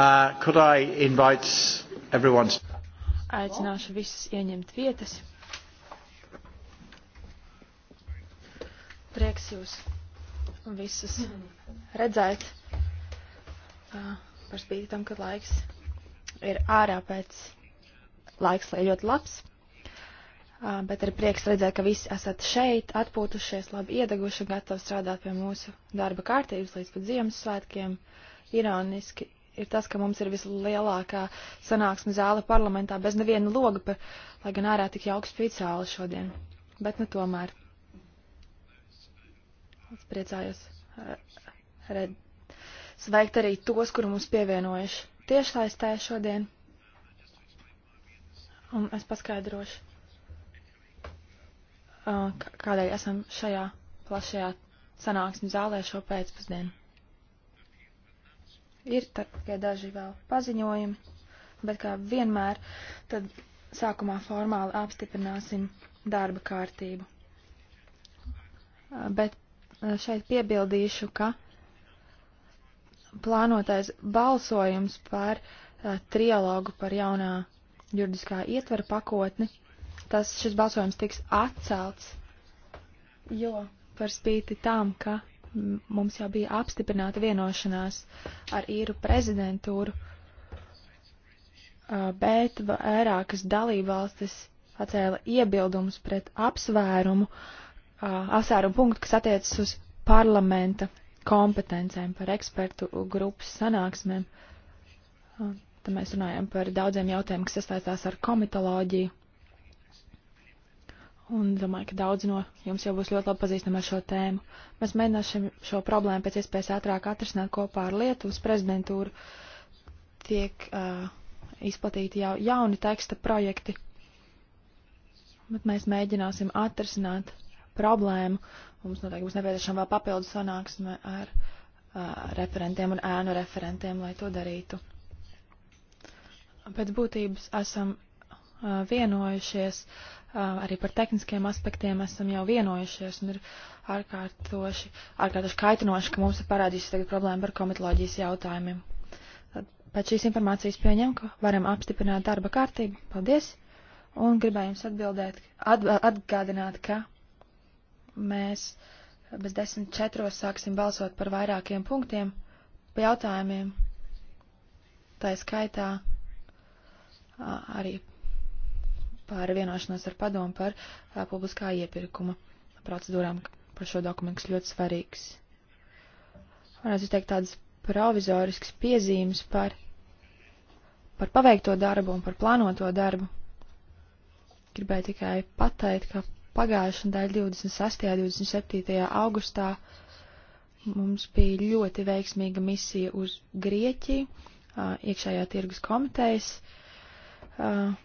Uh, could I invite everyone? Aicināšu visus ieņemt vietas. Prieks jūs visus redzēt. Uh, par spīti tam, ka laiks ir ārā pēc laiks, lai ļoti labs. Uh, bet ir prieks redzēt, ka visi esat šeit, atpūtušies, labi iedeguši un gatavi strādāt pie mūsu darba kārtības līdz pat Ziemassvētkiem. Ironiski ir tas, ka mums ir vislielākā sanāksme zāle parlamentā bez neviena loga, par, lai gan ārā tik jauks spīd zāle šodien. Bet nu tomēr. Es priecājos eh, red, sveikt arī tos, kuri mums pievienojuši tiešsaistē šodien. Un es paskaidrošu, eh, kādēļ esam šajā plašajā sanāksmi zālē šo pēcpusdienu. Ir tikai daži vēl paziņojumi, bet kā vienmēr, tad sākumā formāli apstiprināsim darba kārtību. Bet eh, šeit piebildīšu, ka plānotais balsojums par uh, trialogu par jaunā juridiskā ietvera pakotni, tas šis balsojums tiks atcelts, jo par spīti tam, ka mums jau bija apstiprināta vienošanās ar īru prezidentūru, bet vairākas dalībvalstis atcēla iebildumus pret apsvērumu, apsvērumu punktu, kas attiecas uz parlamenta kompetencēm par ekspertu grupas sanāksmēm. Tad mēs runājam par daudziem jautājumiem, kas sastaistās ar komitoloģiju un domāju, ka daudz no jums jau būs ļoti labi pazīstami ar šo tēmu. Mēs mēģināsim šo problēmu pēc iespējas ātrāk atrisināt kopā ar Lietuvas prezidentūru. Tiek uh, izplatīti jau jauni teksta projekti, bet mēs mēģināsim atrisināt problēmu. Mums noteikti būs nepieciešama vēl papildus sanāksme ar uh, referentiem un ēnu referentiem, lai to darītu. Pēc būtības esam vienojušies, arī par tehniskiem aspektiem esam jau vienojušies un ir ārkārtoši, ārkārtoši kaitinoši, ka mums ir parādījusies tagad problēma par komitoloģijas jautājumiem. Pēc šīs informācijas pieņem, ka varam apstiprināt darba kārtību. Paldies! Un gribēju jums atbildēt, at, atgādināt, ka mēs bez desmit četros sāksim balsot par vairākiem punktiem, jautājumiem, tā skaitā arī par vienošanos ar padomu par uh, publiskā iepirkuma procedūrām par šo dokumentu, kas ļoti svarīgs. Varētu izteikt tādas provizoriskas piezīmes par, par paveikto darbu un par plānoto darbu. Gribēju tikai pateikt, ka pagājušā nedēļa 26. un 27. augustā mums bija ļoti veiksmīga misija uz Grieķiju, iekšējā tirgus komitejas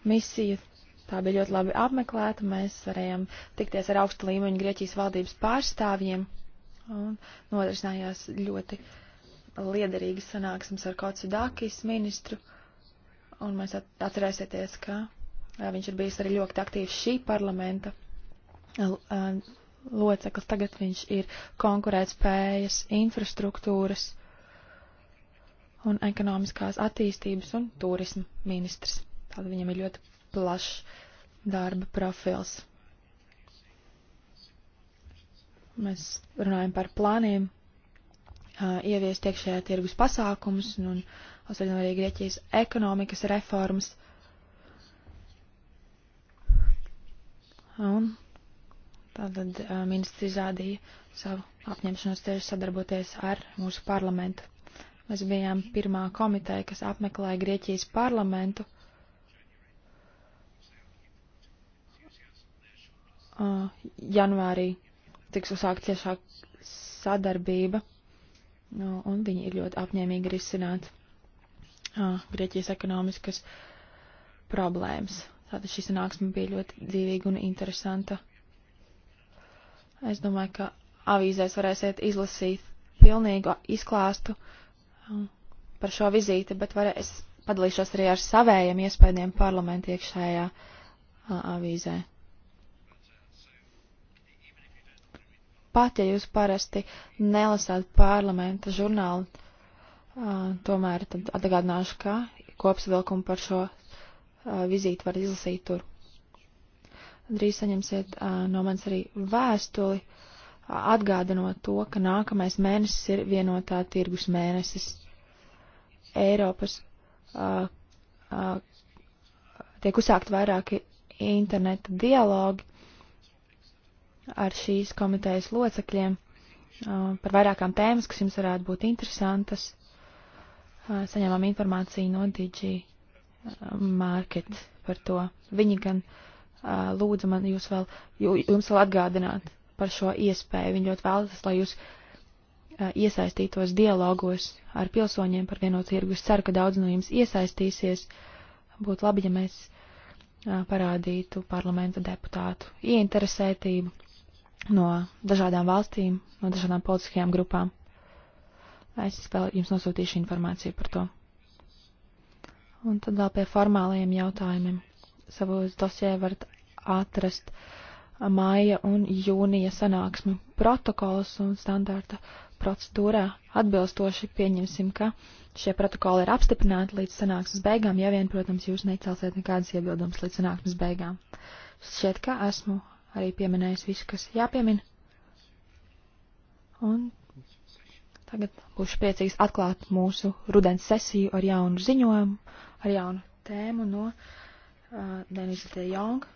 misija Tā bija ļoti labi apmeklēta. Mēs varējām tikties ar augsta līmeņa Grieķijas valdības pārstāvjiem un norisinājās ļoti liederīgas sanāksmes ar Kotsudakis ministru. Un mēs atcerēsieties, ka viņš ir bijis arī ļoti aktīvs šī parlamenta loceklis. Tagad viņš ir konkurētspējas, infrastruktūras un ekonomiskās attīstības un turisma ministrs. Tātad viņam ir ļoti plašs darba profils. Mēs runājam par plāniem, ieviest iekšējā tirgus pasākums un, un atsaļinot arī Grieķijas ekonomikas reformas. Un tātad ministrs izrādīja savu apņemšanos tieši sadarboties ar mūsu parlamentu. Mēs bijām pirmā komiteja, kas apmeklēja Grieķijas parlamentu uh, janvārī tiks uzsākt ciešāk sadarbība, uh, un viņi ir ļoti apņēmīgi risināt uh, Grieķijas ekonomiskas problēmas. Tātad šī sanāksme bija ļoti dzīvīga un interesanta. Es domāju, ka avīzēs varēsiet izlasīt pilnīgu izklāstu uh, par šo vizīti, bet varē, es padalīšos arī ar savējiem iespējām parlamentu iekšējā uh, avīzē. pat ja jūs parasti nelasāt parlamenta žurnālu, uh, tomēr tad atgādināšu, ka kopsavilkumu par šo uh, vizīti var izlasīt tur. Drīz saņemsiet uh, no manis arī vēstuli, uh, atgādinot to, ka nākamais mēnesis ir vienotā tirgus mēnesis. Eiropas uh, uh, tiek uzsākt vairāki interneta dialogi, ar šīs komitejas locekļiem par vairākām tēmas, kas jums varētu būt interesantas. Saņēmām informāciju no DG Market par to. Viņi gan lūdza man jūs vēl, jums vēl atgādināt par šo iespēju. Viņi ļoti vēlas, lai jūs iesaistītos dialogos ar pilsoņiem par vienotu tirgu. Es ceru, ka daudz no jums iesaistīsies. Būtu labi, ja mēs parādītu parlamenta deputātu ieinteresētību no dažādām valstīm, no dažādām politiskajām grupām. Es vēl jums nosūtīšu informāciju par to. Un tad vēl pie formālajiem jautājumiem. Savos dosē varat atrast māja un jūnija sanāksmi protokols un standarta procedūrā. Atbilstoši pieņemsim, ka šie protokoli ir apstiprināti līdz sanāksmes beigām, ja vien, protams, jūs necelsiet nekādas iebildumus līdz sanāksmes beigām. Šķiet, ka esmu arī pieminējis visu, kas jāpiemina. Un tagad būšu priecīgs atklāt mūsu rudens sesiju ar jaunu ziņojumu, ar jaunu tēmu no uh, Denisa de Jonga,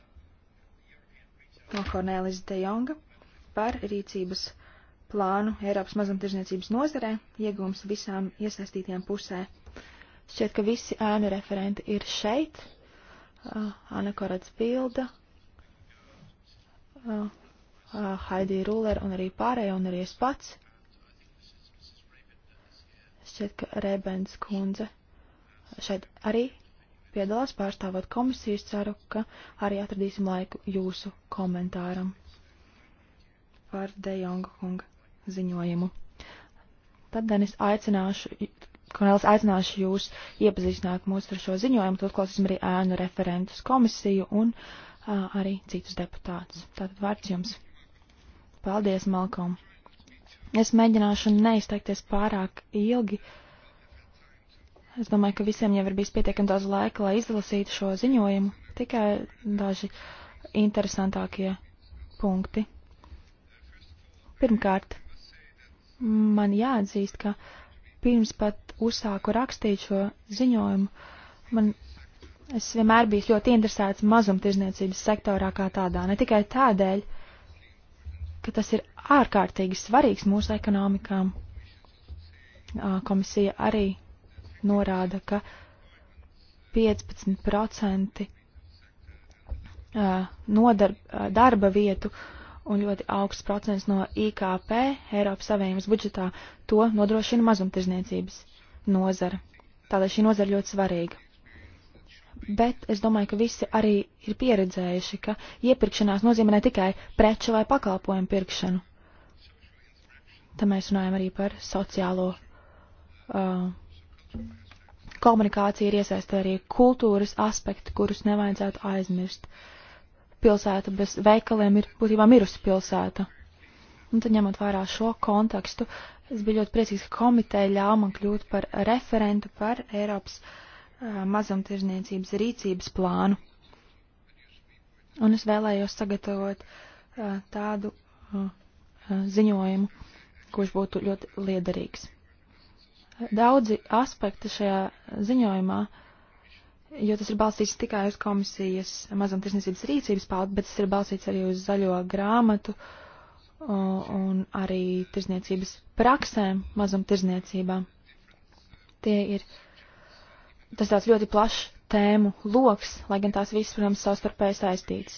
no Kornelis de Jonga par rīcības plānu Eiropas mazumtirdzniecības nozarē, iegūms visām iesaistītajām pusē. Šķiet, ka visi ēnu referenti ir šeit. Uh, Anna Korats bilda, uh, uh, Haidī Ruler un arī pārējie, un arī es pats. Šķiet, ka Rebens kundze šeit arī piedalās pārstāvot komisijas, ceru, ka arī atradīsim laiku jūsu komentāram par De Jonga kunga ziņojumu. Tad, Denis, aicināšu, Kornelis, aicināšu jūs iepazīstināt mūs ar šo ziņojumu, tad klausīsim arī ēnu referentus komisiju un uh, arī citus deputātus. Tātad vārds jums. Paldies, Malkom. Es mēģināšu neizteikties pārāk ilgi. Es domāju, ka visiem jau ir bijis pietiekami daudz laika, lai izlasītu šo ziņojumu. Tikai daži interesantākie punkti. Pirmkārt, man jāatzīst, ka pirms pat uzsāku rakstīt šo ziņojumu, man Es vienmēr biju ļoti interesēts mazumtirdzniecības sektorā kā tādā, ne tikai tādēļ, ka tas ir ārkārtīgi svarīgs mūsu ekonomikām. Komisija arī norāda, ka 15% nodarba darba vietu un ļoti augsts procents no IKP Eiropas Savienības budžetā to nodrošina mazumtirdzniecības nozara. Tādēļ šī nozara ļoti svarīga bet es domāju, ka visi arī ir pieredzējuši, ka iepirkšanās nozīmē ne tikai preču vai pakalpojumu pirkšanu. Te mēs runājam arī par sociālo uh, komunikāciju, ir iesaistīta arī kultūras aspekti, kurus nevajadzētu aizmirst. Pilsēta bez veikaliem ir būtībā mirusi pilsēta. Un tad ņemot vērā šo kontekstu, es biju ļoti priecīgs, ka komiteja ļāva man kļūt par referentu par Eiropas uh, mazumtirdzniecības rīcības plānu. Un es vēlējos sagatavot tādu ziņojumu, kurš būtu ļoti liederīgs. Daudzi aspekti šajā ziņojumā, jo tas ir balstīts tikai uz komisijas mazumtirdzniecības rīcības paldu, bet tas ir balstīts arī uz zaļo grāmatu un arī tirdzniecības praksēm mazumtirdzniecībām. Tie ir uh, tas tāds ļoti plašs tēmu loks, lai gan tās visas, protams, savstarpēji saistītas.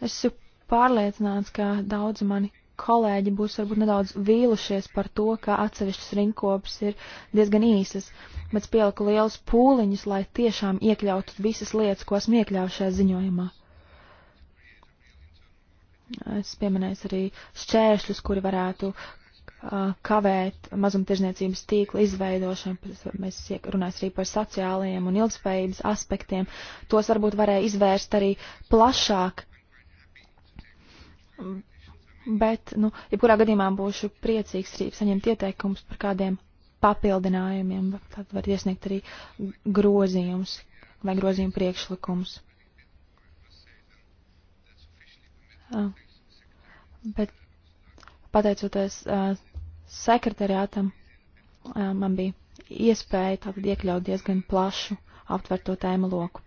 Es esmu pārliecināts, ka daudzi mani kolēģi būs varbūt nedaudz vīlušies par to, ka atsevišķas rinkopas ir diezgan īsas, bet es pieliku lielus pūliņus, lai tiešām iekļautu visas lietas, ko esmu iekļāvis šajā ziņojumā. Es pieminēju arī šķēršļus, kuri varētu kavēt mazumtirdzniecības tīkla izveidošanu, mēs runājam arī par sociālajiem un ilgspējības aspektiem. Tos varbūt varēja izvērst arī plašāk. Bet, nu, jebkurā gadījumā būšu priecīgs arī saņemt ieteikumus par kādiem papildinājumiem, tad var iesniegt arī grozījumus vai grozījumu priekšlikumus. Bet pateicoties uh, sekretariātam man bija iespēja tātad iekļaut diezgan plašu aptverto tēmu loku.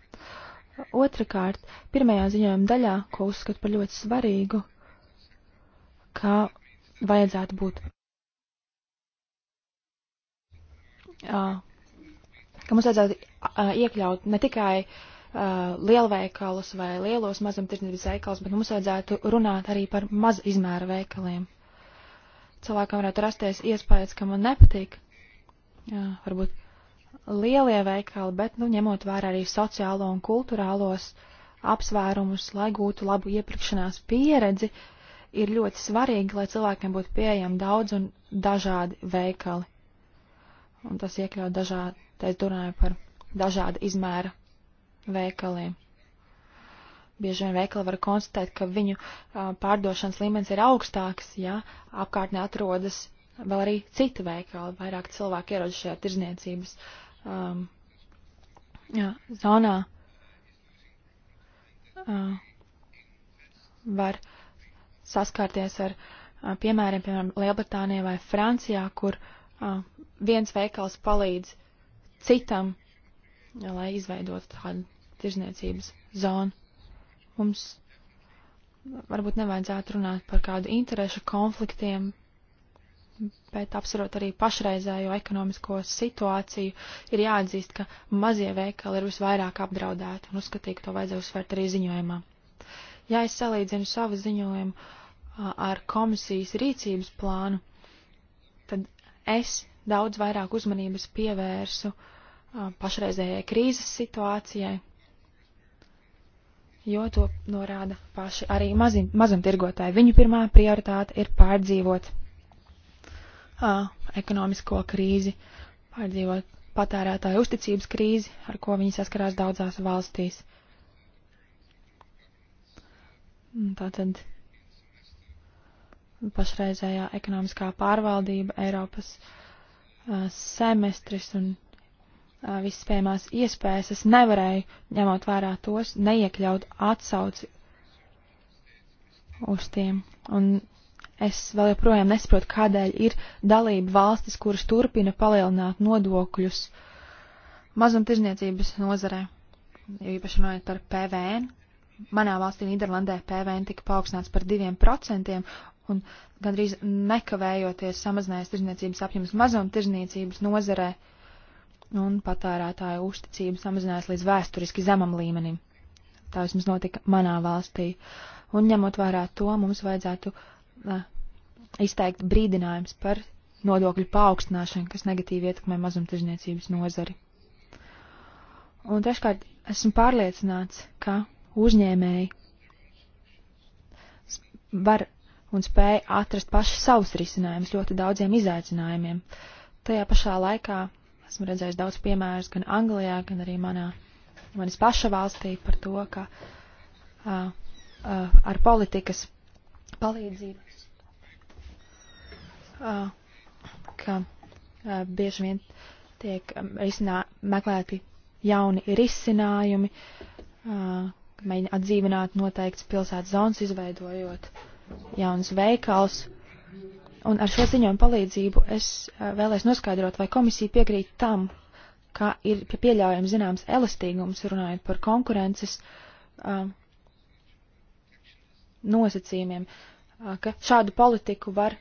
Otrakārt, pirmajā ziņojuma daļā, ko uzskatu par ļoti svarīgu, kā vajadzētu būt. Uh, ka mums vajadzētu uh, iekļaut ne tikai uh, lielveikalus vai lielos mazumtirdzniecības veikalus, bet mums vajadzētu runāt arī par maza izmēra veikaliem. Uh, cilvēkam varētu rasties iespējas, ka man nepatīk. Jā, varbūt lielie veikali, bet, nu, ņemot vērā arī sociālo un kulturālos apsvērumus, lai gūtu labu iepirkšanās pieredzi, ir ļoti svarīgi, lai cilvēkiem būtu pieejami daudz un dažādi veikali. Un tas iekļaut dažādi, te es runāju par dažādu izmēru veikaliem bieži vien veikali var konstatēt, ka viņu pārdošanas līmenis ir augstāks, ja apkārtnē atrodas vēl arī citi veikali, vairāk cilvēki ierodas šajā tirzniecības um, jā, zonā. Uh, var saskārties ar uh, piemēriem, piemēram, Lielbritānijā vai Francijā, kur uh, viens veikals palīdz citam, ja, lai izveidotu tādu tirzniecības zonu. Mums varbūt nevajadzētu runāt par kādu interešu konfliktiem, bet apsverot arī pašreizējo ekonomisko situāciju, ir jāatzīst, ka mazie veikali ir visvairāk apdraudēti, un uzskatīju, ka to vajadzēja uzsvērt arī ziņojumā. Ja es salīdzinu savu ziņojumu ar komisijas rīcības plānu, tad es daudz vairāk uzmanības pievērsu pašreizējai krīzes situācijai, jo to norāda paši arī mazim, mazumtirgotāji. Viņu pirmā prioritāte ir pārdzīvot uh, ekonomisko krīzi, pārdzīvot patērētāju uzticības krīzi, ar ko viņi saskarās daudzās valstīs. Tātad pašreizējā ekonomiskā pārvaldība, Eiropas uh, semestris un vispējamās iespējas, es nevarēju, ņemot vērā tos, neiekļaut atsauci uz tiem. Un es vēl joprojām nesaprotu, kādēļ ir dalība valstis, kuras turpina palielināt nodokļus mazumtirdzniecības nozarē, jo īpaši runājot par PVN. Manā valstī Nīderlandē PVN tika paaugstināts par 2%, un gandrīz nekavējoties samazinājās tirdzniecības apjoms mazumtirdzniecības nozarē. Uh, un patērētāju uzticība samazinājās līdz vēsturiski zemam līmenim. Tā vismaz notika manā valstī. Un ņemot vērā to, mums vajadzētu uh, izteikt brīdinājums par nodokļu paaugstināšanu, kas negatīvi ietekmē mazumtirdzniecības nozari. Un treškārt, esmu pārliecināts, ka uzņēmēji var un spēja atrast paši savus risinājumus ļoti daudziem izaicinājumiem. Tajā pašā laikā Esmu redzējis daudz piemērus gan Anglijā, gan arī manā, manis paša valstī par to, ka uh, uh, ar politikas palīdzību, uh, ka uh, bieži vien tiek risinā, meklēti jauni risinājumi, uh, mēģina atdzīvināt noteikts pilsētas zonas, izveidojot jaunas veikals, Un ar šo ziņojumu palīdzību es eh, vēlēs noskaidrot, vai komisija piekrīt tam, ka ir pieļaujams zināms elastīgums, runājot par konkurences uh, nosacījumiem, uh, ka šādu politiku var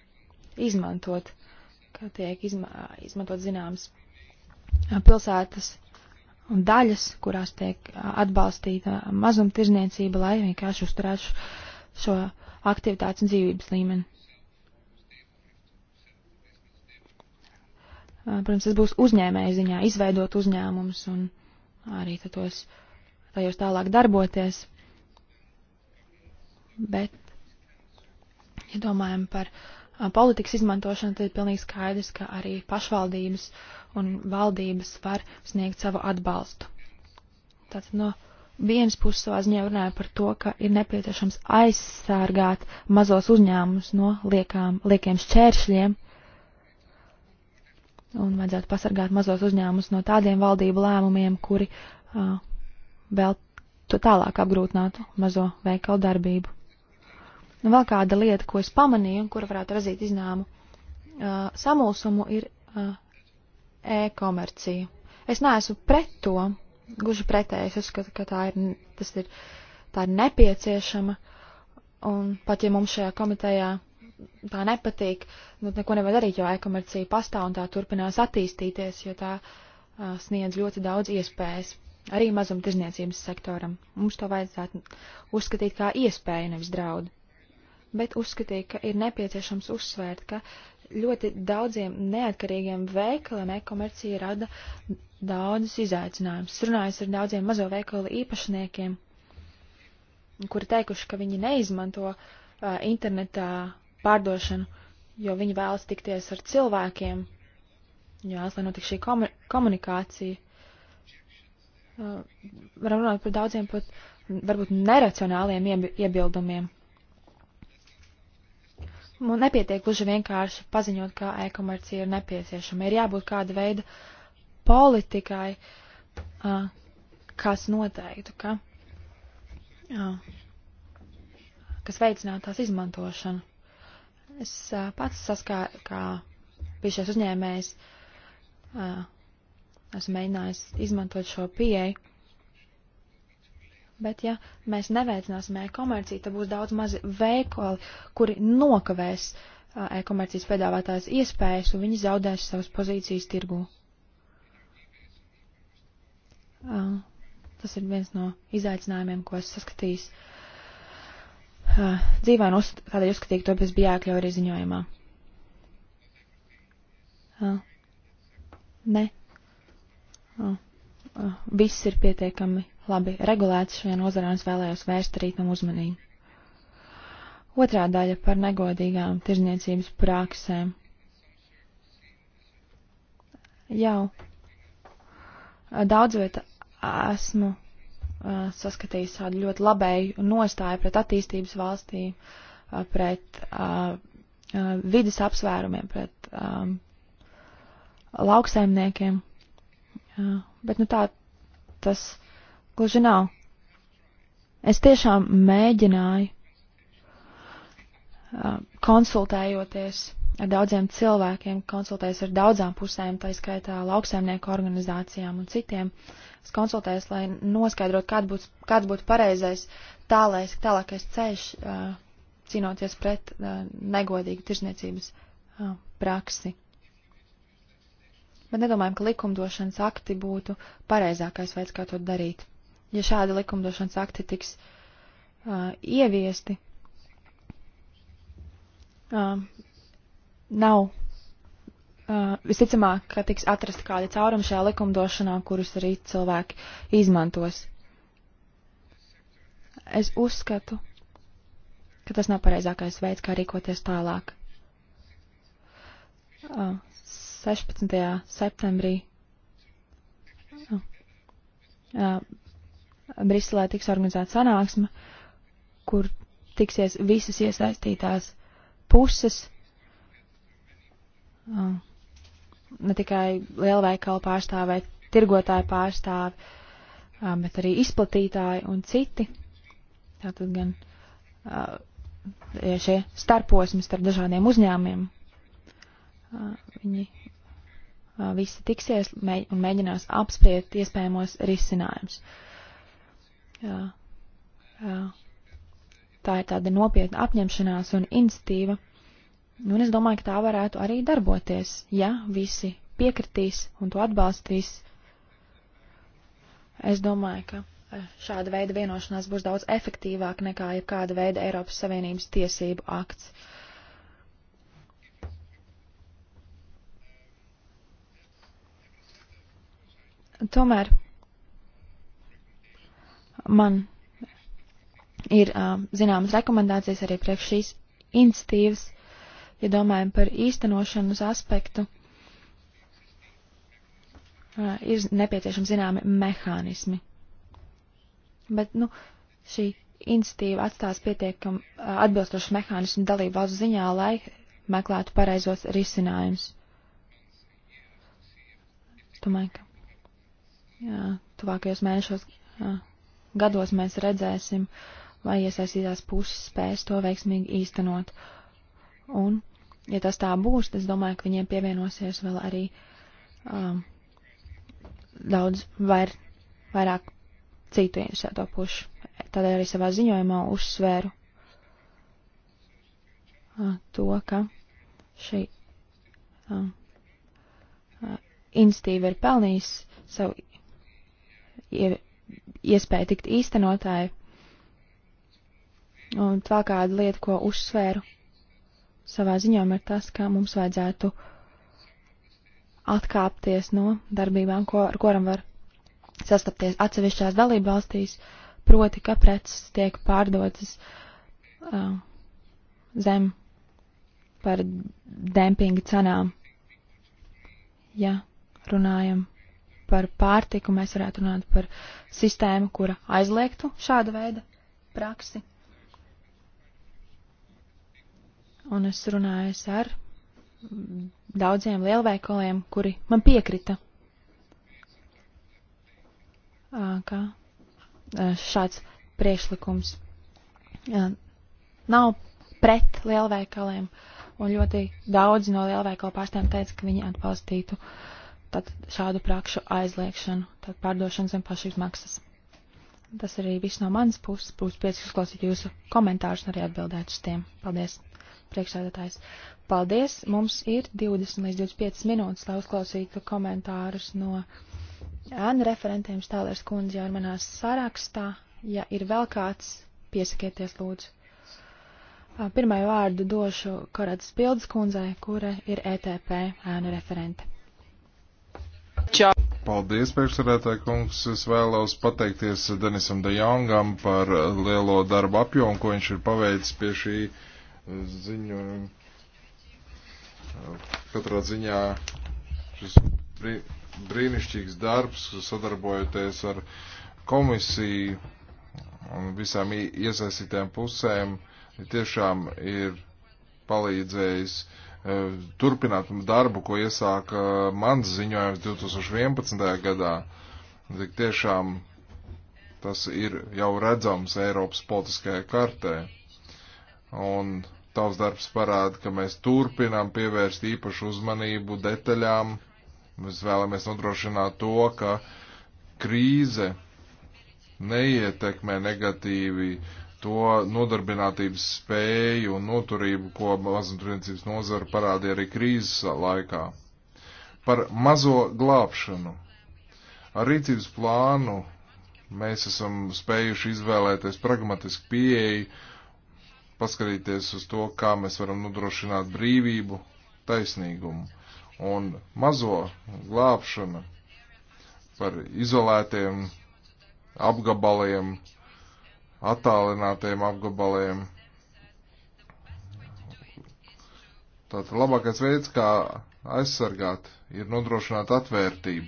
izmantot, ka tiek izma izmantot zināms pilsētas un daļas, kurās tiek atbalstīta mazumtirzniecība, lai vienkārši uzturētu šo aktivitātes un dzīvības līmeni. Eh, protams, tas būs uzņēmēja ziņā izveidot uzņēmumus un arī tos, tajos tālāk darboties. Bet, ja domājam par eh, politikas izmantošanu, tad ir pilnīgi skaidrs, ka arī pašvaldības un valdības var sniegt savu atbalstu. Tātad no vienas puses savā ziņā runāja par to, ka ir nepieciešams aizsargāt mazos uzņēmumus no liekām, liekiem šķēršļiem, un vajadzētu pasargāt mazos uzņēmumus no tādiem valdību lēmumiem, kuri uh, vēl to tālāk apgrūtinātu mazo veikalu darbību. Un nu, vēl kāda lieta, ko es pamanīju un kura varētu razīt iznāmu uh, samulsumu, ir uh, e-komercija. Es neesmu pret to, gluži pretēji, es uzskatu, ka tā ir, tas ir, tā ir nepieciešama, un pat ja mums šajā komitejā uh, tā nepatīk, nu, neko nevar darīt, jo e-komercija pastāv un tā turpinās attīstīties, jo tā uh, sniedz ļoti daudz iespējas arī mazumtirdzniecības sektoram. Mums to vajadzētu uzskatīt kā iespēju, nevis draudu. Bet uzskatīju, ka ir nepieciešams uzsvērt, ka ļoti daudziem neatkarīgiem veikaliem e-komercija rada daudzus izaicinājumus. Runājot ar daudziem mazo veikalu īpašniekiem, kuri teikuši, ka viņi neizmanto uh, internetā pārdošanu, jo viņi vēlas tikties ar cilvēkiem, jāsaka, lai notiek šī komu komunikācija. Uh, varam runāt par daudziem pat varbūt neracionāliem iebi iebildumiem. Man nepietiek gluži vienkārši paziņot, kā e-komercija ir nepieciešama. Ir jābūt kāda veida politikai, uh, kas noteiktu, ka, uh, kas veicinātu tās izmantošanu. Es pats saskāru, kā bijušais uzņēmējs, esmu mēģinājis izmantot šo pieeju. Bet, ja mēs neveicināsim e-komerciju, tad būs daudz mazi veikali, kuri nokavēs e-komercijas piedāvātās iespējas, un viņi zaudēs savas pozīcijas tirgū. Tas ir viens no izaicinājumiem, ko es saskatījis uh, dzīvēm, uz, tādēļ uzskatīju, to bez bija jākļauj arī ziņojumā. Uh, ne. Uh, uh, viss ir pietiekami labi regulēts šajā nozarē, un es vēlējos vērst arī tam uzmanību. Otrā daļa par negodīgām tirzniecības praksēm. Jau daudz vieta esmu Uh, saskatīja tādu ļoti labēju nostāju pret attīstības valstīm, uh, pret uh, vidas apsvērumiem, pret um, lauksaimniekiem. Bet nu tā tas gluži nav. Es tiešām mēģināju konsultējoties ar daudziem cilvēkiem, konsultējos ar daudzām pusēm, tā skaitā lauksaimnieku organizācijām un citiem. Es konsultējos, lai noskaidrotu, kāds būtu, kāds būtu pareizais tālais, tālākais ceļš uh, cīnoties pret uh, negodīgu tirzniecības uh, praksi. Bet nedomājam, ka likumdošanas akti būtu pareizākais veids, kā to darīt. Ja šādi likumdošanas akti tiks uh, ieviesti, uh, nav uh, visticamāk, ka tiks atrasta kāda cauruma šajā likumdošanā, kurus arī cilvēki izmantos. Es uzskatu, ka tas nav pareizākais veids, kā rīkoties tālāk. Uh, 16. septembrī uh, uh, Briselē tiks organizēta sanāksme, kur tiksies visas iesaistītās puses Ah, ne tikai lielveikalu pārstāvi vai tirgotāju pārstāvi, ah, bet arī izplatītāji un citi. Tātad gan ah, šie starposmi starp dažādiem uzņēmumiem. Viņi visi tiksies un mēģinās apspriest iespējamos risinājumus. Tā ir tāda nopietna apņemšanās un institīva. Un es domāju, ka tā varētu arī darboties, ja visi piekritīs un to atbalstīs. Es domāju, ka e, šāda veida vienošanās būs daudz efektīvāk nekā jebkāda veida Eiropas Savienības tiesību akts. Tomēr man ir e, zināmas rekomendācijas arī priekš šīs institīvas ja domājam par īstenošanas aspektu, ir nepieciešami zināmi mehānismi. Bet, nu, šī institīva atstās pietiekam atbilstošu mehānismu dalību valsts ziņā, lai meklētu pareizos risinājumus. Domāju, ka jā, tuvākajos mēnešos jā, gados mēs redzēsim, vai iesaistītās puses spēs to veiksmīgi īstenot. Un ja tas tā būs, tad es domāju, ka viņiem pievienosies vēl arī um, daudz vair, vairāk citu interesēto pušu. Tādēļ arī savā ziņojumā uzsvēru uh, to, ka šī uh, uh, institīva ir pelnījusi savu ie, iespēju tikt īstenotāju. Un tā kāda lieta, ko uzsvēru savā ziņām ir tas, ka mums vajadzētu atkāpties no darbībām, ko, ar kuram var sastapties atsevišķās dalību valstīs, proti, ka preces tiek pārdotas uh, zem par dempinga cenām. Ja runājam par pārtiku, mēs varētu runāt par sistēmu, kura aizliegtu šāda veida praksi. un es runāju ar daudziem lielveikaliem, kuri man piekrita, ka šāds priekšlikums nav pret lielveikaliem, un ļoti daudzi no lielveikalu pārstāvjiem teica, ka viņi atbalstītu tad šādu prakšu aizliekšanu, tad pārdošanu zem pašizmaksas. Tas arī viss no manas puses. Būs prieks uzklausīt jūsu komentārus un arī atbildēt uz tiem. Paldies! priekšsēdētājs. Paldies! Mums ir 20 līdz 25 minūtes, lai uzklausītu komentārus no ēnu referentiem. Stālērs kundze jau ir manā sarakstā. Ja ir vēl kāds, piesakieties lūdzu. Pirmai vārdu došu Korats Pildes kundzei, kura ir ETP ēnu referente. Čau! Paldies, priekšsarētāji kungs. Es vēlos pateikties Denisam De Jongam par lielo darbu apjomu, ko viņš ir paveicis pie šī ziņojumu. Katrā ziņā šis brīnišķīgs darbs, sadarbojoties ar komisiju un visām iesaistītām pusēm, tiešām ir palīdzējis e, turpināt darbu, ko iesāka mans ziņojums 2011. gadā. Tik tiešām tas ir jau redzams Eiropas politiskajā kartē un tavs darbs parāda, ka mēs turpinām pievērst īpašu uzmanību detaļām. Mēs vēlamies nodrošināt to, ka krīze neietekmē negatīvi to nodarbinātības spēju un noturību, ko mazumtirdzniecības nozara parādīja arī krīzes laikā. Par mazo glābšanu. Ar rīcības plānu mēs esam spējuši izvēlēties pragmatisku pieeju paskatīties uz to, kā mēs varam nodrošināt brīvību, taisnīgumu un mazo glābšanu par izolētiem apgabaliem, attālinātiem apgabaliem. Tātad labākais veids, kā aizsargāt, ir nodrošināt atvērtību,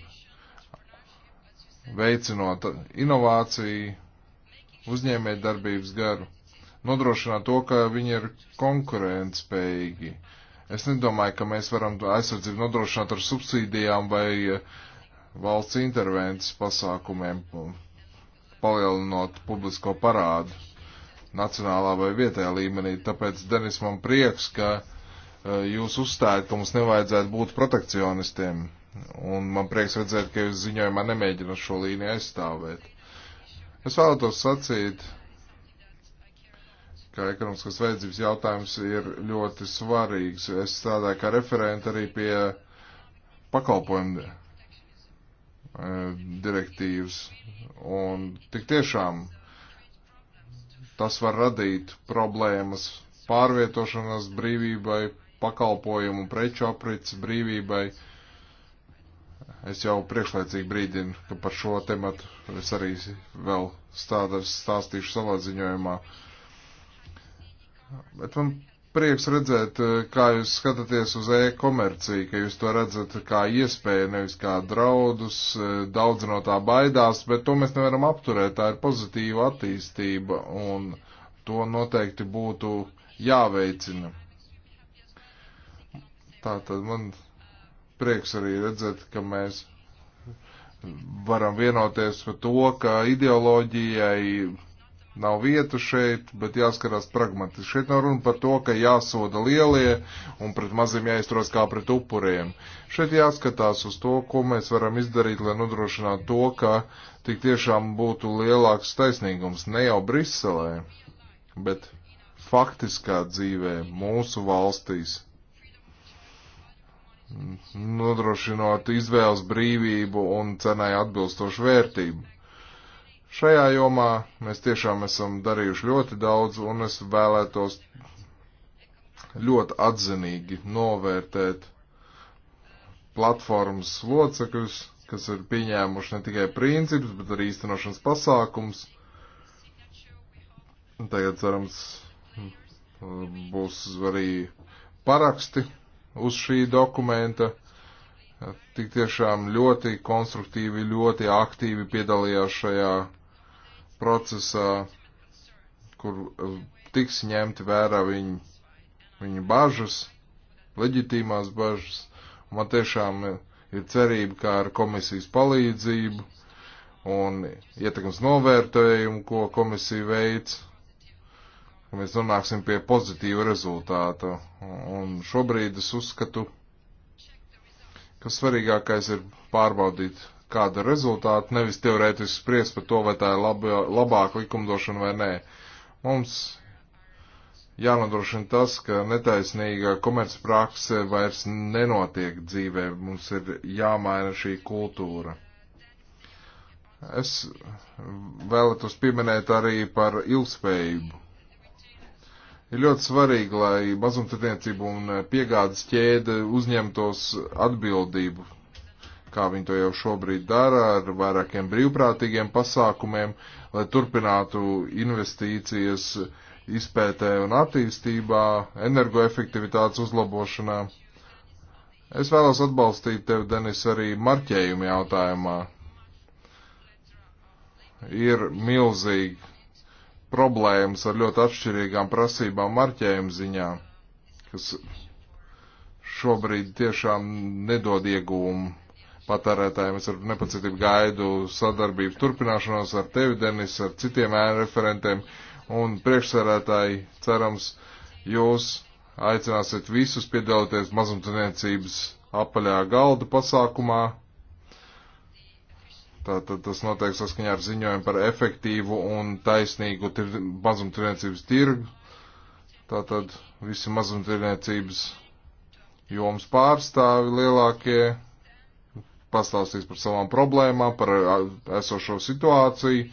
veicinot inovāciju, uzņēmēt darbības garu nodrošināt to, ka viņi ir konkurētspējīgi. Es nedomāju, ka mēs varam aizsardzību nodrošināt ar subsīdijām vai eh, valsts intervences pasākumiem, um, palielinot publisko parādu nacionālā vai vietējā līmenī. Tāpēc, Denis, man prieks, ka eh, jūs uzstājat, ka mums nevajadzētu būt protekcionistiem. Un man prieks redzēt, ka jūs ziņojumā nemēģināt šo līniju aizstāvēt. Es vēlētos sacīt, ka ekonomiskās vajadzības jautājums ir ļoti svarīgs. Es strādāju kā referenta arī pie pakalpojumu e, direktīvas. Un tik tiešām tas var radīt problēmas pārvietošanas brīvībai, pakalpojumu preču aprits brīvībai. Es jau priekšlaicīgi brīdinu, ka par šo tematu es arī vēl stāstīšu savā ziņojumā. Uh, Bet man prieks redzēt, eh, kā jūs skatāties uz e-komerciju, ka jūs to redzat kā iespēju, nevis kā draudus, eh, daudz no tā baidās, bet to mēs nevaram apturēt, tā ir pozitīva attīstība un to noteikti būtu jāveicina. Tā tad man prieks arī redzēt, ka mēs varam vienoties par to, ka ideoloģijai Nav vietu šeit, bet jāskarās pragmatiski. Šeit nav runa par to, ka jāsoda lielie un pret maziem jāizturas kā pret upuriem. Šeit jāskatās uz to, ko mēs varam izdarīt, lai nodrošinātu to, ka tik tiešām būtu lielāks taisnīgums ne jau Briselē, bet faktiskā dzīvē mūsu valstīs nodrošinot izvēles brīvību un cenai atbilstošu vērtību. Šajā jomā mēs tiešām esam darījuši ļoti daudz, un es vēlētos ļoti atzinīgi novērtēt platformas locekļus, kas ir pieņēmuši ne tikai principus, bet arī īstenošanas pasākums. Tagad cerams būs arī paraksti uz šī dokumenta. Tik tiešām ļoti konstruktīvi, ļoti aktīvi piedalījās šajā procesā, kur eh, tiks ņemti vērā viņa, viņa bažas, leģitīmās bažas. Man tiešām eh, ir cerība, kā ar komisijas palīdzību un ietekmes novērtējumu, ko komisija veids, ka mēs nonāksim pie pozitīva rezultāta. Un šobrīd es uzskatu, ka svarīgākais ir pārbaudīt kādu rezultātu, nevis teorētiski spriest par to, vai tā ir laba, labāka likumdošana vai nē. Mums jānodrošina tas, ka netaisnīga komercprakse vairs nenotiek dzīvē. Mums ir jāmaina šī kultūra. Es vēlētos pieminēt arī par ilgspējību. Ir ļoti svarīgi, lai mazumtirdzniecība un piegādes ķēde uzņemtos atbildību kā viņi to jau šobrīd dara, ar vairākiem brīvprātīgiem pasākumiem, lai turpinātu investīcijas izpētē un attīstībā, energoefektivitātes uzlabošanā. Es vēlos atbalstīt tevi, Denis, arī marķējuma jautājumā. Ir milzīgi problēmas ar ļoti atšķirīgām prasībām marķējuma ziņā, kas šobrīd tiešām nedod iegūmu patērētājiem. Es ar nepacietību gaidu sadarbības turpināšanos ar tevi, Denis, ar citiem ēnu referentiem un priekšsērētāji. Cerams, jūs aicināsiet visus piedalīties mazumtirniecības apaļā galda pasākumā. Tātad tas notiek saskaņā ar ziņojumu par efektīvu un taisnīgu tir mazumtirniecības tirgu. Tātad visi mazumtirniecības joms pārstāvi lielākie pastāstīs par savām problēmām, par esošo situāciju,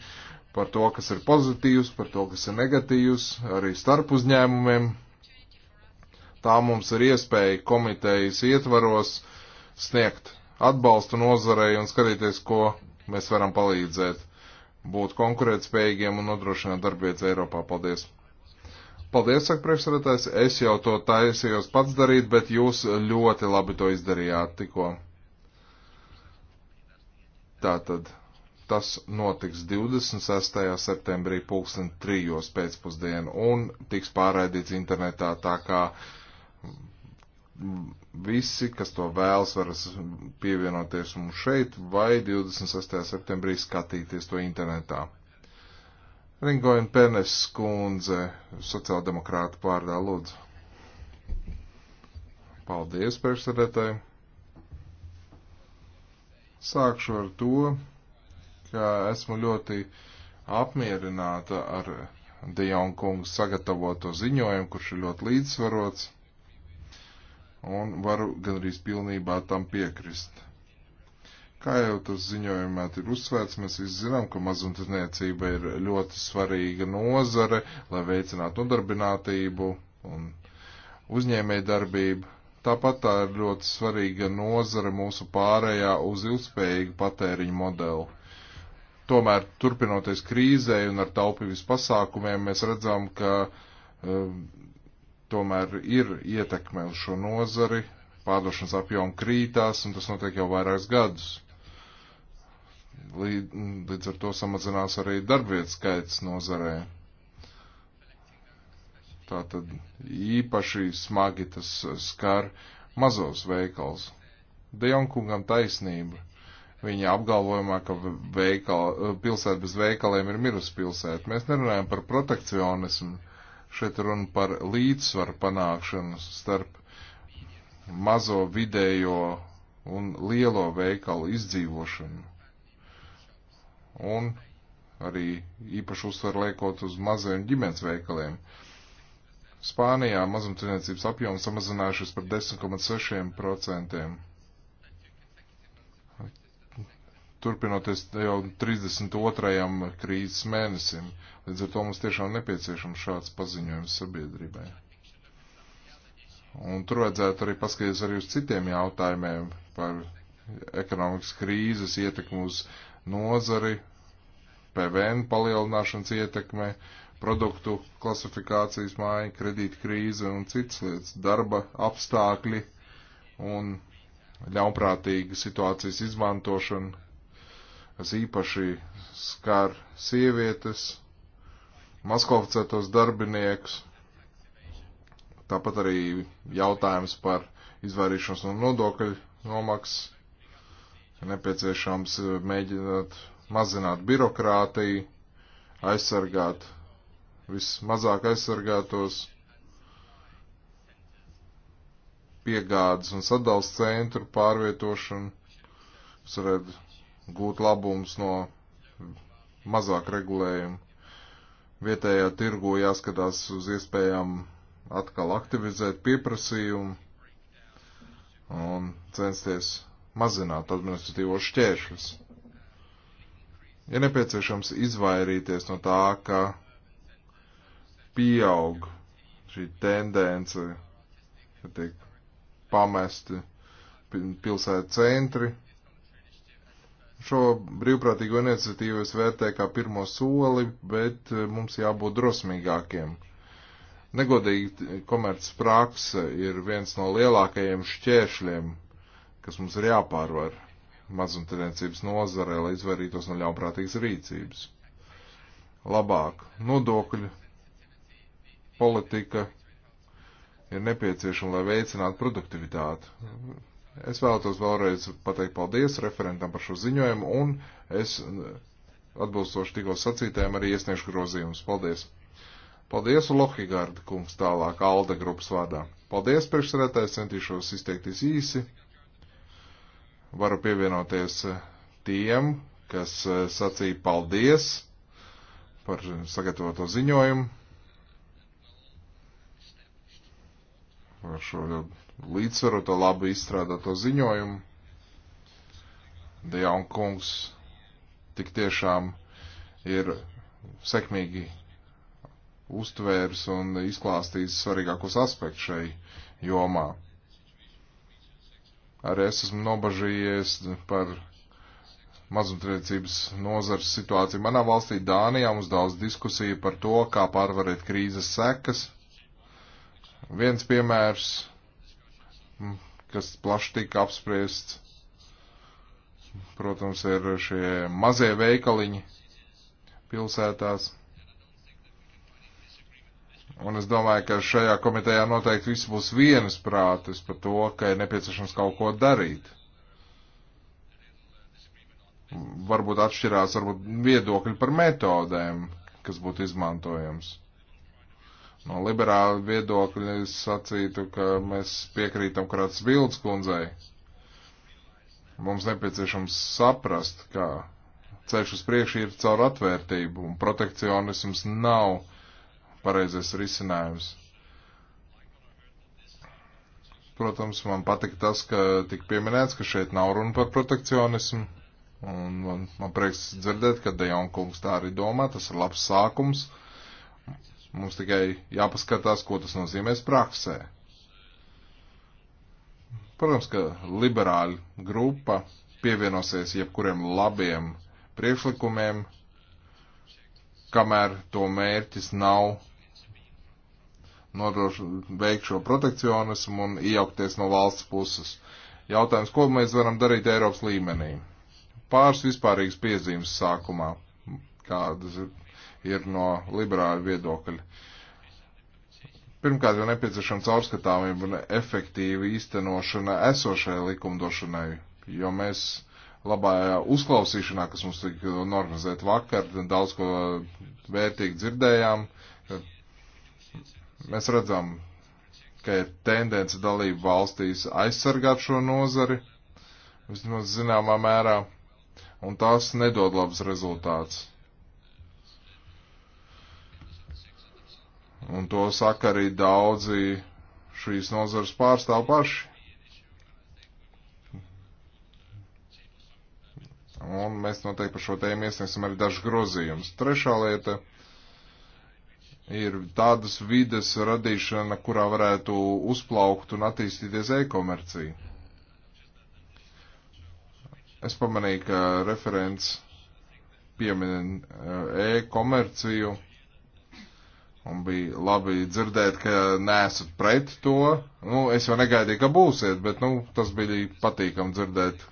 par to, kas ir pozitīvs, par to, kas ir negatīvs, arī starp uzņēmumiem. Tā mums ir iespēja komitejas ietvaros sniegt atbalstu nozarei un skatīties, ko mēs varam palīdzēt būt konkurētspējīgiem un nodrošināt darbvietas Eiropā. Paldies! Paldies, saka priekšsēdētājs. Es jau to taisījos pats darīt, bet jūs ļoti labi to izdarījāt tikko. Tātad tas notiks 26. septembrī pulksten 3. pēcpusdienu un tiks pārraidīts internetā tā kā visi, kas to vēlas, var pievienoties mums šeit vai 26. septembrī skatīties to internetā. Ringoina Penes kundze, sociāldemokrāta pārdā lūdzu. Paldies, priekšsēdētāji! Sākšu ar to, ka esmu ļoti apmierināta ar Dejong kungu sagatavoto ziņojumu, kurš ir ļoti līdzsvarots, un varu gandrīz pilnībā tam piekrist. Kā jau tas ziņojumā ir uzsvērts, mēs visi zinām, ka mazumtirniecība ir ļoti svarīga nozare, lai veicinātu nodarbinātību un uzņēmējdarbību. Tāpat tā ir ļoti svarīga nozara mūsu pārējā uz ilgspējīgu patēriņu modeli. Tomēr, turpinoties krīzē un ar taupības pasākumiem, mēs redzam, ka um, tomēr ir ietekme uz šo nozari, pārdošanas apjomu krītās, un tas notiek jau vairākus gadus. Līdz, līdz ar to samazinās arī darbvietas skaits nozarē. Tātad īpaši smagi tas skar mazos veikals. Dejonkungam taisnība. Viņa apgalvojumā, ka veikala, pilsēta bez veikaliem ir mirusi pilsēta. Mēs nerunājam par protekcionismu. Šeit runa par līdzsvaru panākšanu starp mazo vidējo un lielo veikalu izdzīvošanu. Un arī īpaši uzsver liekot uz mazajiem ģimenes veikaliem. Uh, Spānijā mazumtirniecības apjoms samazinājušies par 10,6%. Turpinoties jau 32. krīzes mēnesim, līdz ar to mums tiešām nepieciešams šāds paziņojums sabiedrībai. Un tur vajadzētu arī paskatīties arī uz citiem jautājumiem par ekonomikas krīzes ietekmu uz nozari, PVN palielināšanas ietekme, uh, produktu klasifikācijas māja, kredīta krīze un citas lietas, darba apstākļi un ļaunprātīga situācijas izmantošana, kas īpaši skar sievietes, maskoficētos darbiniekus, tāpat arī jautājums par izvairīšanos no nodokļu nomaksas, nepieciešams eh, mēģināt mazināt birokrātiju, aizsargāt vismazāk aizsargātos piegādes un sadals centru pārvietošanu, kas varētu gūt labums no mazāk regulējumu. Vietējā tirgo jāskatās uz iespējām atkal aktivizēt pieprasījumu un censties mazināt administratīvos šķēršļus. Ja nepieciešams izvairīties no tā, ka pieaug šī tendence, ka tiek pamesti pilsētu centri. Šo brīvprātīgo iniciatīvu es vērtēju kā pirmo soli, bet eh, mums jābūt drosmīgākiem. Negodīgi komerces prakse ir viens no lielākajiem šķēršļiem, kas mums ir jāpārvar mazumtirdzniecības nozarē, lai izvairītos no ļaunprātīgas rīcības. Labāk nodokļu politika ir nepieciešama, lai veicinātu produktivitāti. Es vēlētos vēlreiz pateikt paldies referentam par šo ziņojumu, un es atbilstoši tikko sacītēm arī iesniešu grozījumus. Paldies! Paldies, Lohigārda kungs, tālāk Alde grupas vārdā. Paldies, priekšsēdētājs, centīšos izteikties īsi. Varu pievienoties tiem, kas sacīja paldies par sagatavoto ziņojumu. ar šo līdzsvaroto labi izstrādāto ziņojumu. Dejaun kungs tik tiešām ir sekmīgi uztvērs un izklāstījis svarīgākos aspektus šai jomā. Arī es esmu nobažījies par mazumtirdzniecības nozars situāciju. Manā valstī Dānijā mums daudz diskusija par to, kā pārvarēt krīzes sekas Viens piemērs, kas plaši tika apspriests, protams, ir šie mazie veikaliņi pilsētās. Un es domāju, ka šajā komitejā noteikti viss būs vienas prātes par to, ka ir nepieciešams kaut ko darīt. Varbūt atšķirās varbūt viedokļi par metodēm, kas būtu izmantojams. No liberāla viedokļa es sacītu, ka mēs piekrītam Krats Bildes kundzei. Mums nepieciešams saprast, ka ceļš uz priekšu ir caur atvērtību, un protekcionisms nav pareizais risinājums. Protams, man patika tas, ka tik pieminēts, ka šeit nav runa par protekcionismu, un man, man prieks dzirdēt, ka Dejonkungs tā arī domā, tas ir labs sākums. Mums tikai jāpaskatās, ko tas nozīmēs praksē. Protams, ka liberāļu grupa pievienosies jebkuriem labiem priekšlikumiem, kamēr to mērķis nav veikt šo protekcionismu un iejaukties no valsts puses. Jautājums, ko mēs varam darīt Eiropas līmenī? Pāris vispārīgas piezīmes sākumā, kādas ir ir no liberāļu viedokļa. Pirmkārt, ir nepieciešama caurskatāmība un efektīva īstenošana esošajai likumdošanai, jo mēs labajā uzklausīšanā, kas mums tika norganizēta vakar, daudz ko vērtīgi dzirdējām. Mēs redzam, ka ir tendence dalību valstīs aizsargāt šo nozari, vismaz zināmā mērā, un tās nedod labs rezultāts. Un to saka arī daudzi šīs nozares pārstāv paši. Un mēs noteikti par šo tēmu iesniegsim arī dažu grozījumus. Trešā lieta ir tādas vides radīšana, kurā varētu uzplaukt un attīstīties e-komercija. Es pamanīju, ka referents piemin e-komerciju. E Un bija labi dzirdēt, ka nesat pret to. Nu, es jau negaidīju, ka būsiet, bet nu, tas bija patīkami dzirdēt,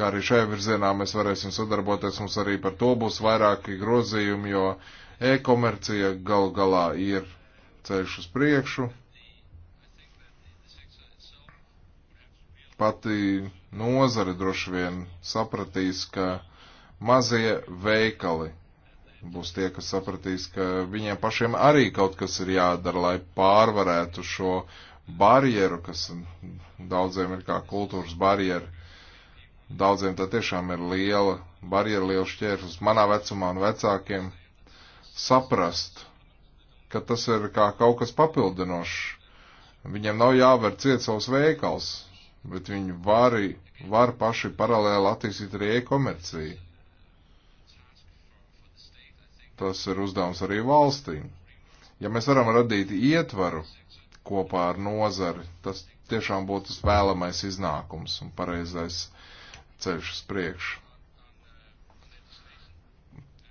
kā arī šajā virzienā mēs varēsim sadarboties. Mums arī par to būs vairāki grozījumi, jo e-komercija gal galā ir ceļš uz priekšu. Pati nozare droši vien sapratīs, ka mazie veikali būs tie, kas sapratīs, ka viņiem pašiem arī kaut kas ir jādara, lai pārvarētu šo barjeru, kas daudziem ir kā kultūras barjeru. Daudziem tā tiešām ir liela barjera, liela šķērslis manā vecumā un vecākiem saprast, ka tas ir kā kaut kas papildinošs. Viņiem nav jāver ciet savus veikals, bet viņi vari, var paši paralēli attīstīt arī e-komerciju tas ir uzdevums arī valstīm. Ja mēs varam radīt ietvaru kopā ar nozari, tas tiešām būtu tas vēlamais iznākums un pareizais ceļš uz priekšu.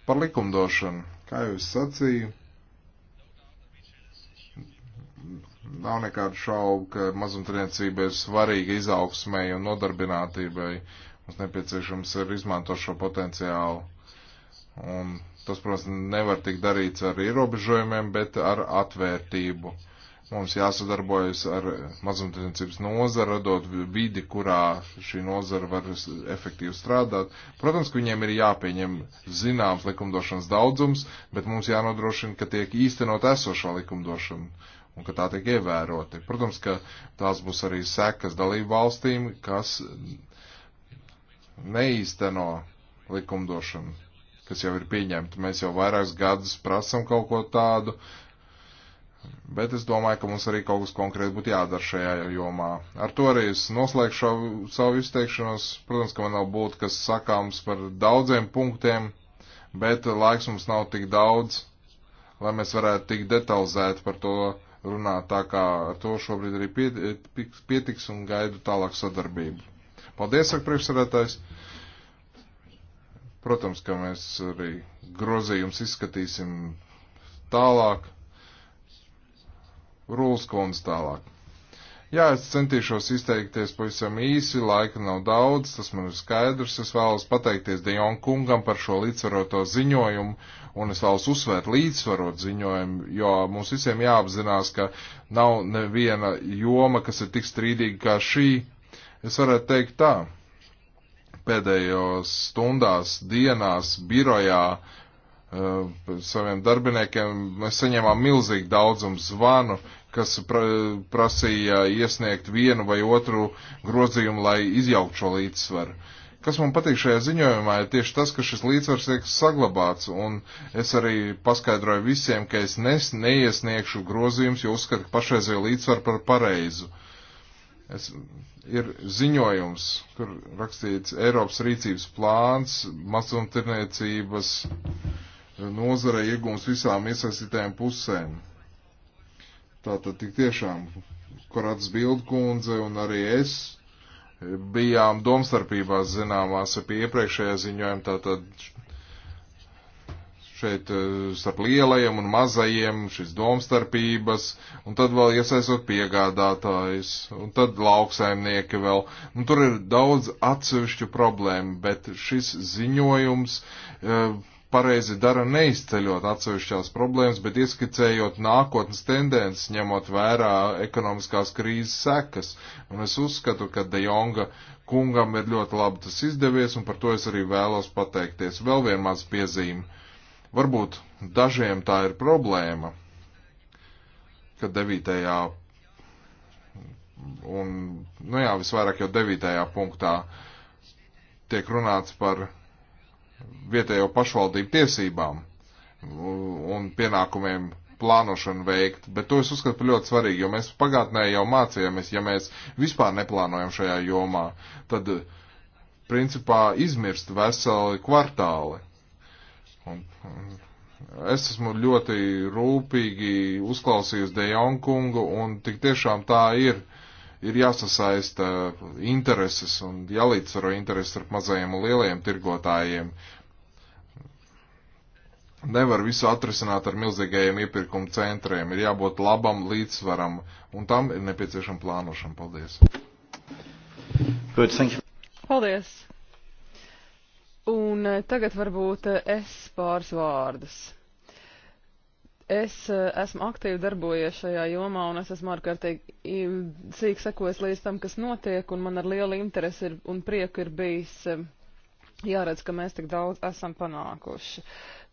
Par likumdošanu, kā jau es sacīju, nav nekādu šaubu, ka mazumtirniecība ir svarīga izaugsmēji un nodarbinātībai. Mums nepieciešams ir izmantot šo potenciālu Un tas, protams, nevar tikt darīts ar ierobežojumiem, bet ar atvērtību. Mums jāsadarbojas ar mazumtirdzniecības nozaru, radot vidi, kurā šī nozara var efektīvi strādāt. Protams, ka viņiem ir jāpieņem zināms likumdošanas daudzums, bet mums jānodrošina, ka tiek īstenot esošā likumdošana un ka tā tiek ievēroti. Protams, ka tās būs arī sekas dalību valstīm, kas neīsteno likumdošanu kas jau ir pieņemta. Mēs jau vairākus gadus prasam kaut ko tādu, bet es domāju, ka mums arī kaut kas konkrēti būtu jādara šajā jomā. Ar to arī es noslēgšu savu izteikšanos. Protams, ka man vēl būtu kas sakāms par daudziem punktiem, bet laiks mums nav tik daudz, lai mēs varētu tik detalizēti par to runā, tā kā ar to šobrīd arī pietiks un gaidu tālāk sadarbību. Paldies, saka priekšsarētājs! Protams, ka mēs arī grozījums izskatīsim tālāk. Rūls kundze tālāk. Jā, es centīšos izteikties pavisam īsi, laika nav daudz, tas man ir skaidrs. Es vēlos pateikties Dionu kungam par šo līdzsvaroto ziņojumu, un es vēlos uzsvērt līdzsvarot ziņojumu, jo mums visiem jāapzinās, ka nav neviena joma, kas ir tik strīdīga kā šī. Es varētu teikt tā, pēdējos stundās, dienās, birojā eh, saviem darbiniekiem. Mēs saņēmām milzīgi daudzumu zvanu, kas pra, prasīja iesniegt vienu vai otru grozījumu, lai izjaukt šo līdzsvaru. Kas man patīk šajā ziņojumā ir tieši tas, ka šis līdzsvars tiek saglabāts, un es arī paskaidroju visiem, ka es nes, neiesniegšu grozījumus, jo uzskatu, ka pašreizējo līdzsvaru par pareizu. Es ir ziņojums, kur rakstīts Eiropas rīcības plāns, mazumtirniecības nozara iegūms visām iesaistītēm pusēm. Tātad tik tiešām, kur atsbildkundze un arī es bijām domstarpībās zināmās pie iepriekšējā ziņojuma, tātad šeit eh, starp lielajiem un mazajiem, šis domstarpības, un tad vēl iesaistot piegādātājs, un tad lauksaimnieki vēl. Un nu, tur ir daudz atsevišķu problēmu, bet šis ziņojums e, pareizi dara neizceļot atsevišķās problēmas, bet ieskicējot nākotnes tendences, ņemot vērā ekonomiskās krīzes sekas. Un es uzskatu, ka De Jonga kungam ir ļoti labi tas izdevies, un par to es arī vēlos pateikties. Vēl vienmāds piezīme Varbūt dažiem tā ir problēma, ka 9. un, nu jā, visvairāk jau 9. punktā tiek runāts par vietējo pašvaldību tiesībām un pienākumiem plānošanu veikt, bet to es uzskatu par ļoti svarīgi, jo mēs pagātnē jau mācījāmies, ja mēs vispār neplānojam šajā jomā, tad principā izmirst veseli kvartāli. Un, un, mm, es esmu ļoti rūpīgi uzklausījusi Dejong kungu, un tik tiešām tā ir. Ir jāsasaista intereses un jālīdzsvaro intereses starp mazajiem un lielajiem tirgotājiem. Nevar visu atrisināt ar milzīgajiem iepirkuma centriem. Ir jābūt labam līdzsvaram, un tam ir nepieciešama plānošana. Paldies! Good, Paldies! Un eh, tagad varbūt eh, es pāris vārdus. Es eh, esmu aktīvi darbojies šajā jomā, un es esmu ārkārtīgi cīk sekojis līdz tam, kas notiek, un man ar lielu interesi ir, un prieku ir bijis jāredz, ka mēs tik daudz esam panākuši.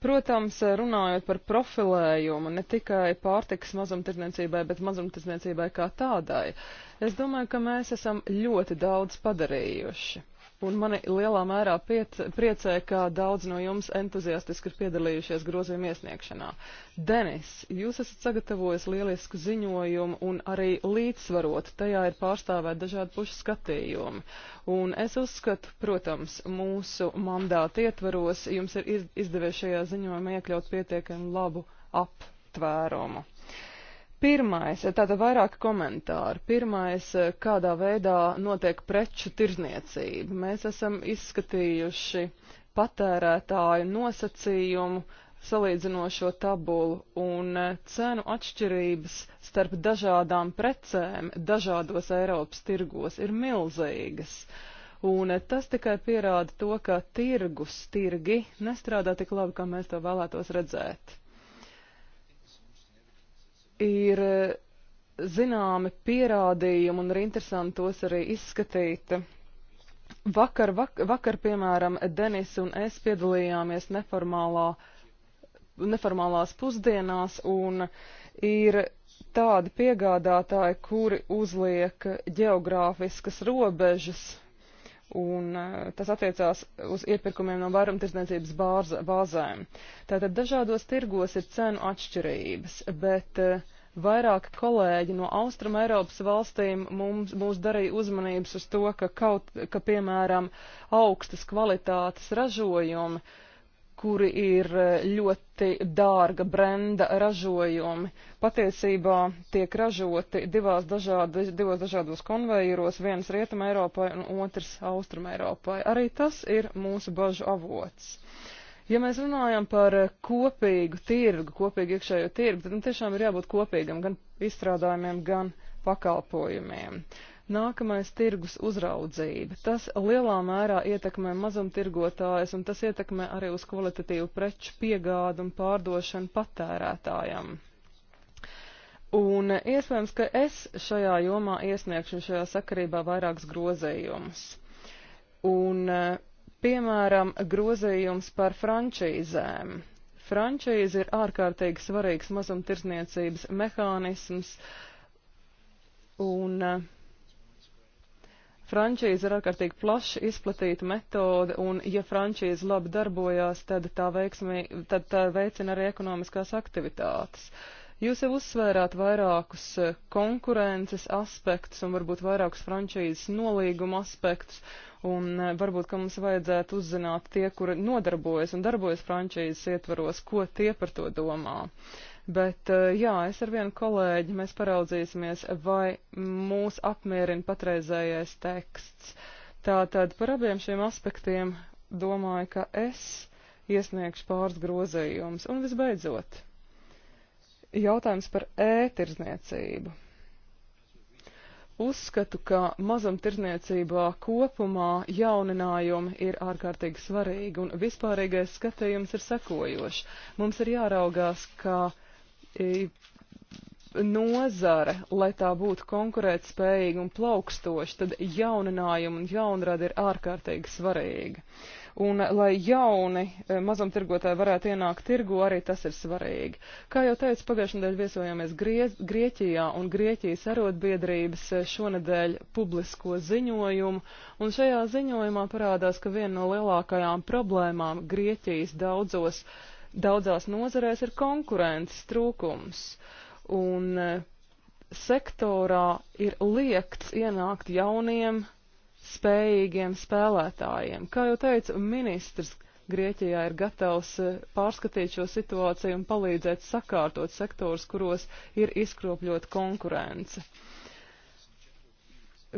Protams, runājot par profilējumu, ne tikai pārtikas mazumtirdzniecībai, bet mazumtirdzniecībai kā tādai, es domāju, ka mēs esam ļoti daudz padarījuši. Un mani lielā mērā piec, priecē, ka daudz no jums entuziastiski ir piedalījušies grozījuma iesniegšanā. Denis, jūs esat sagatavojis lielisku ziņojumu un arī līdzsvarot, tajā ir pārstāvēt dažādu pušu skatījumi. Un es uzskatu, protams, mūsu mandāta ietvaros jums ir izdevies šajā ziņojumā iekļaut pietiekami labu aptvērumu. Pirmais, tātad vairāk komentāru. Pirmais, kādā veidā notiek preču tirzniecība. Mēs esam izskatījuši patērētāju nosacījumu, salīdzinošo tabulu un cenu atšķirības starp dažādām precēm dažādos Eiropas tirgos ir milzīgas. Un tas tikai pierāda to, ka tirgus, tirgi nestrādā tik labi, kā mēs to vēlētos redzēt ir eh, zināmi pierādījumi un ir interesanti tos arī izskatīt. Vakar, vakar, vakar piemēram, Denis un es piedalījāmies neformālā, neformālās pusdienās un ir tādi piegādātāji, kuri uzliek geogrāfiskas robežas un eh, tas attiecās uz iepirkumiem no vairumtirdzniecības bāzēm. Tātad dažādos tirgos ir cenu atšķirības, bet eh, vairāki kolēģi no Austrum Eiropas valstīm mums, mums darīja uzmanības uz to, ka kaut, ka piemēram augstas kvalitātes ražojumi uh, kuri ir e, ļoti dārga brenda ražojumi. Patiesībā tiek ražoti divās dažādi, divos dažādos konvejeros, viens Rietuma Eiropai un otrs Austrum Eiropai. Arī tas ir mūsu bažu avots. Ja mēs runājam par e, kopīgu tirgu, kopīgu iekšējo tirgu, tad nu, tiešām ir jābūt kopīgam gan izstrādājumiem, gan pakalpojumiem. Uh, Nākamais tirgus uzraudzība. Tas lielā mērā ietekmē mazumtirgotājus, un tas ietekmē arī uz kvalitatīvu preču piegādu un pārdošanu patērētājam. Un iespējams, ka es šajā jomā iesniegšu šajā sakarībā vairākus grozējumus. Un, piemēram, grozējums par frančīzēm. Frančīze ir ārkārtīgi svarīgs mazumtirdzniecības mehānisms, un uh, Frančīze ir ārkārtīgi plaši izplatīta metode, un ja frančīze labi darbojās, tad tā, veiksmī, tad tā veicina arī ekonomiskās aktivitātes. Jūs jau uzsvērāt vairākus eh, konkurences aspektus un varbūt vairākus frančīzes nolīguma aspektus, un eh, varbūt, ka mums vajadzētu uzzināt tie, kuri nodarbojas un darbojas frančīzes ietvaros, ko tie par to domā. Uh, Bet, eh, jā, es ar vienu kolēģi mēs paraudzīsimies, vai mūs apmierina patreizējais teksts. Tātad par abiem šiem aspektiem domāju, ka es iesniegšu pāris grozījumus. Un visbeidzot, jautājums par ētirzniecību. E Uzskatu, ka mazumtirdzniecībā kopumā jauninājumi ir ārkārtīgi svarīgi, un vispārīgais skatījums ir sekojošs. Mums ir jāraugās, ka nozare, lai tā būtu konkurētspējīga un plaukstoša, tad jauninājumi un jaunrada ir ārkārtīgi svarīga. Un, lai jauni e, mazumtirgotāji varētu ienākt tirgu, arī tas ir svarīgi. Kā jau teicu, pagājušajā nedēļā viesojāmies Griez, Grieķijā, un Grieķijas arotbiedrības e, šonadēļ publisko ziņojumu, un šajā ziņojumā parādās, ka viena no lielākajām problēmām Grieķijas daudzos uh, daudzās nozarēs ir konkurences trūkums. Un e, sektorā ir liekts ienākt jauniem spējīgiem spēlētājiem. Kā jau teicu, ministrs Grieķijā ir gatavs e, pārskatīt šo situāciju un palīdzēt sakārtot sektors, kuros ir izkropļot konkurence.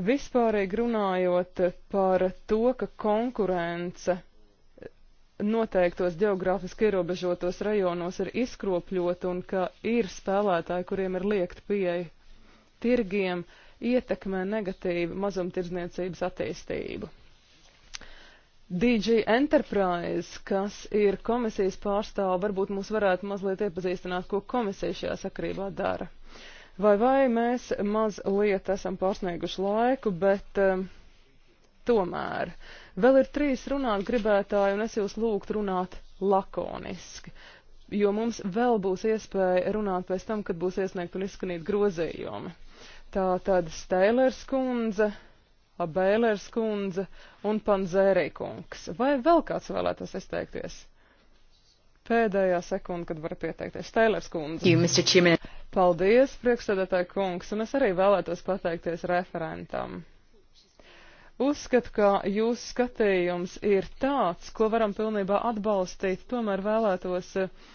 Vispārīgi runājot par to, ka konkurence noteiktos geogrāfiski ierobežotos rajonos ir izkropļota un ka ir spēlētāji, kuriem ir liekt pieeja tirgiem, ietekmē negatīvi mazumtirdzniecības attīstību. DG Enterprise, kas ir komisijas pārstāva, varbūt mūs varētu mazliet iepazīstināt, ko komisija šajā sakrībā dara. Vai vai mēs mazliet esam pārsnieguši laiku, bet um, tomēr uh, Vēl ir trīs runāt gribētāji, un es jūs lūgtu runāt lakoniski, jo mums vēl būs iespēja runāt pēc tam, kad būs iesniegt un izskanīt grozījumi. Tā tad Steilers kundze, Abēlers kundze un Panzērī kungs. Vai vēl kāds vēlētos izteikties? Pēdējā sekunda, kad var pieteikties Steilers kundze. You, Paldies, priekšsēdētāji kungs, un es arī vēlētos pateikties referentam. Uzskatu, ka jūsu skatījums ir tāds, ko varam pilnībā atbalstīt, tomēr vēlētos uh,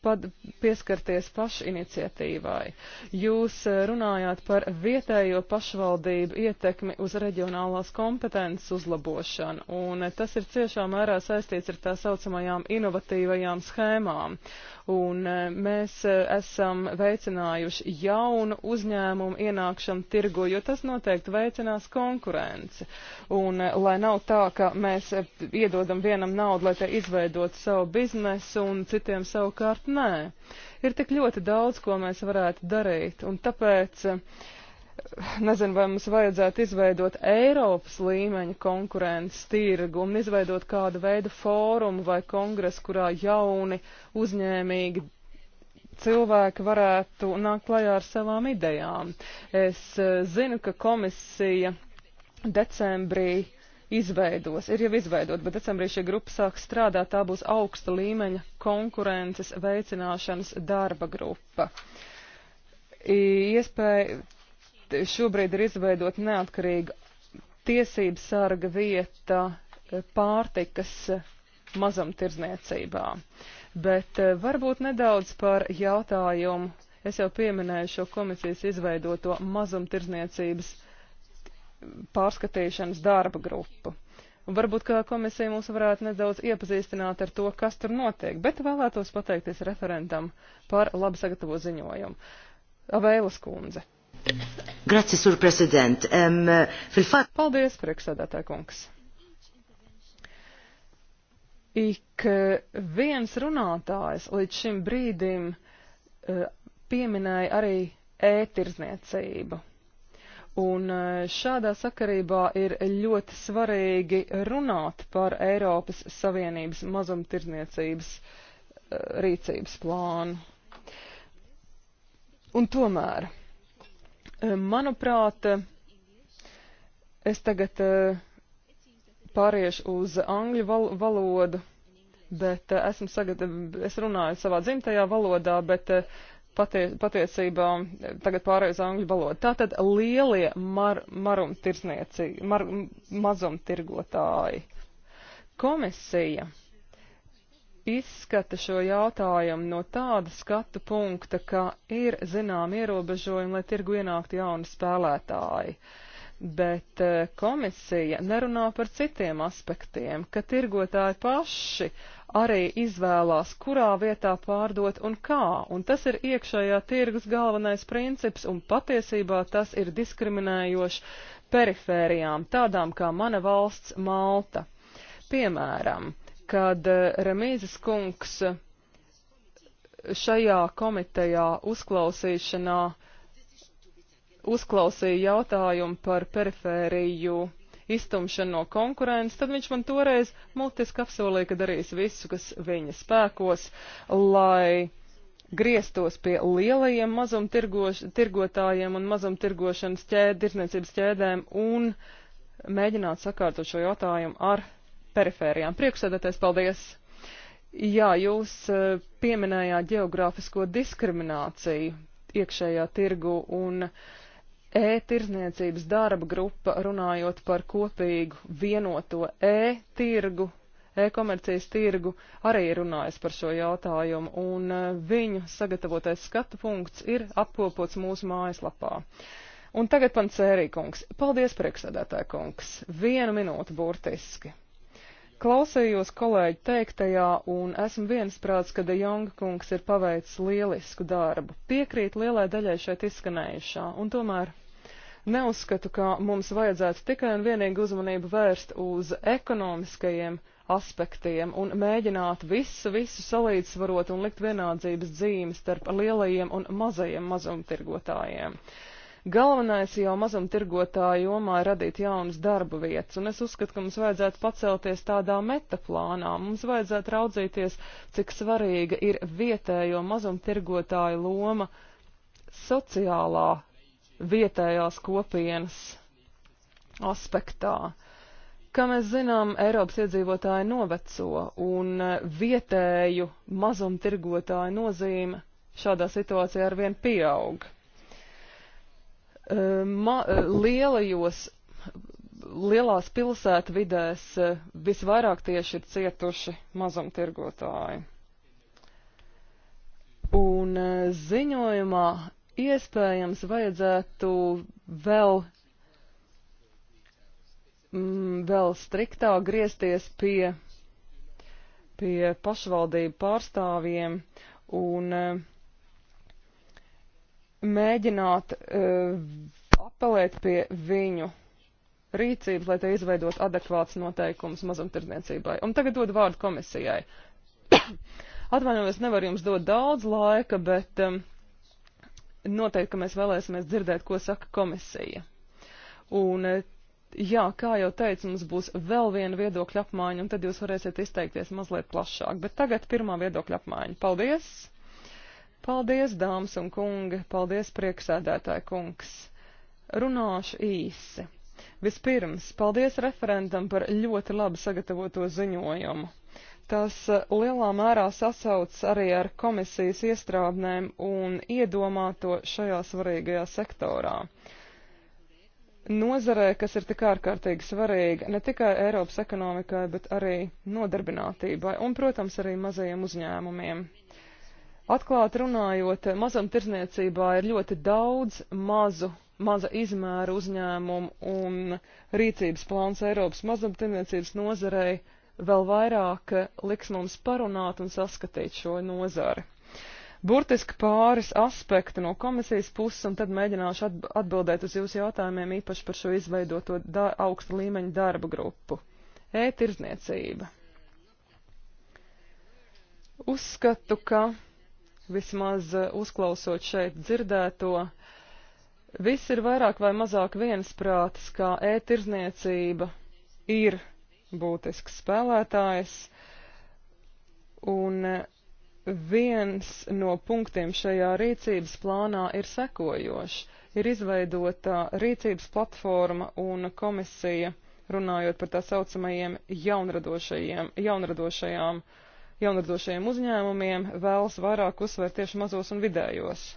pad, pieskarties pašiniciatīvai. Jūs eh, runājāt par vietējo pašvaldību ietekmi uz reģionālās kompetences uzlabošanu, un eh, tas ir ciešā mērā saistīts ar tā saucamajām inovatīvajām schēmām. Un eh, mēs esam veicinājuši jaunu uzņēmumu ienākšanu tirgu, jo tas noteikti veicinās konkurenci. Un lai nav tā, ka mēs iedodam vienam naudu, lai te izveidot savu biznesu un citiem savu kārtu, savukārt nē. Ir tik ļoti daudz, ko mēs varētu darīt, un tāpēc eh, nezinu, vai mums vajadzētu izveidot Eiropas līmeņa konkurences tirgu un izveidot kādu veidu fórumu vai kongresu, kurā jauni uzņēmīgi cilvēki varētu nākt klajā ar savām idejām. Es eh, zinu, ka komisija decembrī izveidos, ir jau izveidot, bet decembrī šī grupa sāks strādāt, tā būs augsta līmeņa konkurences veicināšanas darba grupa. Iespēja šobrīd ir izveidot neatkarīga tiesības sarga vieta pārtikas mazumtirdzniecībā. Bet e, varbūt nedaudz par jautājumu. Es jau pieminēju šo komisijas izveidoto mazumtirdzniecības pārskatīšanas darba grupu. Un varbūt, ka komisija mūs varētu nedaudz iepazīstināt ar to, kas tur notiek, bet vēlētos pateikties referentam par labi sagatavo ziņojumu. Avēlas kundze. Grazie, sur prezident. Um, filfat... Paldies, priekšsēdētā kungs. Ik eh, viens runātājs līdz šim brīdim uh, pieminēja arī ētirzniecību. E Un e, šādā sakarībā ir ļoti svarīgi runāt par Eiropas Savienības mazumtirdzniecības e, rīcības plānu. Un tomēr, e, manuprāt, es tagad pāriešu uz angļu val valodu, bet esmu sagad, es runāju savā dzimtajā valodā, bet patie, patiesībā tagad pārējais angļu valoda. Tātad lielie mar, marumtirdznieci, mar, mazumtirgotāji. Komisija izskata šo jautājumu no tāda skatu punkta, ka ir zinām ierobežojumi, lai tirgu ienāktu jauni spēlētāji. Bet eh, komisija nerunā par citiem aspektiem, ka tirgotāji paši arī izvēlās, kurā vietā pārdot un kā, un tas ir iekšējā tirgus galvenais princips, un patiesībā tas ir diskriminējoši perifērijām, tādām kā mana valsts Malta. Piemēram, kad eh, Remīzes kungs šajā komitejā uzklausīšanā uzklausīja jautājumu par perifēriju iztumšanu no konkurences, tad viņš man toreiz mutiski apsolīja, ka darīs visu, kas viņa spēkos, lai grieztos pie lielajiem mazumtirgotājiem un mazumtirgošanas ķēdi, tirsniecības ķēdēm un mēģināt sakārtot šo jautājumu ar perifērijām. Priekšsēdētais, paldies! Jā, jūs eh, pieminējāt geogrāfisko diskrimināciju iekšējā tirgu un uh, e-tirzniecības darba grupa runājot par kopīgu vienoto e-tirgu, e-komercijas tirgu, arī runājas par šo jautājumu, un e, viņu sagatavotais skatu punkts ir apkopots mūsu mājaslapā. Un tagad pan Cērīkungs. Paldies, priekšsēdētāja kungs. Vienu minūti burtiski. Klausējos kolēģi teiktajā un esmu viensprāts, ka De Jonga kungs ir paveicis lielisku darbu. Piekrīt lielai daļai šeit izskanējušā, un tomēr Neuzskatu, ka mums vajadzētu tikai un vienīgi uzmanību vērst uz ekonomiskajiem aspektiem un mēģināt visu, visu salīdzvarot un likt vienādzības dzīves starp lielajiem un mazajiem mazumtirgotājiem. Galvenais jau mazumtirgotāju jomā ir radīt jaunas darba vietas, un es uzskatu, ka mums vajadzētu pacelties tādā metaplānā. Mums vajadzētu raudzīties, cik svarīga ir vietējo mazumtirgotāju loma sociālā vietējās kopienas aspektā. Kā mēs zinām, Eiropas iedzīvotāji noveco un e, vietēju mazumtirgotāju nozīme šādā situācijā arvien pieaug. E, ma, e, lielajos, lielās pilsētu vidēs visvairāk tieši ir cietuši mazumtirgotāji. Un ziņojumā Iespējams, vajadzētu vēl, mm, vēl striktāk griezties pie, pie pašvaldību pārstāvjiem un eh, mēģināt uh, apelēt pie viņu rīcības, lai te izveidot adekvāts noteikums mazumtirdzniecībai. Un tagad dod vārdu komisijai. Atvainojos, nevaru jums dot daudz laika, bet um, noteikti, ka mēs vēlēsimies dzirdēt, ko saka komisija. Un, eh, jā, kā jau teicu, mums būs vēl viena viedokļa apmaiņa, un tad jūs varēsiet izteikties mazliet plašāk. Bet tagad pirmā viedokļa apmaiņa. Paldies! Paldies, dāmas un kungi! Paldies, prieksēdētāji kungs! Runāšu īsi. Vispirms, paldies referentam par ļoti labi sagatavoto ziņojumu. Tas eh, lielā mērā sasaucas arī ar komisijas iestrādnēm un iedomāto šajā svarīgajā sektorā. Nozarē, kas ir tik ārkārtīgi svarīga ne tikai Eiropas ekonomikai, bet arī nodarbinātībai un, protams, arī mazajiem uzņēmumiem. Atklāti runājot, mazumtirdzniecībā ir ļoti daudz mazu maza izmēra uzņēmumu un rīcības plāns Eiropas mazumtirdzniecības nozarei vēl vairāk liks mums parunāt un saskatīt šo nozari. Burtiski pāris aspekti no komisijas puses, un tad mēģināšu atbildēt uz jūsu jautājumiem īpaši par šo izveidoto augsta līmeņa darba grupu. E-tirzniecība. Uzskatu, ka vismaz eh, uzklausot šeit dzirdēto, viss ir vairāk vai mazāk viensprātis, kā e-tirzniecība ir būtisks spēlētājs. Un viens no punktiem šajā rīcības plānā ir sekojošs. Ir izveidota rīcības platforma un komisija, runājot par tā saucamajiem jaunradošajiem, jaunradošajām, jaunradošajiem uzņēmumiem, vēlas vairāk uzsvērt tieši mazos un vidējos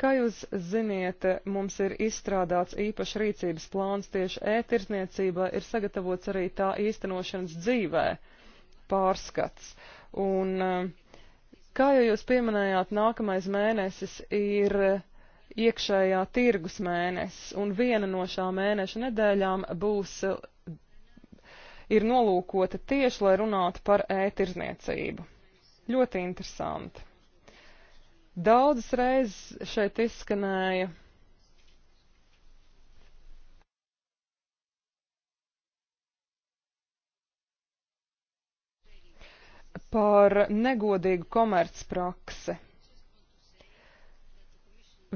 Kā jūs ziniet, mums ir izstrādāts īpašs rīcības plāns tieši ētirzniecībā, e ir sagatavots arī tā īstenošanas dzīvē pārskats. Un, eh, kā jau jūs pieminējāt, nākamais mēnesis ir iekšējā tirgus mēnesis, un viena no šā mēneša nedēļām būs ir nolūkota tieši, lai runātu par ētirzniecību. E ļoti interesanti. Daudzas reizes šeit izskanēja. par negodīgu komercpraksi.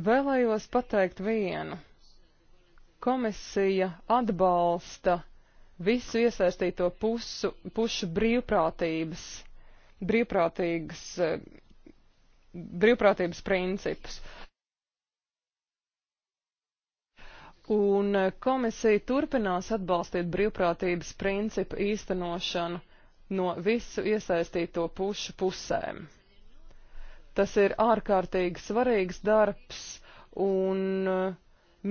Vēlējos pateikt vienu. Komisija atbalsta visu iesaistīto pusu, pušu brīvprātības, brīvprātīgas brīvprātības principus. Un komisija turpinās atbalstīt brīvprātības principu īstenošanu no visu iesaistīto pušu pusēm. Tas ir ārkārtīgi svarīgs darbs un uh,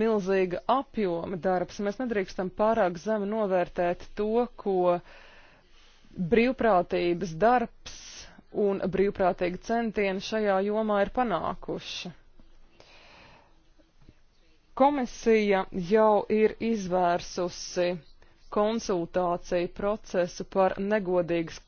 milzīga apjoma darbs. Mēs nedrīkstam pārāk zemi novērtēt to, ko brīvprātības darbs un brīvprātīgi centieni šajā jomā ir panākuši. Komisija jau ir izvērsusi konsultāciju procesu par negodīgas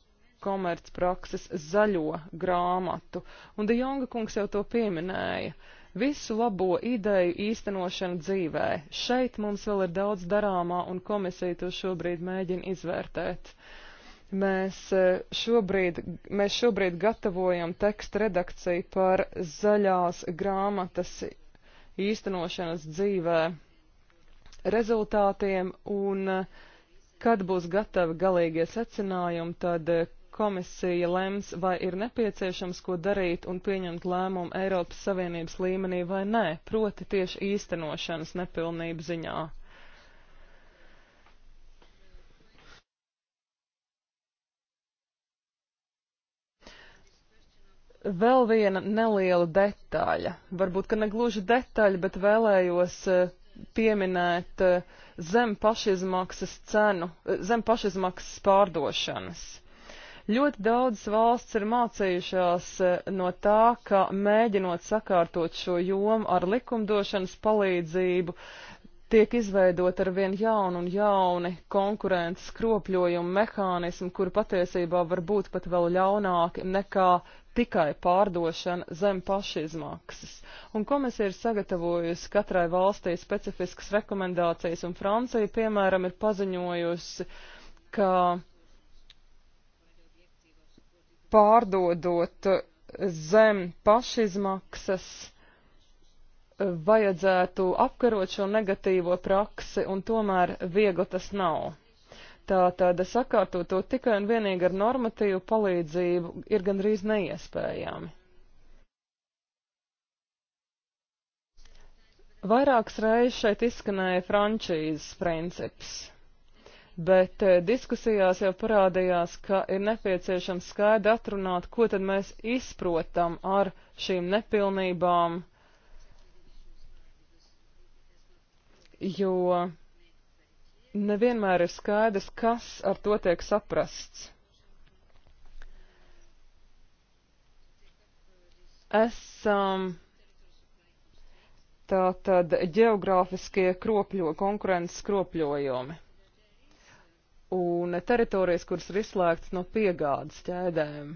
komercprakses zaļo grāmatu, un De Jonga kungs jau to pieminēja. Visu labo ideju īstenošana dzīvē. Šeit mums vēl ir daudz darāmā, un komisija to šobrīd mēģina izvērtēt. Uh, Mēs e, šobrīd, mēs šobrīd gatavojam tekstu redakciju par zaļās grāmatas īstenošanas dzīvē rezultātiem un e, kad būs gatavi galīgie secinājumi, tad e, komisija lems, vai ir nepieciešams ko darīt un pieņemt lēmumu Eiropas Savienības līmenī vai nē, proti tieši īstenošanas nepilnību ziņā. Vēl viena neliela detaļa, varbūt, ka negluži detaļa, bet vēlējos e, pieminēt e, zem pašizmaksas cenu, e, zem pašizmaksas pārdošanas. Ļoti daudzas valsts ir mācījušās no tā, ka mēģinot sakārtot šo jomu ar likumdošanas palīdzību, tiek izveidot ar vien jaunu un jauni konkurences kropļojumu mehānismu, kur patiesībā var būt pat vēl ļaunāki nekā tikai pārdošana zem pašizmaksas. Un komisija ir sagatavojusi katrai valstī specifiskas rekomendācijas, un Francija, piemēram, ir paziņojusi, ka pārdodot zem pašizmaksas eh, vajadzētu apkarot šo negatīvo praksi, un tomēr viegli tas nav. Tātad sakārtot to tikai un vienīgi ar normatīvu palīdzību ir gandrīz neiespējami. Vairākas reizes šeit izskanēja frančīzes princips, bet eh, diskusijās jau parādījās, ka ir nepieciešams skaidri atrunāt, ko tad mēs izprotam ar šīm nepilnībām, jo nevienmēr ir skaidrs, kas ar to tiek saprasts. Esam tātad ģeogrāfiskie kropļo, konkurences kropļojumi un teritorijas, kuras ir izslēgtas no piegādes ķēdēm.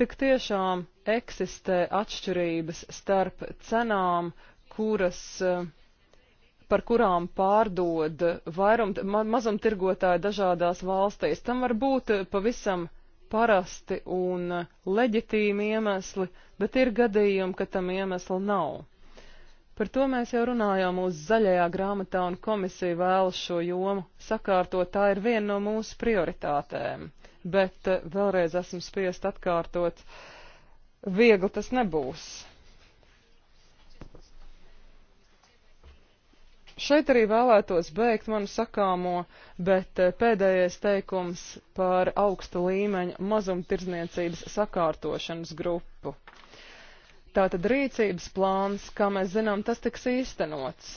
Tik tiešām eksistē atšķirības starp cenām, kuras uh, par kurām pārdod vairum, ma mazumtirgotāji dažādās valstīs. Tam var būt pavisam parasti un leģitīmi iemesli, bet ir gadījumi, ka tam iemesli nav. Par to mēs jau runājām mūsu zaļajā grāmatā, un komisija vēlas šo jomu sakārtot. Tā ir viena no mūsu prioritātēm. Bet eh, vēlreiz esmu spiest atkārtot, viegli tas nebūs. Šeit arī vēlētos beigt manu sakāmo, bet eh, pēdējais teikums par augsta līmeņa mazumtirdzniecības sakārtošanas grupu. Tātad rīcības plāns, kā mēs zinām, tas tiks īstenots.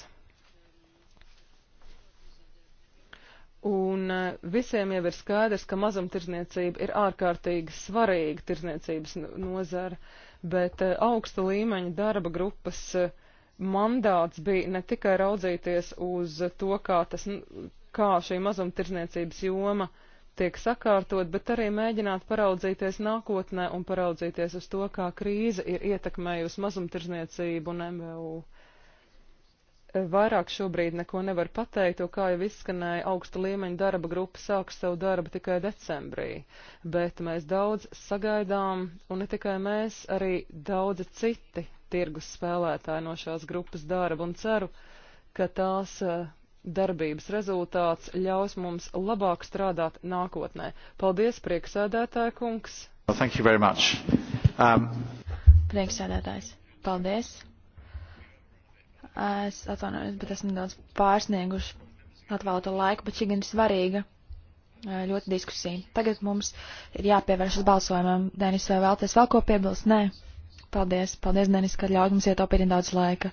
Un eh, visiem jau ir skaidrs, ka mazumtirdzniecība ir ārkārtīgi svarīga tirdzniecības nozara, bet eh, augsta līmeņa darba grupas uh, mandāts bija ne tikai raudzīties uz to, kā, tas, kā šī mazumtirdzniecības joma tiek sakārtot, bet arī mēģināt paraudzīties nākotnē un paraudzīties uz to, kā krīze ir ietekmējusi mazumtirdzniecību un MVU. Vairāk šobrīd neko nevar pateikt, jo, kā jau izskanēja, augsta līmeņa darba grupa sāks savu darbu tikai decembrī, bet mēs daudz sagaidām, un ne tikai mēs, arī daudzi citi tirgus spēlētāji no šās grupas darba un ceru, ka tās e, darbības rezultāts ļaus mums labāk strādāt nākotnē. Paldies, prieksēdētāja kungs! Well, thank you very much. Um... Prieksēdētājs, paldies! Es atvainojos, bet esmu daudz pārsnieguši atvēlēto laiku, bet šī gan ir svarīga e, ļoti diskusija. Tagad mums ir jāpievēršas balsojumam. Denis, vai vēlties vēl ko piebilst? Nē. Paldies, paldies, Denis, ka ļauj mums ietaupīt daudz laika.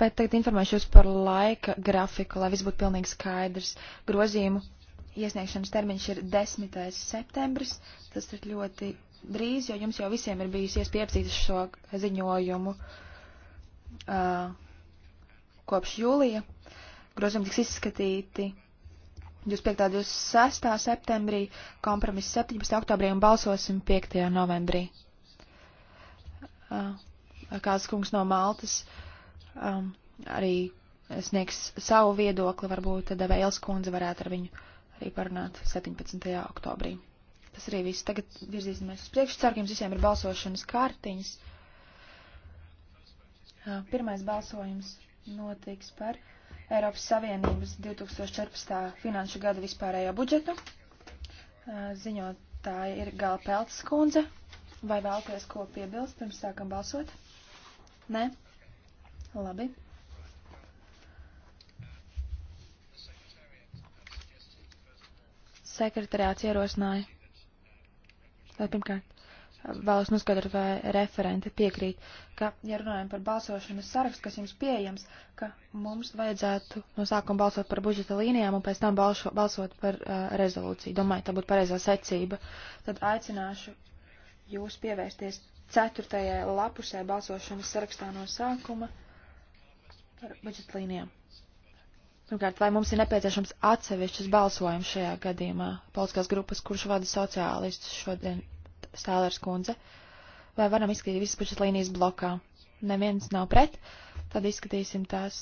Bet tagad informēšu jūs par laika grafiku, lai viss būtu pilnīgi skaidrs. Grozījumu iesniegšanas termiņš ir 10. septembris. Tas ir ļoti drīz, jo jums jau visiem ir bijusi iespēja iepazīt šo ziņojumu uh, kopš jūlija. Grozījumi tiks izskatīti 25. un 26. septembrī, kompromiss 17. oktobrī un balsosim 5. novembrī. Uh, kāds kungs no Maltas um, arī sniegs savu viedokli, varbūt tad Vēles kundze varētu ar viņu arī parunāt 17. oktobrī. Tas arī viss. Tagad virzīsimies uz priekšu. Ceru, ka jums visiem ir balsošanas kārtiņas. Uh, pirmais balsojums notiks par Eiropas Savienības 2014. finanšu gada vispārējo budžetu. Uh, ziņotāja ir Gala Peltas kundze. Vai vēlaties ko piebilst pirms sākam balsot? Nē? Labi. Sekretariāts ierosināja. Vai pirmkārt, vēlos noskaidrot, vai referenti piekrīt, ka, ja runājam par balsošanas sarakstu, kas jums pieejams, ka mums vajadzētu no sākuma balsot par budžeta līnijām un pēc tam balso, balsot par uh, rezolūciju. Domāju, tā būtu pareizā secība. Tad aicināšu jūs pievērsties ceturtajai lapusē balsošanas sarakstā no sākuma par budžeta līnijām. Pirmkārt, vai mums ir nepieciešams atsevišķas balsojums šajā gadījumā? Politiskās grupas, kurš vada sociālistus šodien, Stēlers kundze. Vai varam izskatīt visas budžeta līnijas blokā? Neviens nav pret, tad izskatīsim tās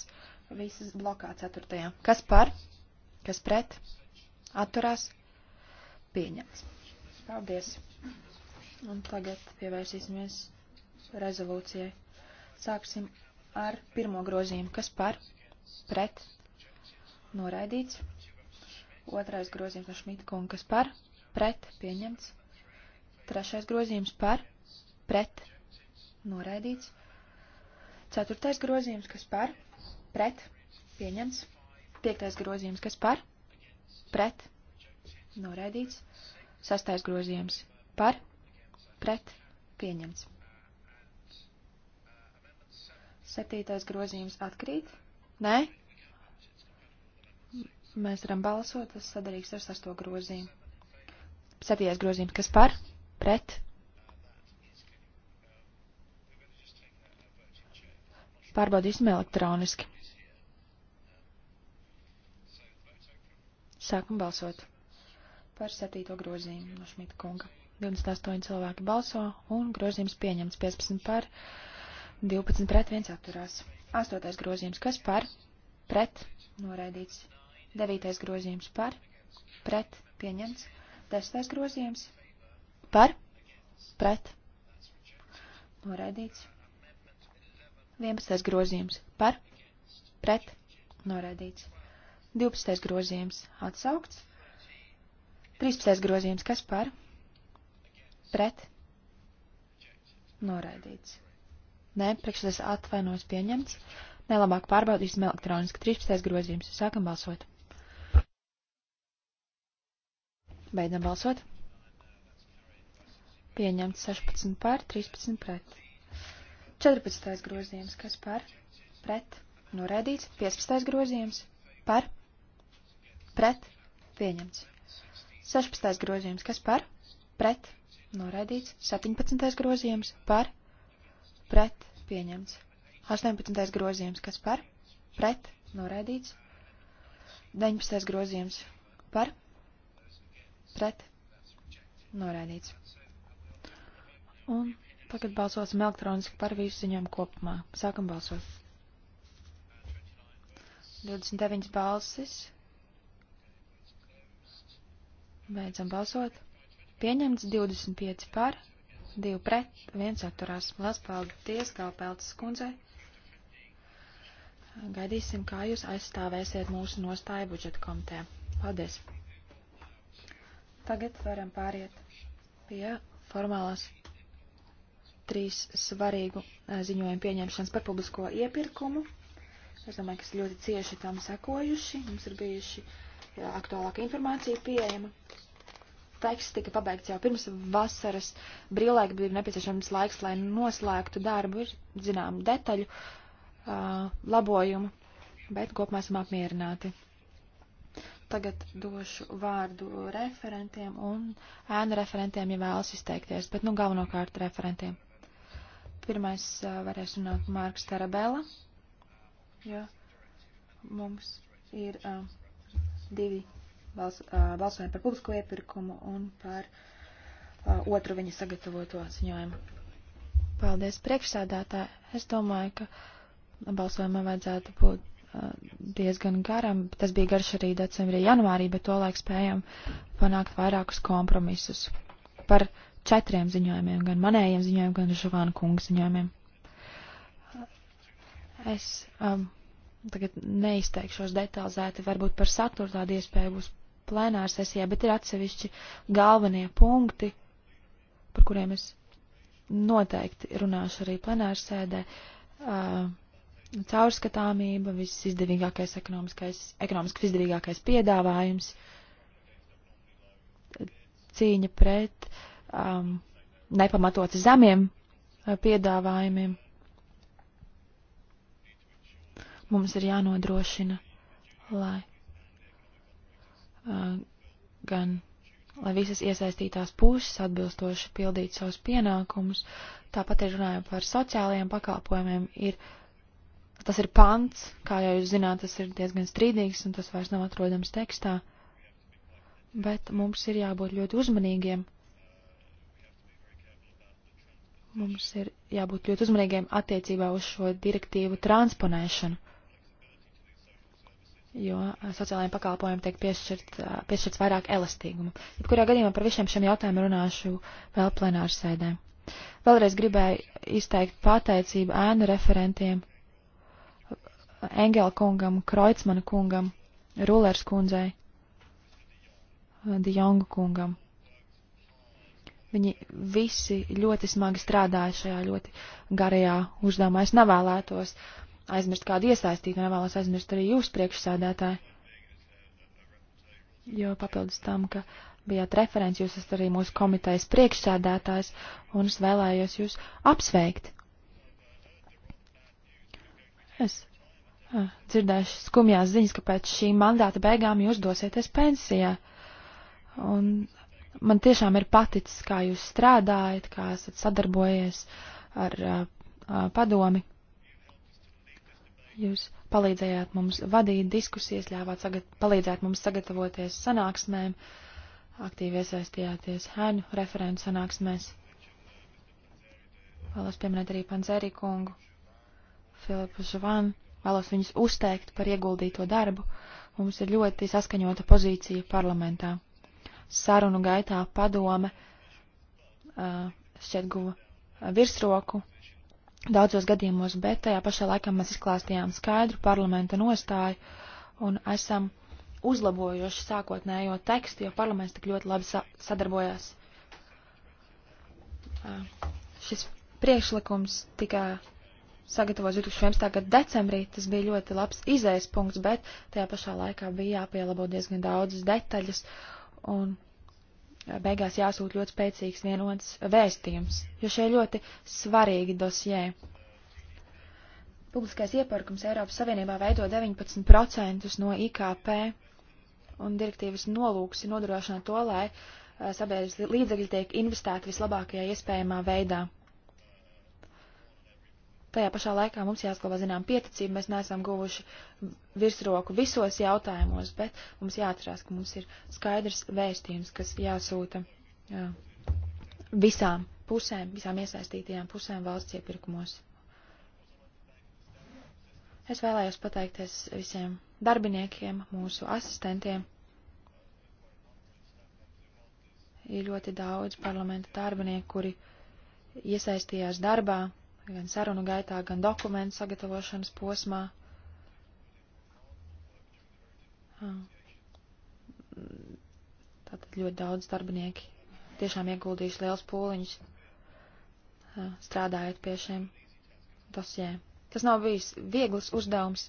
visas blokā ceturtajā. Kas par? Kas pret? Atturās? Pieņems. Paldies. Un tagad pievērsīsimies rezolūcijai. Sāksim ar pirmo grozījumu, kas par pret noraidīts. Otrais grozījums no Šmita kunga, kas par pret pieņemts. Trešais grozījums par pret noraidīts. Ceturtais grozījums, kas par pret pieņemts. Piektais grozījums, kas par pret noraidīts. Sastais grozījums par pret pret pieņemts. Septītais grozījums atkrīt? Nē? Mēs varam balsot, tas sadarīgs ar sasto grozījumu. Septītais grozījums, kas par? Pret? Pārbaudīsim elektroniski. Sākam balsot par septīto grozījumu no Šmita kunga. 28 cilvēki balso un grozījums pieņemts 15 par, 12 pret, 1 atturās. 8. grozījums, kas par, pret, noraidīts. 9. grozījums par, pret, pieņemts. 10. grozījums par, pret, noraidīts. 11. grozījums par, pret, noraidīts. 12. grozījums atsaukts. 13. grozījums kas par, Pret? Noraidīts. Nē, priekšsēdēs atvainojas pieņemts. Nelabāk pārbaudīsim elektroniski 13. grozījums. Sākam balsot. Beidzam balsot. Pieņemts 16 pār, 13 pret. 14. grozījums. Kas par? Pret. Noraidīts. 15. grozījums. Par. Pret. Pieņemts. 16. grozījums. Kas par? Pret noraidīts, 17. grozījums par, pret, pieņemts, 18. grozījums, kas par, pret, noraidīts, 19. grozījums par, pret, noraidīts. Un tagad balsosim elektroniski par visu ziņām kopumā. Sākam balsot. 29 balsis. Beidzam balsot. Pieņemts 25 par, 2 pret, 1 atturās. Lielas paldies, Galpeltas kundzei. Gaidīsim, kā jūs aizstāvēsiet mūsu nostāju budžeta komitē. Paldies. Tagad varam pāriet pie formālās trīs svarīgu eh, ziņojumu pieņemšanas par publisko iepirkumu. Es domāju, ka esat ļoti cieši tam sekojuši. Mums ir bijuši eh, aktuālāka informācija pieejama teksts tika pabeigts jau pirms vasaras brīvlaika, bija nepieciešams laiks, lai noslēgtu darbu, ir zinām detaļu uh, labojumu, bet kopumā esam apmierināti. Tagad došu vārdu referentiem un ēnu referentiem, ja vēlas izteikties, bet nu galvenokārt referentiem. Pirmais uh, varēs runāt Mārks Tarabela, jo mums ir uh, divi bals, balsojumu par publisko iepirkumu un par otru viņa sagatavoto ziņojumu. Paldies priekšsādātā. Es domāju, ka balsojumam vajadzētu būt diezgan garam. Tas bija garš arī decembrī, janvārī, bet to laik spējam panākt vairākus kompromisus par četriem ziņojumiem, gan manējiem ziņojumiem, gan Žavāna kunga ziņojumiem. Es um, tagad neizteikšos detalizēti, varbūt par saturu tādu iespēju būs plēnāra sesijā, bet ir atsevišķi galvenie punkti, par kuriem es noteikti runāšu arī plenāra sēdē. Uh, caurskatāmība, viss izdevīgākais ekonomiskais, ekonomiski izdevīgākais piedāvājums, cīņa pret um, nepamatot zemiem uh, piedāvājumiem. Mums ir jānodrošina, lai Uh, gan lai visas iesaistītās puses atbilstoši pildītu savus pienākumus. Tāpat ir runājot par sociālajiem pakalpojumiem, ir, tas ir pants, kā jau jūs zināt, tas ir diezgan strīdīgs un tas vairs nav atrodams tekstā. Bet mums ir jābūt ļoti uzmanīgiem. Mums ir jābūt ļoti uzmanīgiem attiecībā uz šo direktīvu transponēšanu jo sociālajiem pakalpojumiem tiek piešķirt, piešķirts vairāk elastīguma. Jebkurā gadījumā par visiem šiem jautājumiem runāšu vēl plenāru sēdē. Vēlreiz gribēju izteikt pateicību ēnu referentiem Engela kungam, Kreutzmana kungam, Rulers kundzei, Dijonga kungam. Viņi visi ļoti smagi strādāja šajā ļoti garajā uzdevumā. Es nevēlētos uh, aizmirst kādu iesaistīt, nevēlos aizmirst arī jūs priekšsēdētāji. Jo papildus tam, ka bijāt referents, jūs esat arī mūsu komitejas priekšsēdētājs, un es vēlējos jūs apsveikt. Es ah, dzirdēšu skumjās ziņas, ka pēc šī mandāta beigām jūs dosieties pensijā. Un man tiešām ir paticis, kā jūs strādājat, kā esat sadarbojies ar uh, padomi. Jūs palīdzējāt mums vadīt diskusijas, ļāvāt sagat, palīdzēt mums sagatavoties sanāksmēm, aktīvi iesaistījāties hēnu referentu sanāksmēs. Vēlos pieminēt arī Panzeri kungu, Filipu Žvanu, vēlos viņus uzteikt par ieguldīto darbu. Mums ir ļoti saskaņota pozīcija parlamentā. Sarunu gaitā padome šķiet guva virsroku daudzos gadījumos, bet tajā pašā laikā mēs izklāstījām skaidru parlamenta nostāju un esam uzlabojuši sākotnējo tekstu, jo parlaments tik ļoti labi sa sadarbojās. Šis priekšlikums tika sagatavots 2011. gada decembrī, tas bija ļoti labs izējas punkts, bet tajā pašā laikā bija jāpielabo diezgan daudzas detaļas, un beigās jāsūt ļoti spēcīgs vienots vēstījums, jo šie ļoti svarīgi dosjē. Publiskais iepirkums Eiropas Savienībā veido 19% no IKP, un direktīvas nolūks ir nodrošināt to, lai eh, sabiedrības līdzekļi tiek investēti vislabākajā iespējamā veidā. Tajā pašā laikā mums jāsklabā zinām pieticība, mēs neesam guvuši virsroku visos jautājumos, bet mums jāatcerās, ka mums ir skaidrs vēstījums, kas jāsūta jā, visām pusēm, visām iesaistītajām pusēm valsts iepirkumos. Es vēlējos pateikties visiem darbiniekiem, mūsu asistentiem. Ir ļoti daudz parlamenta darbinieku, kuri iesaistījās darbā, gan sarunu gaitā, gan dokumentu sagatavošanas posmā. Tātad ļoti daudz darbinieki tiešām ieguldījuši liels pūliņus strādājot pie šiem dosjē. Tas nav bijis viegls uzdevums.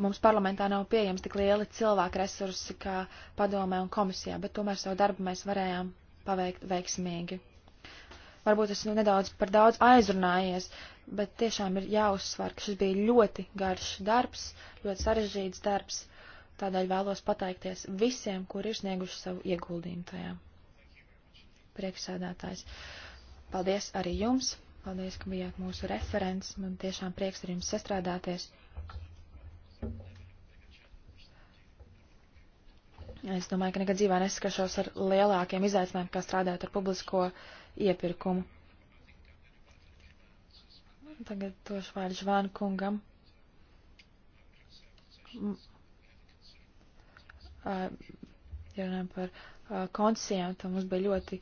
Mums parlamentā nav pieejams tik lieli cilvēku resursi kā padomē un komisijā, bet tomēr savu darbu mēs varējām paveikt veiksmīgi. Varbūt es nu nedaudz par daudz aizrunājies, bet tiešām ir jāuzsver, ka šis bija ļoti garš darbs, ļoti sarežģīts darbs. Tādēļ vēlos pateikties visiem, kuri ir snieguši savu ieguldījumu tajā. Priekšsēdētājs. Paldies arī jums. Paldies, ka bijāt mūsu referents. Man tiešām prieks ar jums sastrādāties. Es domāju, ka nekad dzīvē nesaskaršos ar lielākiem izaicinājumiem, kā strādāt ar publisko uh, iepirkumu. Tagad došu vārdu Žvānu kungam. Ja runājam par koncesijām, tad mums bija ļoti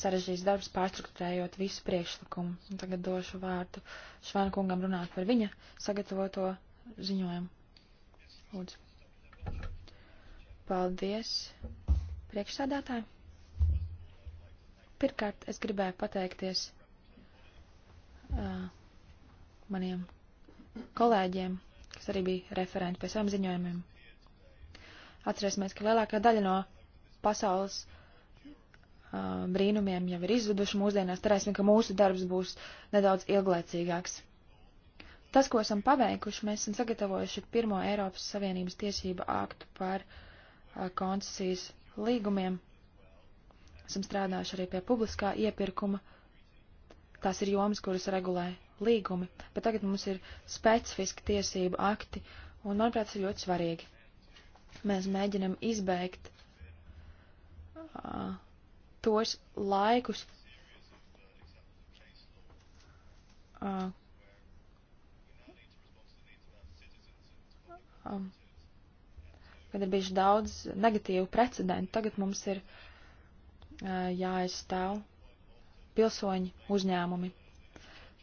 sarežģīts darbs pārstruktūrējot visu priekšlikumu. Un tagad došu vārdu Švānu kungam runāt par viņa sagatavoto ziņojumu. Lūdzu. Paldies. Priekšsādātāji. Pirmkārt, es gribēju pateikties uh, maniem kolēģiem, kas arī bija referenti pie saviem ziņojumiem. Atcerēsimies, ka lielākā daļa no pasaules uh, brīnumiem jau ir izzuduši mūsdienās, cerēsim, ka mūsu darbs būs nedaudz ilglaicīgāks. Tas, ko esam paveikuši, mēs esam sagatavojuši pirmo Eiropas Savienības tiesību aktu par uh, koncesijas līgumiem Esam strādājuši arī pie publiskā iepirkuma. Tās ir jomas, kuras regulē līgumi, bet tagad mums ir specifiski tiesību akti, un, manuprāt, tas ir ļoti svarīgi. Mēs mēģinam izbeigt uh, tos laikus, uh, um, kad ir bijuši daudz negatīvu precedentu. Tagad mums ir uh, Eh, jāaizstāv pilsoņu uzņēmumi.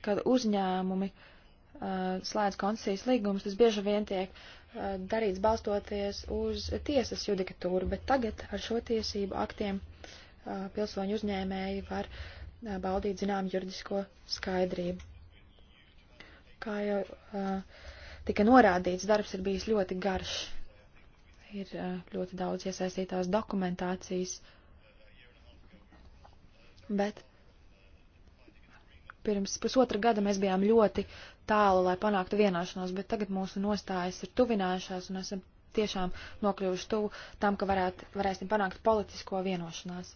Kad uzņēmumi eh, slēdz koncesijas līgumus, tas bieži vien tiek eh, darīts balstoties uz tiesas judikatūru, bet tagad ar šo tiesību aktiem pilsoņu uzņēmēji var baudīt zinām juridisko skaidrību. Kā jau tika norādīts, darbs ir bijis ļoti garš. Ir ļoti daudz iesaistītās dokumentācijas, uh, bet pirms pusotra gada mēs bijām ļoti tālu, lai panāktu vienošanos, bet tagad mūsu nostājas ir tuvinājušās un esam tiešām nokļuvuši tuvu tam, ka varētu, varēsim panākt politisko vienošanās.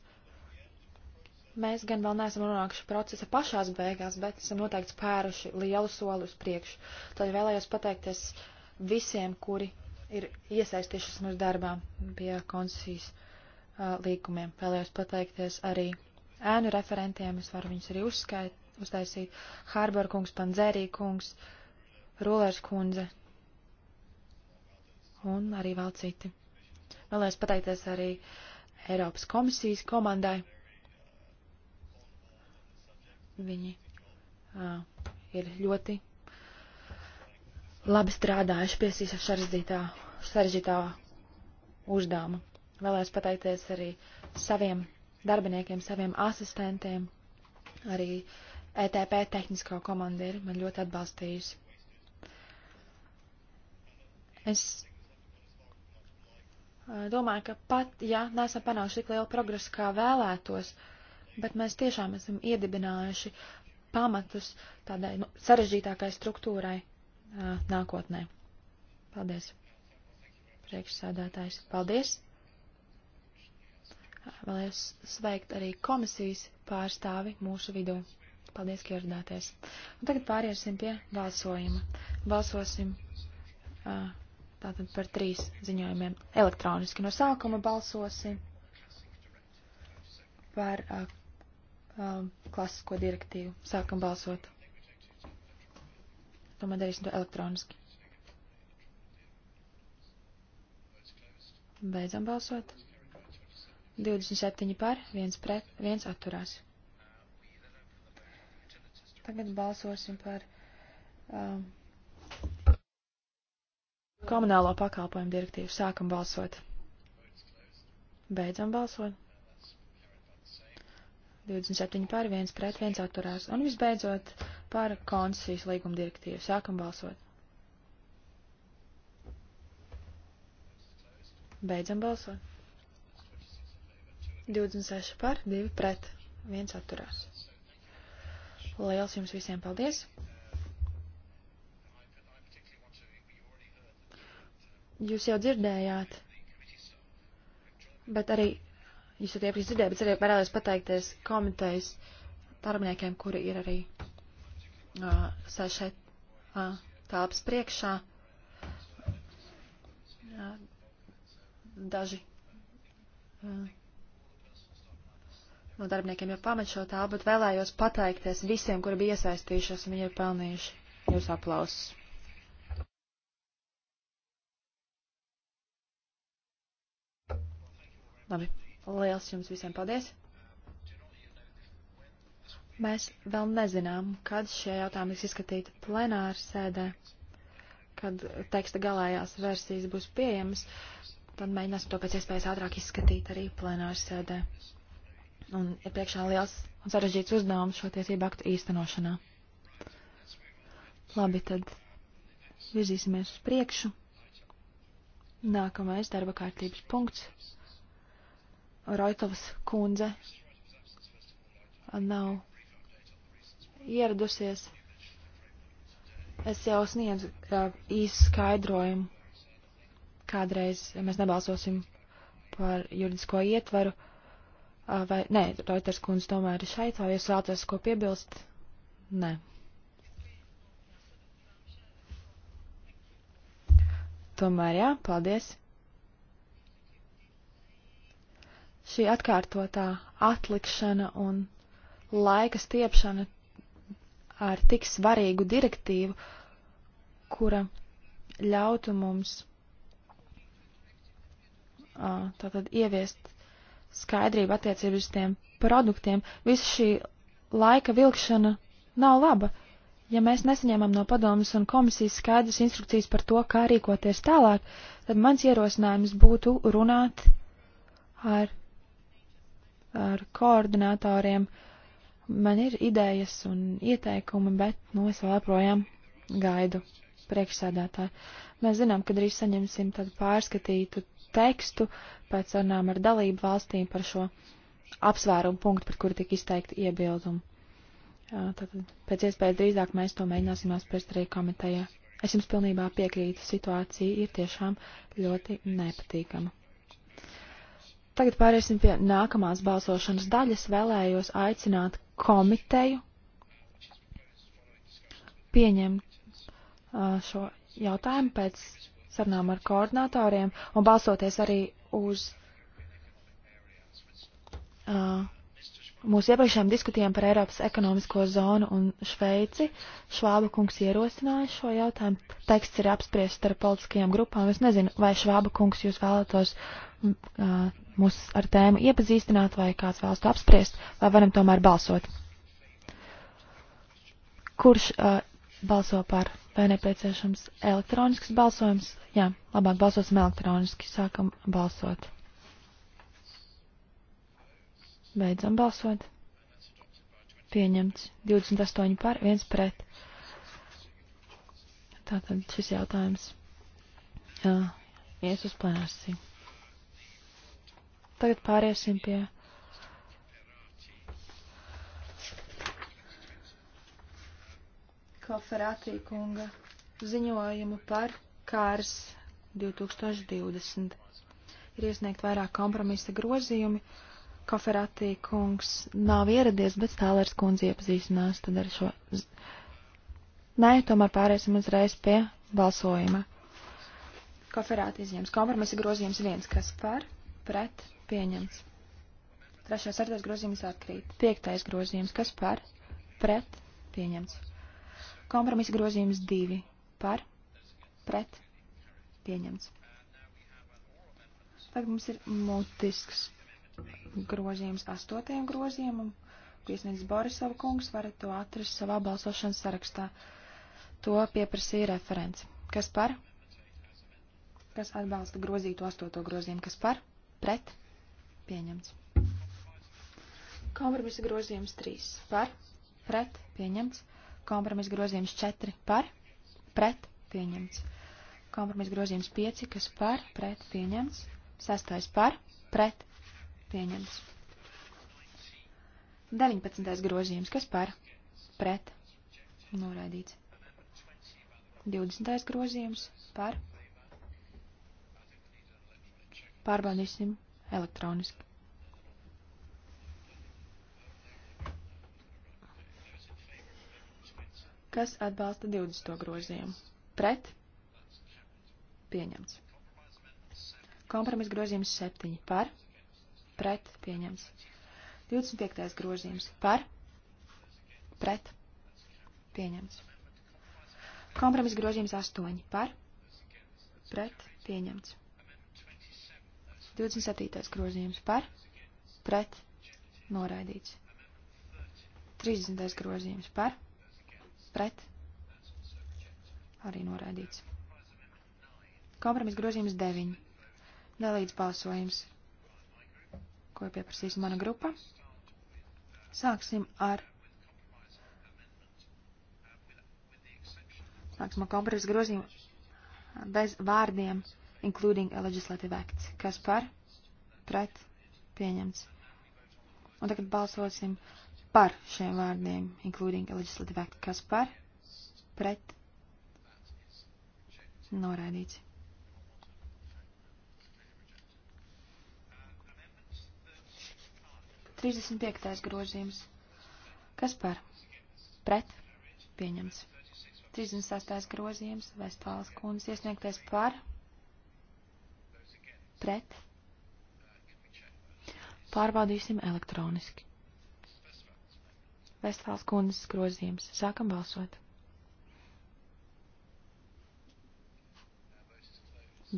Mēs gan vēl neesam nonākuši procesa pašās beigās, bet esam noteikti spēruši lielu soli uz priekšu. Tad vēlējos pateikties visiem, kuri ir iesaistījušies mūsu darbā pie koncesijas uh, līgumiem. Vēlējos pateikties arī ēnu referentiem, es varu viņus arī uzskait, uztaisīt. Hārbor kungs, Pandzērī kungs, Rulers kundze un arī vēl citi. Vēlēs pateikties arī Eiropas komisijas komandai. Viņi uh, ir ļoti labi strādājuši pie šīs sarežģītā uzdevuma. Vēlēs pateikties arī saviem darbiniekiem, saviem asistentiem. Arī ETP tehnisko komanda ir man ļoti atbalstījusi. Es domāju, ka pat, ja nesam panākuši tik lielu progresu, kā vēlētos, bet mēs tiešām esam iedibinājuši pamatus tādai nu, sarežģītākai struktūrai nākotnē. Paldies, priekšsādātājs. Paldies! Vēlējos sveikt arī komisijas pārstāvi mūsu vidū. Paldies, ka ieradāties. Un tagad pāriesim pie balsojuma. Balsosim uh, tātad par trīs ziņojumiem elektroniski. No sākuma balsosim par uh, uh, klasisko direktīvu. Sākam balsot. Tomēr darīsim to elektroniski. Beidzam balsot. 27 par, 1 pret, 1 atturās. Tagad balsosim par um, komunālo pakalpojumu direktīvu. Sākam balsot. Beidzam balsot. 27 par, 1 pret, 1 atturās. Un visbeidzot par koncesijas līguma direktīvu. Sākam balsot. Beidzam balsot. 26 par, 2 pret, 1 atturās. Liels jums visiem paldies! Jūs jau dzirdējāt, bet arī, jūs jau iepriekš dzirdējāt, bet arī vēlējos pateikties komitejas darbiniekiem, kuri ir arī uh, sēž šeit uh, tāps priekšā. Uh, daži. Uh, no darbiniekiem jau pamet šo tālu, bet vēlējos pateikties visiem, kuri bija iesaistījušies, un viņi ir pelnījuši jūsu aplausus. Labi, liels jums visiem paldies! Mēs vēl nezinām, kad šie jautājumi tiks izskatīti plenāra sēdē, kad teksta galējās versijas būs pieejamas, tad mēģināsim to pēc iespējas ātrāk izskatīt arī plenāra sēdē un ir priekšā liels un sarežģīts uzdevums šo tiesību aktu īstenošanā. Labi, tad virzīsimies uz priekšu. Nākamais darba kārtības punkts. Roitovas kundze nav ieradusies. Es jau sniedzu uh, īsu skaidrojumu. Kādreiz mēs nebalsosim par juridisko ietvaru. Uh, Uh, vai, nē, Reuters kundze tomēr ir šeit, vai jūs vēlaties ko piebilst? Nē. Tomēr jā, paldies. Šī atkārtotā atlikšana un laika stiepšana ar tik svarīgu direktīvu, kura ļautu mums uh, tātad ieviest skaidrība attiecībā uz tiem produktiem. Visa šī laika vilkšana nav laba. Ja mēs nesaņēmām no padomas un komisijas skaidras instrukcijas par to, kā rīkoties tālāk, tad mans ierosinājums būtu runāt ar, ar koordinatoriem. Man ir idejas un ieteikumi, bet, nu, es vēl joprojām gaidu priekšsēdētāju. Mēs zinām, ka drīz saņemsim tādu pārskatītu tekstu pēc sarunām ar dalību valstīm par šo apsvērumu punktu, par kuru tika izteikti iebildumi. Tātad pēc iespējas drīzāk mēs to mēģināsim apspriest arī komitejā. Es jums pilnībā piekrītu, situācija ir tiešām ļoti nepatīkama. Tagad pāriesim pie nākamās balsošanas daļas. Vēlējos aicināt komiteju pieņemt uh, šo jautājumu pēc sarunām ar koordinatoriem un balstoties arī uz uh, mūsu iepriekšējām diskutējām par Eiropas ekonomisko zonu un Šveici. Švāba kungs ierosināja šo jautājumu. Teksts ir apspriests starp politiskajām grupām. Es nezinu, vai Švāba kungs jūs vēlētos uh, mūs ar tēmu iepazīstināt, vai kāds vēlas to apspriest, vai varam tomēr balsot. Kurš uh, balso par, vai nepieciešams elektronisks balsojums. Jā, labāk balsosim elektroniski, sākam balsot. Beidzam balsot. Pieņemts 28 par, 1 pret. Tātad šis jautājums jā, ies uz plenārsī. Tagad pāriesim pie Koferātī kunga ziņojumu par kārs 2020. Ir iesniegt vairāk kompromisa grozījumi. Koferātī kungs nav ieradies, bet Stālers kundze iepazīstinās tad ar šo. Nē, tomēr pārēsim uzreiz pie balsojuma. Koferātī izņems kompromisa grozījums viens, kas par, pret, pieņems. Trešais ar grozījums atkrīt. Piektais grozījums, kas par, pret, pieņems. Kompromisa grozījums 2 par, pret, pieņemts. Tagad mums ir mutisks grozījums 8. grozījumam, ko iesniedz Borisova kungs, varat to atrast savā balsošanas sarakstā. To pieprasīja referents. Kas par? Kas atbalsta grozītu 8. grozījumu? Kas par? Pret? Pieņemts. Kompromisa grozījums 3. Par? Pret? Pieņemts. Kompromis grozījums 4 par, pret, pieņemts. Kompromis grozījums 5, kas par, pret, pieņemts. Sastais par, pret, pieņemts. 19. grozījums, kas par, pret, noraidīts. 20. grozījums par. Pārbaudīsim elektroniski. Kas atbalsta 20. grozījumu? Pret? Pieņemts. Kompromis grozījums 7. Par? Pret? Pieņemts. 25. grozījums. Par? Pret? Pieņemts. Kompromis grozījums 8. Par? Pret? Pieņemts. 27. grozījums. Par? Pret? Noraidīts. 30. grozījums. Par? pret arī noraidīts. Kompromis grozījums 9. Nelīdz balsojums, ko pieprasīs mana grupa. Sāksim ar. Sāksim ar kompromisa grozījumu bez vārdiem, including a legislative act. Kas par? Pret? Pieņemts. Un tagad balsosim par šiem vārdiem, including a legislative act, kas par, pret, norādīts. Trīsdesmit piektais grozījums. Kas par? Pret. Pieņems. 36. grozījums. Vestāls kundze iesniegtais par. Pret. Pārbaudīsim elektroniski. Vestāls kundzes grozījums. Sākam balsot.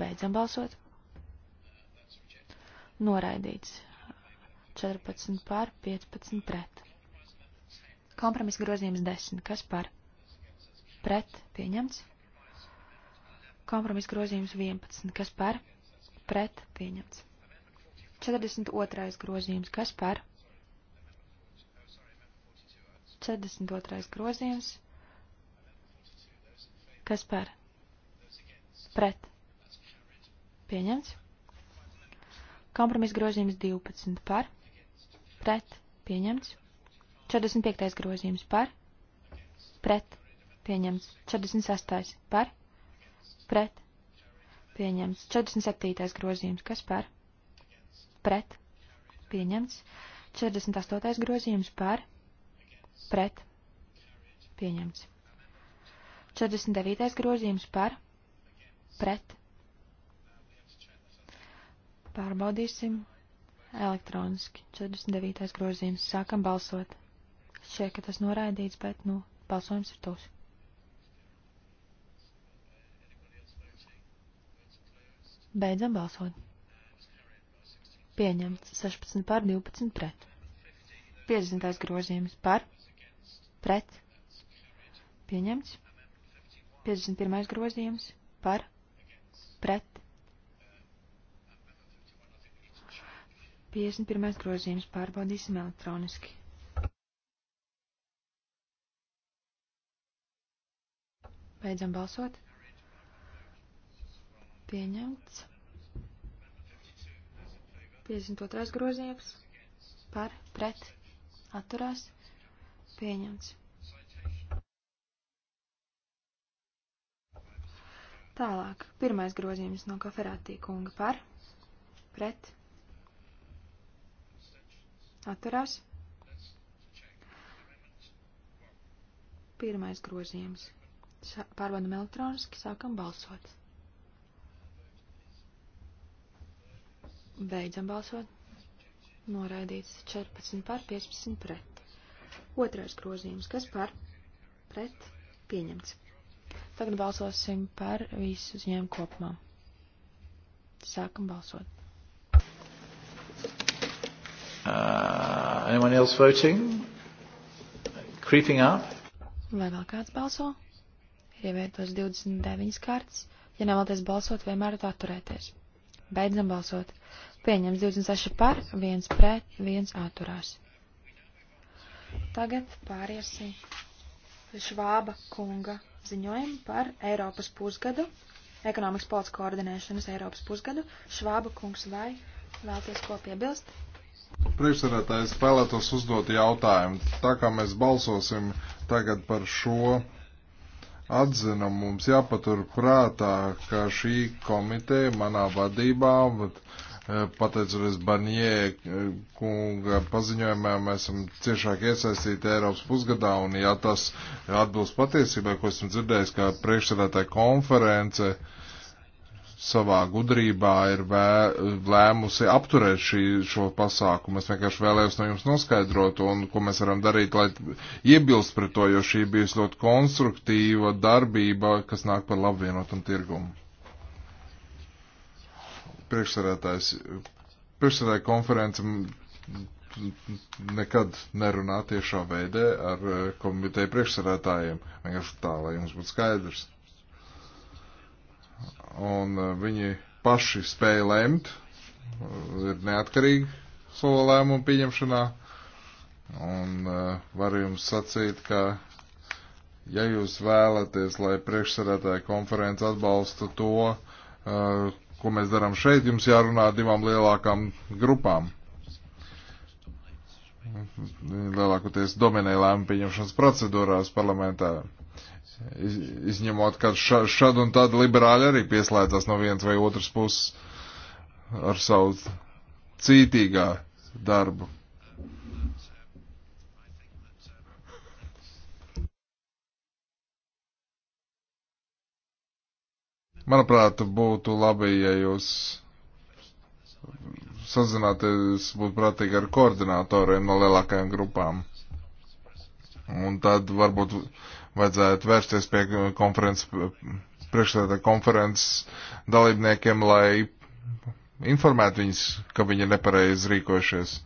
Beidzam balsot. Noraidīts. 14 pār, 15 pret. Kompromiss grozījums 10. Kas par? Pret. Pieņemts. Kompromiss grozījums 11. Kas par? Pret. Pieņemts. 42. grozījums. Kas par? 42. grozījums. Kas par? Pret. Pieņemts. Kompromis grozījums 12 par. Pret. Pieņemts. 45. grozījums par. Pret. Pieņemts. 46. par. Pret. Pieņemts. 47. grozījums. Kas par? Pret. Pieņemts. 48. grozījums par pret pieņemts. 49. grozījums par pret. Pārbaudīsim elektroniski. 49. grozījums. Sākam balsot. Šķiet, ka tas noraidīts, bet, nu, balsojums ir tūs. Beidzam balsot. Pieņemts 16 par 12 pret. 50. grozījums par pret, pieņemts. 51. grozījums par, pret. 51. grozījums pārbaudīsim elektroniski. Beidzam balsot. Pieņemts. 52. grozījums par, pret, atturās, Pieņemts. Tālāk, pirmais grozījums no kaferātī kunga par, pret, atturās. Pirmais grozījums. Pārbaudam elektroniski, sākam balsot. Beidzam balsot. Noraidīts 14 pār 15 pret. Otrais grozījums, kas par pret pieņemts. Tagad balsosim par visu ziņojumu kopumā. Sākam balsot. Uh, anyone else voting? Creeping up? Vai vēl kāds balso? Ir ievietos 29 kārtas. Ja nevēlaties balsot, vienmēr atturēties. Beidzam balsot. Pieņems 26 par, 1 pret, 1 atturās. Tagad pāriesim Švāba kunga ziņojumu par Eiropas pusgadu, ekonomikas politikas koordinēšanas Eiropas pusgadu. Švāba kungs vai vēlties ko piebilst? Priekšsarētājs vēlētos uzdot jautājumu. Tā kā mēs balsosim tagad par šo atzinam, mums jāpatur prātā, ka šī komiteja manā vadībā Eh, pateicoties Banjē eh, kunga paziņojumam, mēs esam ciešāk iesaistīti Eiropas pusgadā, un ja tas atbilst patiesībai, ko esmu dzirdējis, ka priekšsēdētāja konference savā gudrībā ir vē, lēmusi apturēt šī, šo pasākumu. Es vienkārši vēlējos no jums noskaidrot, un ko mēs varam darīt, lai iebilst pret to, jo šī bijusi ļoti konstruktīva darbība, kas nāk par labvienotam tirgumu priekšsarētājs, priekšsarētāja konference nekad nerunā tiešā veidē ar eh, komiteju priekšsarētājiem. Vienkārši tā, lai jums būtu skaidrs. Un eh, viņi paši spēja lemt, eh, ir neatkarīgi solo lēmumu pieņemšanā. Un varu jums sacīt, ka ja jūs vēlaties, lai priekšsarētāja konference atbalsta to, uh, ko mēs darām šeit, jums jārunā ar divām lielākām grupām. Lielākoties dominē lēmumu pieņemšanas procedūrās parlamentā. Iz, izņemot, ka ša, šad un tad liberāļi arī pieslēdzās no vienas vai otras puses ar savu cītīgā darbu. Manuprāt, būtu labi, ja jūs sazināties, būtu prātīgi ar koordinatoriem no lielākajām grupām. Un tad varbūt vajadzētu vērsties pie konferences, priekšstādā konferences dalībniekiem, lai informētu viņus, ka viņi ir nepareizi rīkojušies.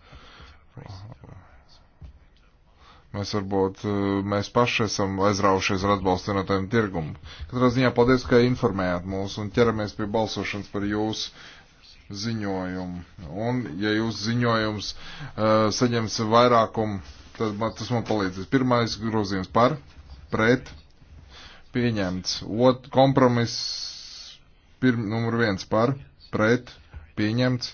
Mēs varbūt eh, mēs paši esam aizraujušies ar atbalstu vienotajam tirgumu. Katrā ziņā paldies, ka informējāt mūs un ķeramies pie balsošanas par jūsu ziņojumu. Un, ja jūs ziņojums uh, saņems vairākumu, tad man, tas man palīdzēs. Pirmais grozījums par, pret, pieņemts. Ot, kompromiss, pirm, numur viens par, pret, pieņemts.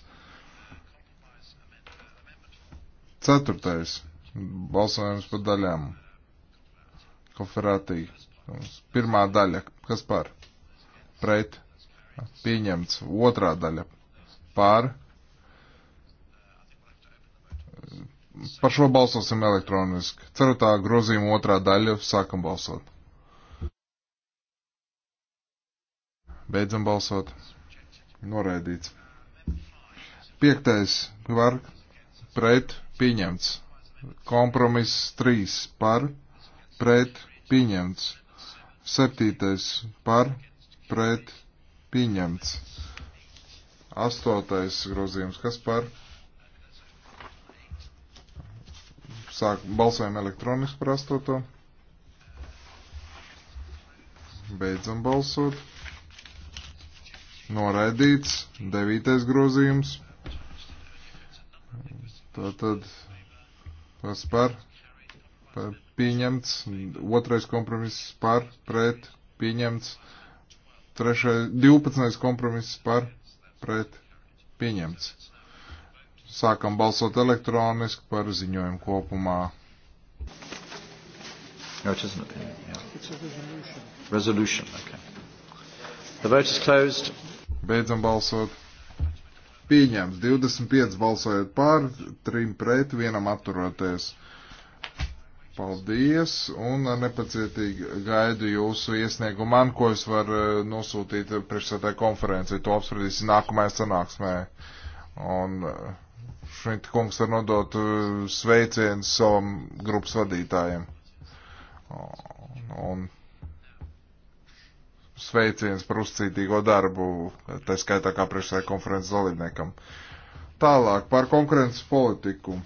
Ceturtais Balsojums pa daļām. Koferātī. Pirmā daļa. Kas par? Pret. Pieņemts. Otrā daļa. Pār. Par šo balsosim elektroniski. Ceratā grozījuma otrā daļa. Sākam balsot. Beidzam balsot. Noraidīts. Piektais var pret pieņemts. Kompromiss 3 par pret pieņemts. 7. par pret pieņemts. 8. grozījums, kas par? Sāk balsojam elektroniski par 8. Beidzam balsot. Noraidīts. 9. grozījums. Tātad Kas par? par pieņemts. Otrais kompromiss par, pret, pieņemts. Trešais, 12. kompromiss par, pret, pieņemts. Sākam balsot elektroniski par ziņojumu kopumā. No, it isn't opinion. Yeah. It's a resolution. Resolution, okay. The vote is closed. Beidzam balsot pieņemts. 25 balsojot pār, 3 pret, 1 atturoties. Paldies un nepacietīgi gaidu jūsu iesniegumu man, ko es varu eh, nosūtīt priekšsētē konferencē. To apspriedīsim nākamajā sanāksmē. Un eh, šeit kungs var nodot eh, sveicienu savam grupas vadītājiem. Un sveiciens par uzcītīgo darbu, tā skaitā kā priekšsēdē konferences dalībniekam. Tālāk par konkurences politiku.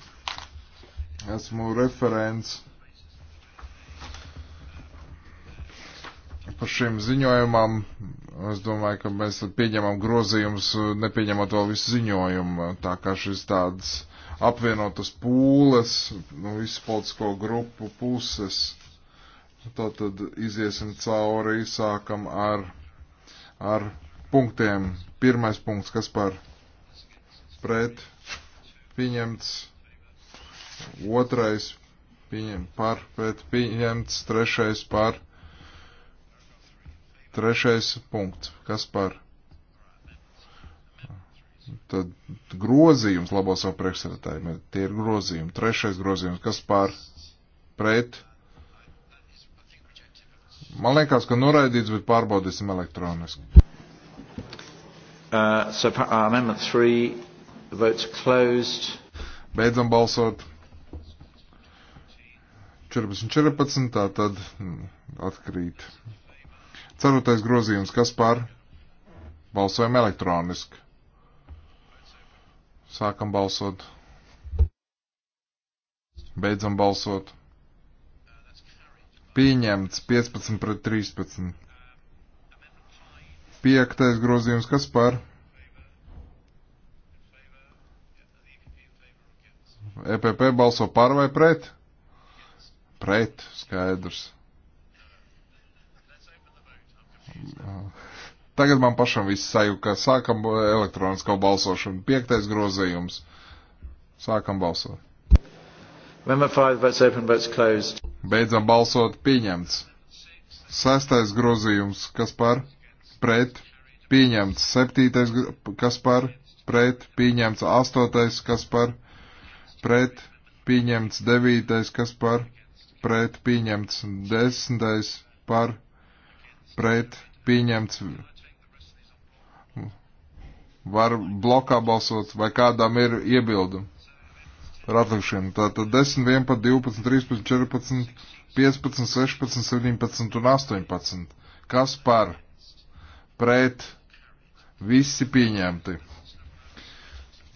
Esmu referents par šiem ziņojumam. Es domāju, ka mēs pieņemam grozījumus, nepieņemot vēl visu ziņojumu, tā kā šis tāds apvienotas pūles no visu politisko grupu puses To tad iziesim cauri, sākam ar, ar punktiem. Pirmais punkts, kas par pret pieņemts, otrais pieņem, par pret pieņemts, trešais par trešais punkts, kas par tad grozījums labo savu priekšsēdētāju, tie ir grozījumi, trešais grozījums, kas par pret pieņemts Man liekas, ka noraidīts, bet pārbaudīsim elektroniski. Uh, so, uh, three, votes closed. Beidzam balsot. 14, 14, tā tad mm, atkrīt. Ceturtais grozījums, kas par? Balsojam elektroniski. Sākam balsot. Beidzam balsot. Pieņemts 15 pret 13. Piektais grozījums, kas par? EPP balso par vai pret? Pret, skaidrs. Tagad man pašam viss sajūta, ka sākam elektronisko balsošanu. Piektais grozījums. Sākam balsot. Remember five votes open, votes closed. Beidzam balsot pieņemts. Sestais grozījums, kas par pret pieņemts. Septītais, kas par pret pieņemts. Astotais, kas par pret pieņemts. Devītais, kas par pret pieņemts. Desmitais par pret pieņemts. Var blokā balsot vai kādam ir iebildumi ar atlikušiem. Tātad 10, 11, 12, 13, 14, 15, 16, 17 un 18. Kas par? Pret? Visi pieņemti.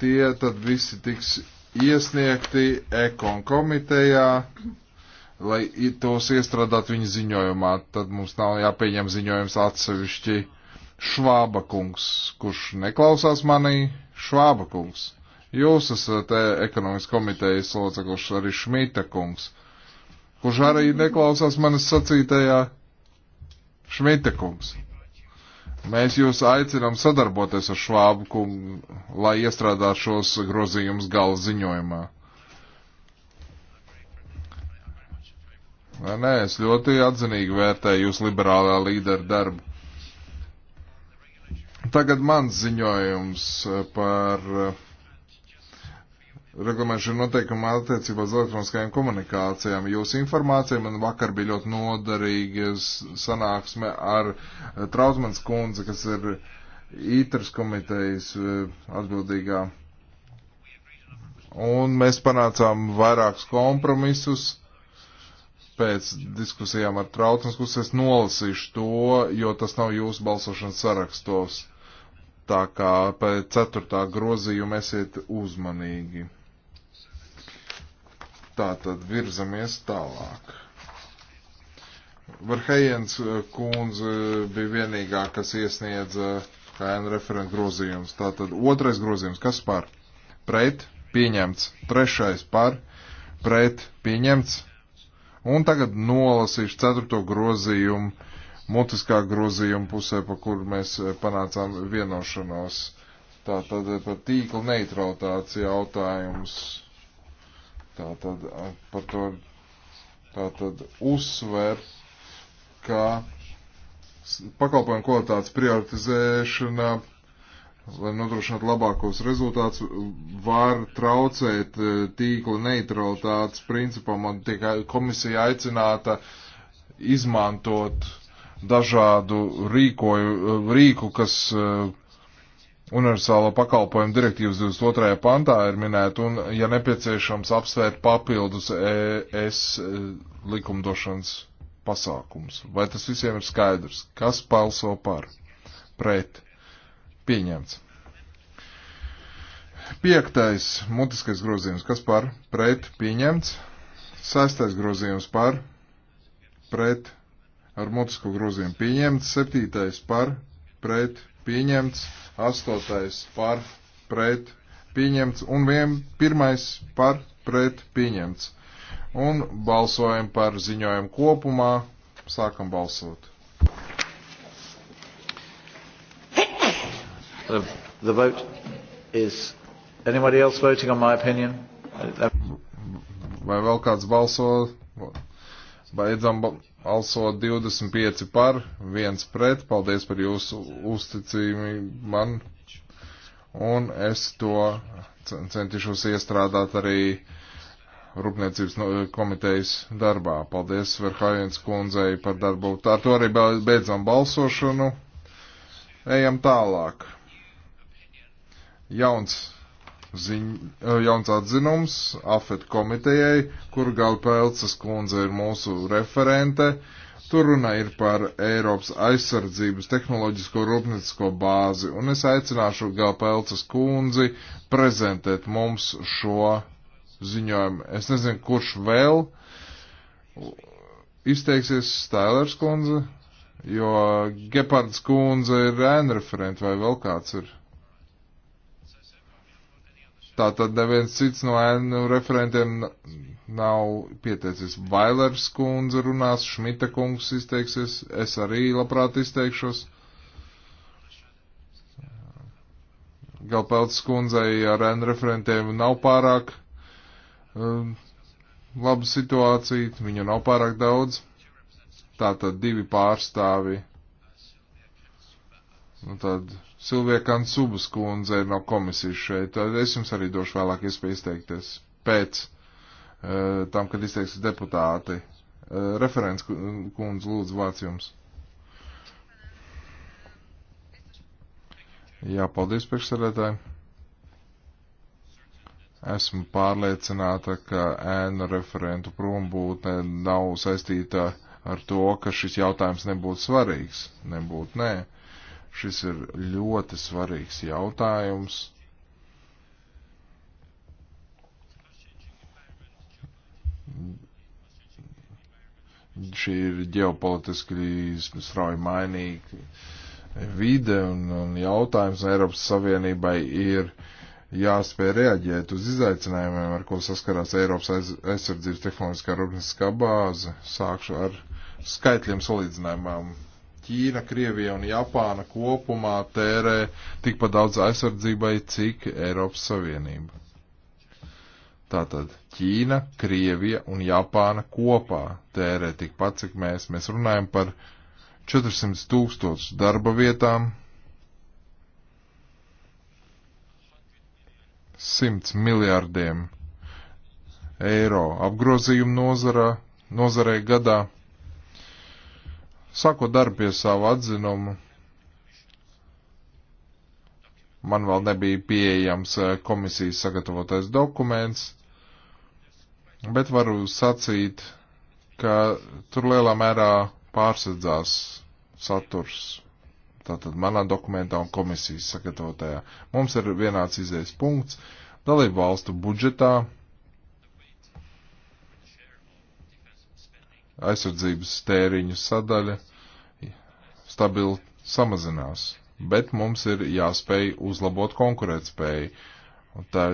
Tie tad visi tiks iesniegti ekon komitejā, lai tos iestrādātu viņa ziņojumā. Tad mums nav jāpieņem ziņojums atsevišķi Švāba kungs, kurš neklausās manī. Švāba kungs. Jūs esat eh, ekonomikas komitejas loceklis arī Šmita kungs, kurš arī neklausās manis sacītajā Šmita kungs. Mēs jūs aicinām sadarboties ar Švābu kungu, lai iestrādātu šos grozījumus gala ziņojumā. Nē, nē, es ļoti atzinīgi vērtēju jūs liberālā līdera darbu. Tagad mans ziņojums eh, par uh, reglamentēšana noteikuma attiecībā uz elektroniskajām komunikācijām. Jūsu informācija man vakar bija ļoti noderīga sanāksme ar eh, Trautmans kundzi, kas ir ITRS komitejas eh, atbildīgā. Un mēs panācām vairākus kompromisus pēc diskusijām ar Trautmans, kurus es nolasīšu to, jo tas nav jūsu balsošanas sarakstos. Tā kā pēc ceturtā grozījuma esiet uzmanīgi. Tā tad virzamies tālāk. Varhejens eh, kundze bija vienīgā, kas iesniedza KN referentu grozījums. Tātad otrais grozījums, kas par? Pret, pieņemts. Trešais par, pret, pieņemts. Un tagad nolasīšu ceturto grozījumu, mutiskā grozījuma pusē, pa kur mēs eh, panācām vienošanos. Tātad eh, par tīkla neutralitāciju jautājums Tātad eh, par to tātad uzsver, ka pakalpojumu kvalitātes prioritizēšana lai nodrošinātu labākos rezultātus, var traucēt eh, tīkla neutralitātes principam un tiek komisija aicināta izmantot dažādu rīkoju, eh, rīku, kas universālo pakalpojumu direktīvas 22. pantā ir minēta un, ja nepieciešams, apsvērt papildus ES e, likumdošanas pasākums. Vai tas visiem ir skaidrs? Kas balso par? Pret. Pieņemts. Piektais mutiskais grozījums. Kas par? Pret. Pieņemts. Sestais grozījums par? Pret. Ar mutisko grozījumu pieņemts. Septītais par? Pret pieņemts, astotais par pret pieņemts un vien pirmais par pret pieņemts. Un balsojam par ziņojumu kopumā, sākam balsot. The, the vote is anybody else voting on my opinion? Vai vēl kāds balso? Beidzam balsot. Alsot 25 par, 1 pret. Paldies par jūsu uzticību man. Un es to centīšos iestrādāt arī Rūpniecības komitejas darbā. Paldies Verhājens kundzei par darbu. Ar to arī beidzam balsošanu. Ejam tālāk. Jauns ziņ, eh, jauns atzinums AFET komitejai, kur Galpēlces kundze ir mūsu referente. Tur runa ir par Eiropas aizsardzības tehnoloģisko rūpniecisko bāzi, un es aicināšu Galpēlces kundzi prezentēt mums šo ziņojumu. Es nezinu, kurš vēl izteiksies Stēlers kundze, jo Gepards kundze ir ēnreferenta vai vēl kāds ir. Tā tad neviens cits no ēnu referentiem nav pieteicis. Vailers kundze runās, Šmita kungs izteiksies, es arī labprāt izteikšos. Galpeltas kundzei ar ēnu referentiem nav pārāk um, laba situācija, viņu nav pārāk daudz. Tātad divi pārstāvi. Un nu tad Silviekāna Subas kundze ir no komisijas šeit. Tad es jums arī došu vēlāk iespēju izteikties pēc uh, tam, kad izteiks deputāti. Uh, referents kundze, lūdzu, vārds jums. Jā, paldies priekšsēdētāji. Esmu pārliecināta, ka ēna referentu prombūtne nav saistīta ar to, ka šis jautājums nebūtu svarīgs. Nebūtu, nē. Ne Šis ir ļoti svarīgs jautājums. Šī ir ģeopolitiski strauji mainīga vide un, un jautājums Eiropas Savienībai ir jāspēj reaģēt uz izaicinājumiem, ar ko saskarās Eiropas aiz, aizsardzības tehnoloģiskā rūpnieciskā bāze. Sākšu ar skaitļiem salīdzinājumām Ķīna, Krievija un Japāna kopumā tērē tikpat daudz aizsardzībai, cik Eiropas Savienība. Tātad Ķīna, Krievija un Japāna kopā tērē tikpat, cik mēs. Mēs runājam par 400 tūkstošu darba vietām, 100 miljārdiem eiro apgrozījumu nozarā, nozarē gadā. Sākot darbu pie savu atzinumu, man vēl nebija pieejams eh, komisijas sagatavotais dokuments, bet varu sacīt, ka tur lielā mērā pārsedzās saturs. Tātad manā dokumentā un komisijas sagatavotajā. Mums ir vienāds izējas punkts dalību valstu budžetā aizsardzības tēriņu sadaļa stabili samazinās, bet mums ir jāspēj uzlabot konkurētspēju. Un tā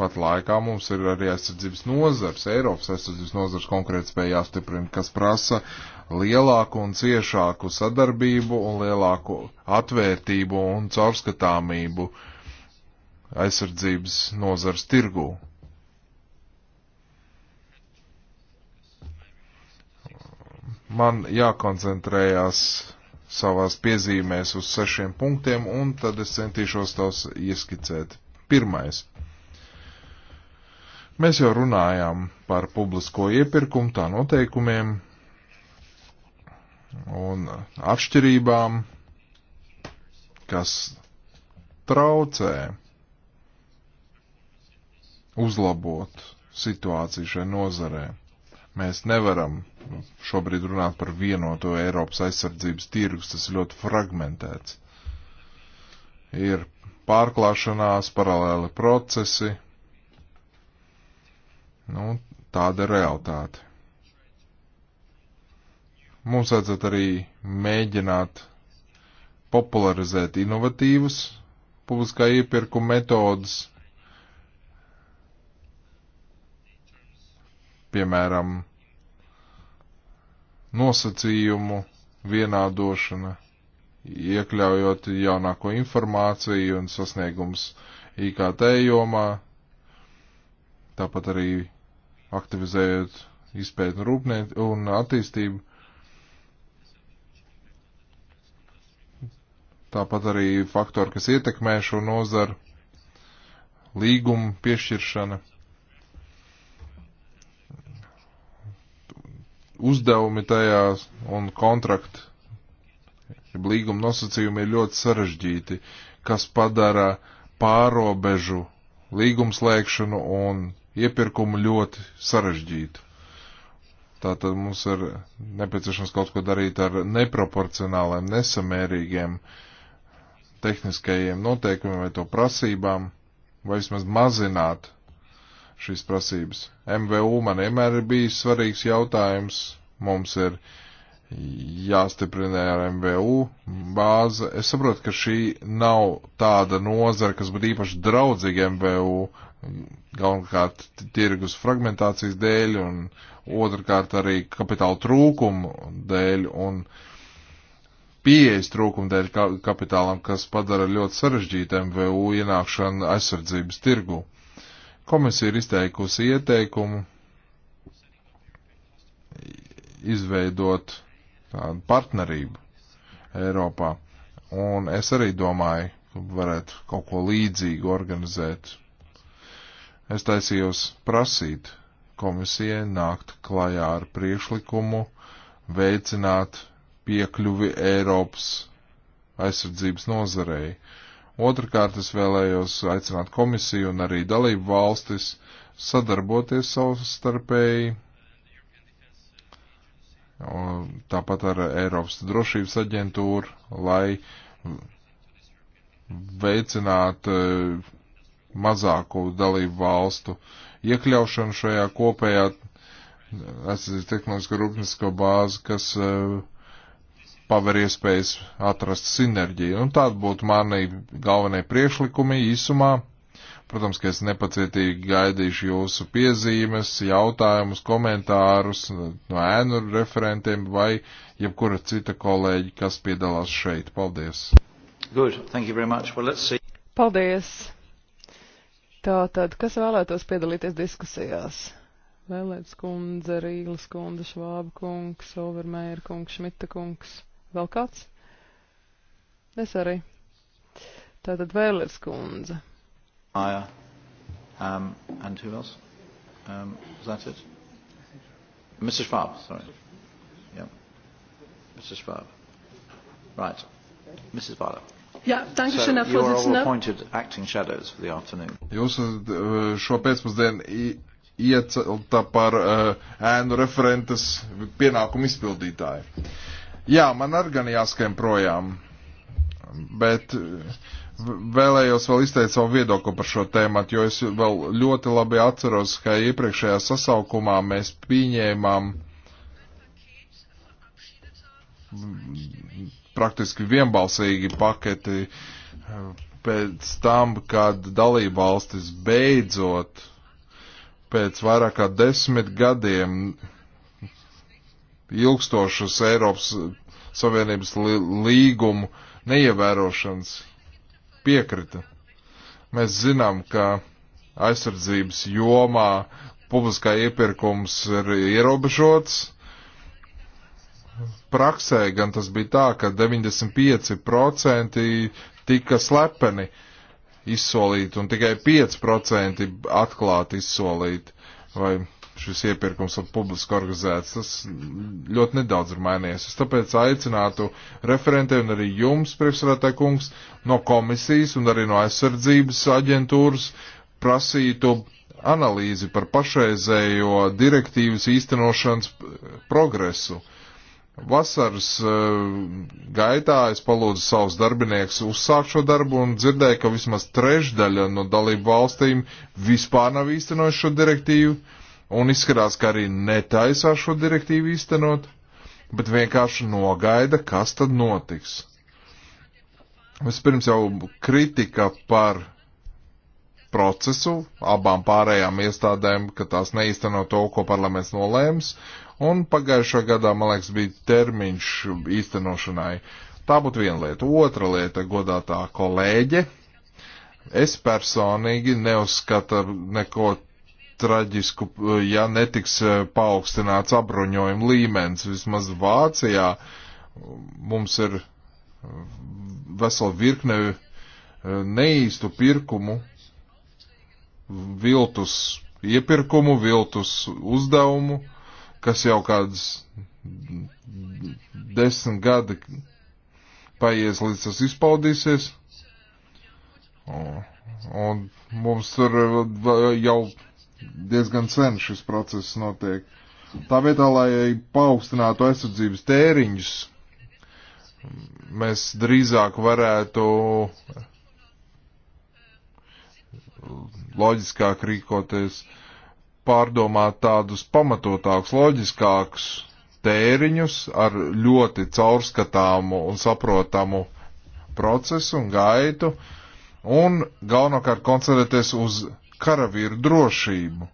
pat laikā mums ir arī aizsardzības nozars, Eiropas aizsardzības nozars konkurētspēja jāstiprina, kas prasa lielāku un ciešāku sadarbību un lielāku atvērtību un caurskatāmību aizsardzības nozars tirgū. Man jākoncentrējās savās piezīmēs uz sešiem punktiem, un tad es centīšos tos ieskicēt. Pirmais. Mēs jau runājām par publisko iepirkumu, tā noteikumiem un atšķirībām, kas traucē uzlabot situāciju šai nozarē. Mēs nevaram Nu, šobrīd runāt par vienoto Eiropas aizsardzības tirgus, tas ir ļoti fragmentēts. Ir pārklāšanās, paralēli procesi. Nu, tāda ir realitāte. Mums vajadzētu arī mēģināt popularizēt inovatīvus publiskā iepirkuma metodus, piemēram, nosacījumu vienādošana, iekļaujot jaunāko informāciju un sasniegums IKT jomā, tāpat arī aktivizējot izpēti un, un attīstību. Tāpat arī faktori, kas ietekmē šo nozaru, līgumu piešķiršana. uzdevumi tajās un kontrakti, līguma nosacījumi ir ļoti sarežģīti, kas padara pārobežu līgumslēgšanu un iepirkumu ļoti sarežģītu. Tātad mums ir nepieciešams kaut ko darīt ar neproporcionāliem, nesamērīgiem tehniskajiem noteikumiem vai to prasībām, vai vismaz mazināt šīs prasības. MVU man vienmēr ir bijis svarīgs jautājums. Mums ir jāstiprina ar MVU bāze. Es saprotu, ka šī nav tāda nozara, kas būtu īpaši draudzīga MVU. Galvenokārt tirgus fragmentācijas dēļ un otrkārt arī kapitāla trūkumu dēļ un pieejas trūkumu dēļ kapitālam, kas padara ļoti sarežģītu MVU ienākšanu aizsardzības tirgu. Uh, Komisija ir izteikusi ieteikumu izveidot tādu partnerību Eiropā. Un es arī domāju, ka varētu kaut ko līdzīgu organizēt. Es taisījos prasīt komisijai nākt klajā ar priekšlikumu veicināt piekļuvi Eiropas aizsardzības nozarei. Uh, Otrakārt, es vēlējos aicināt komisiju un arī dalību valstis sadarboties savstarpēji, tāpat ar Eiropas drošības aģentūru, lai veicinātu e, mazāku dalību valstu iekļaušanu šajā kopējā tehnoloģisko rūpnisko bāzi, kas uh, paver iespējas atrast sinerģiju. Un tāda būtu mani galvenie priekšlikumi īsumā. Protams, ka es nepacietīgi gaidīšu jūsu piezīmes, jautājumus, komentārus no ēnu referentiem vai jebkura cita kolēģi, kas piedalās šeit. Paldies! Good, thank you very much. Well, let's see. Paldies! Tātad, kas vēlētos piedalīties diskusijās? Vēlētas kundze, Rīgas kundze, Švāba kungs, Overmēra kungs, Šmita kungs. Vēl kāds? Es arī. Tātad Vēlers kundze. Aya. Um, and who else? Um, is that it? Mr. Schwab, sorry. Yeah. Mr. Schwab. Right. Mrs. Barlow. Yeah, thank you, so Herr Vorsitzender. appointed acting shadows for the afternoon. Jūs uh, šo pēcpusdienu iecelta par uh, ēnu referentes pienākumu izpildītāju. Jā, man arī gan jāskrien projām, bet eh, vēlējos vēl izteikt savu viedokli par šo tēmu, jo es vēl ļoti labi atceros, ka iepriekšējā sasaukumā mēs pieņēmām praktiski vienbalsīgi paketi eh, pēc tam, kad dalībvalstis beidzot pēc vairāk kā desmit gadiem ilgstošas Eiropas Savienības līgumu neievērošanas piekrita. Mēs zinām, ka aizsardzības jomā publiskā iepirkums ir ierobežots. Praksē gan tas bija tā, ka 95% tika slepeni izsolīti un tikai 5% atklāti izsolīti. Vai šis iepirkums un publiski organizēts, tas ļoti nedaudz ir mainījies. Es tāpēc aicinātu referentiem un arī jums, priekšsēdētāj kungs, no komisijas un arī no aizsardzības aģentūras prasītu analīzi par pašreizējo direktīvas īstenošanas progresu. Vasaras eh, gaitā es palūdzu savus darbiniekus uzsākt šo darbu un dzirdēju, ka vismaz trešdaļa no dalību valstīm vispār nav īstenojuši šo direktīvu un izskatās, ka arī netaisās šo direktīvu īstenot, bet vienkārši nogaida, kas tad notiks. Vispirms jau kritika par procesu abām pārējām iestādēm, ka tās neīsteno to, ko parlaments nolēms, un pagājušā gadā, man liekas, bija termiņš īstenošanai. Tā būtu viena lieta. Otra lieta, godātā kolēģe, es personīgi neuzskatu neko traģisku, eh, ja netiks eh, paaugstināts apbruņojuma līmenis. Vismaz Vācijā um, mums ir um, vesela virkne eh, neīstu pirkumu, viltus iepirkumu, viltus uzdevumu, kas jau kādas desmit gadi paies, līdz tas izpaudīsies. Un mums tur jau diezgan sen šis process notiek. Tā vietā, lai paaugstinātu aizsardzības tēriņus, mēs drīzāk varētu loģiskāk rīkoties, pārdomāt tādus pamatotākus, loģiskākus tēriņus ar ļoti caurskatāmu un saprotamu procesu un gaitu, un galvenokārt koncentrēties uz karavīru drošību.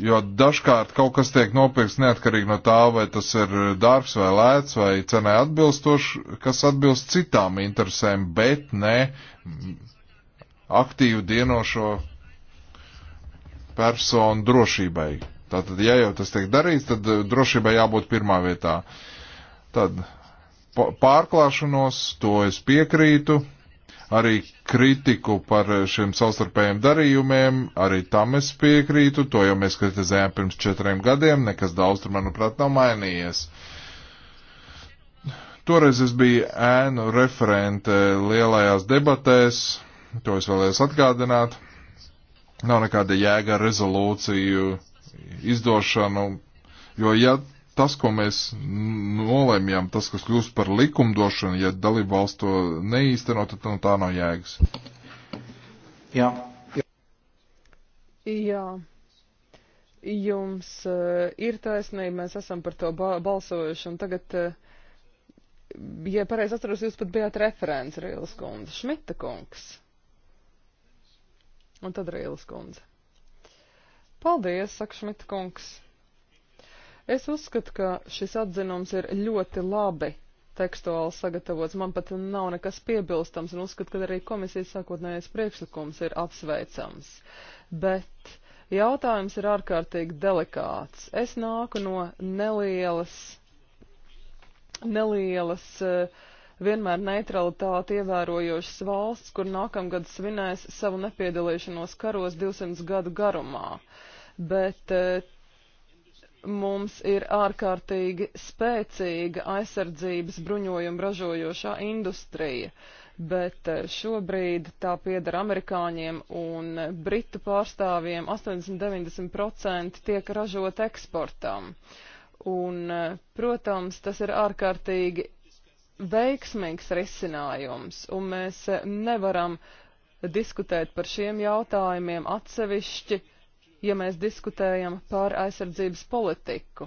Jo dažkārt kaut kas tiek nopirkts neatkarīgi no tā, vai tas ir dārgs vai lēts vai cenai atbilstošs, kas atbilst citām interesēm, bet ne aktīvu dienošo personu drošībai. Tātad, ja jau tas tiek darīts, tad eh, drošībai jābūt pirmā vietā. Tad pārklāšanos, to es piekrītu, arī kritiku par šiem savstarpējiem darījumiem, arī tam es piekrītu, to jau mēs kritizējām pirms četriem gadiem, nekas daudz tur, manuprāt, nav mainījies. Toreiz es biju ēnu referente lielajās debatēs, to es vēlējos atgādināt. Nav nekāda jēga rezolūciju izdošanu, jo ja tas, ko mēs nolēmjam, tas, kas kļūst par likumdošanu, ja dalību valsts to neīsteno, tad no tā nav jēgas. Jā. Jā. Jums uh, ir taisnība, mēs esam par to ba balsojuši, un tagad, uh, ja pareizi atceros, jūs pat bijāt referents Rīles kundze, Šmita kungs. Un tad Rīles kundze. Paldies, saka Šmita kungs. Es uzskatu, ka šis atzinums ir ļoti labi tekstuāli sagatavots. Man pat nav nekas piebilstams un uzskatu, ka arī komisijas sākotnējais priekšlikums ir apsveicams. Bet jautājums ir ārkārtīgi delikāts. Es nāku no nelielas, nelielas eh, vienmēr neutralitāti ievērojošas valsts, kur nākamgad svinēs savu nepiedalīšanos karos 200 gadu garumā. Bet eh, mums ir ārkārtīgi spēcīga aizsardzības bruņojuma ražojošā industrija, bet eh, šobrīd tā piedara amerikāņiem un britu pārstāvjiem 80-90% tiek ražot eksportam. Un, eh, protams, tas ir ārkārtīgi veiksmīgs risinājums, un mēs eh, nevaram diskutēt par šiem jautājumiem atsevišķi, uh, ja mēs diskutējam par aizsardzības politiku.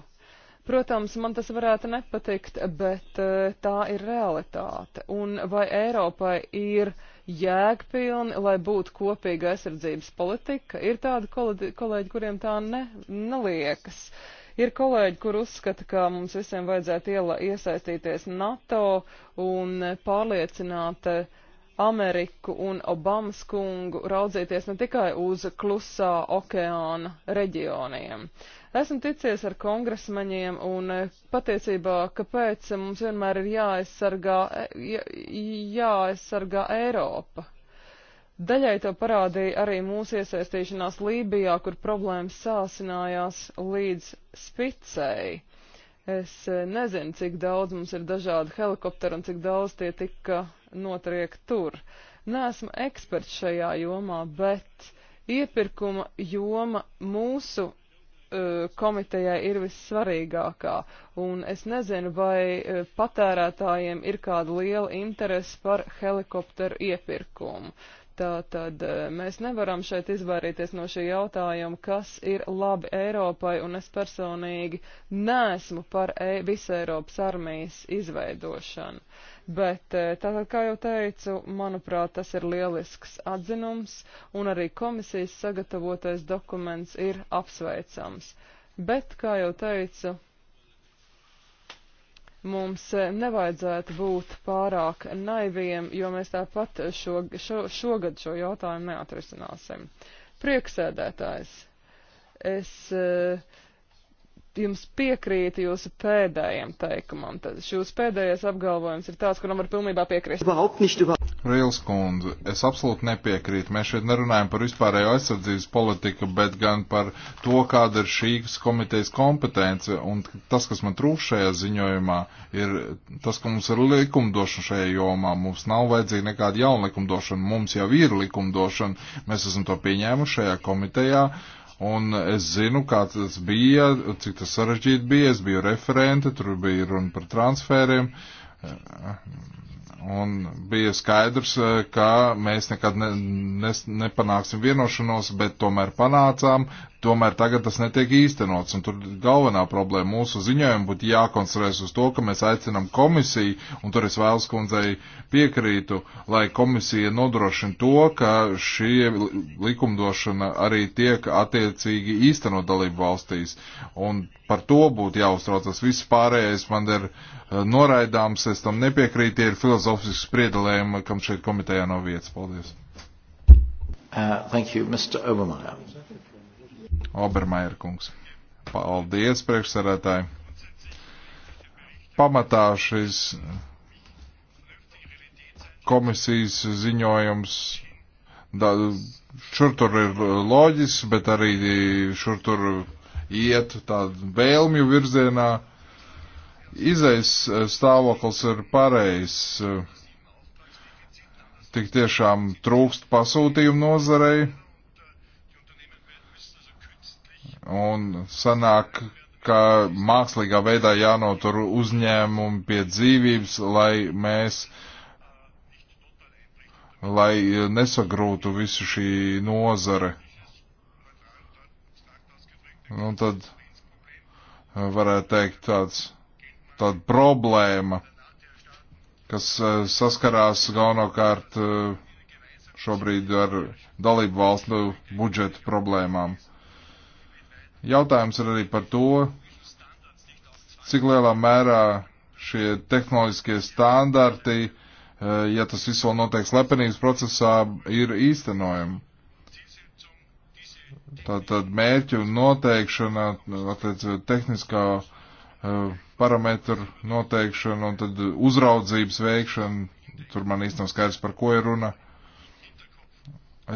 Protams, man tas varētu nepatikt, bet e, tā ir realitāte. Un vai Eiropai ir jēgpilni, lai būtu kopīga aizsardzības politika? Ir tādi kolēģi, kuriem tā ne, neliekas. Ir kolēģi, kur uzskata, ka mums visiem vajadzētu iesaistīties NATO un pārliecināt uh, Ameriku un Obamas kungu raudzīties ne tikai uz klusā okeāna reģioniem. Esmu ticies ar kongresmaņiem un eh, patiesībā, kāpēc mums vienmēr ir jāaizsargā, eh, jā, jāaizsargā Eiropa, Daļai to parādīja arī mūsu iesaistīšanās Lībijā, kur problēmas sāsinājās līdz spicēji. Es eh, nezinu, cik daudz mums ir dažādu helikopteru un cik daudz tie tika notriek tur. Nesmu eksperts šajā jomā, bet iepirkuma joma mūsu uh, komitejai ir vissvarīgākā, un es nezinu, vai uh, patērētājiem ir kāda liela interese par helikopteru iepirkumu. Tātad eh, mēs nevaram šeit izvairīties no šī jautājuma, kas ir labi Eiropai, un es personīgi nesmu par e visu Eiropas armijas izveidošanu. Bet, eh, tātad, kā jau teicu, manuprāt, tas ir lielisks atzinums, un arī komisijas sagatavotais dokuments ir apsveicams. Bet, kā jau teicu, Mums eh, nevajadzētu būt pārāk naiviem, jo mēs tāpat šo, šo, šogad šo jautājumu neatrisināsim. Prieksēdētājs, es eh, jums piekrītu jūsu pēdējiem teikumam. Tad šis pēdējais apgalvojums ir tāds, kuram var pilnībā piekrist. Krīls kundze, es absolūti nepiekrītu. Mēs šeit nerunājam par vispārējo aizsardzības politiku, bet gan par to, kāda ir šīs komitejas kompetence. Un tas, kas man trūkst šajā ziņojumā, ir tas, ka mums ir likumdošana šajā jomā. Mums nav vajadzīga nekāda jauna likumdošana. Mums jau ir likumdošana. Mēs esam to pieņēmuši šajā komitejā. Un es zinu, kā tas bija, cik tas sarežģīti bija. Es biju referente, tur bija runa par transferiem. Un bija skaidrs, e, ka mēs nekad ne, ne, nepanāksim vienošanos, bet tomēr panācām. Tomēr tagad tas netiek īstenots, un tur galvenā problēma mūsu ziņojuma būtu jākoncentrēs uz to, ka mēs aicinām komisiju, un tur es vēlas kundzei piekrītu, lai komisija nodrošina to, ka šī likumdošana arī tiek attiecīgi īstenot dalību valstīs, un par to būtu jāuztraucas. Viss pārējais man ir eh, noraidāms, es tam nepiekrītu, ir filozofisks spriedelējums, kam šeit komitejā nav vietas. Paldies! Uh, thank you, Mr. Obermeyer. Obermaier kungs. Paldies, priekšsarētāji. Pamatā šis komisijas ziņojums. Da, šur tur ir loģis, bet arī šur tur iet tādu vēlmju virzienā. Izejas stāvoklis ir pareizs. Tik tiešām trūkst pasūtījumu nozarei Un sanāk, ka mākslīgā veidā jānotur uzņēmumi pie dzīvības, lai mēs, lai nesagrūtu visu šī nozare. Nu, tad eh, varētu teikt tāds, tāda problēma, kas eh, saskarās galvenokārt eh, šobrīd ar dalību valstu budžetu problēmām. Jautājums ir arī par to, cik lielā mērā šie tehnoloģiskie standarti, eh, ja tas viss vēl notiek slepenības procesā, ir īstenojami. Tātad mērķu noteikšana, attiecībā tehniskā eh, parametru noteikšana un tad uzraudzības veikšana, tur man īsti nav skaidrs, par ko ir runa.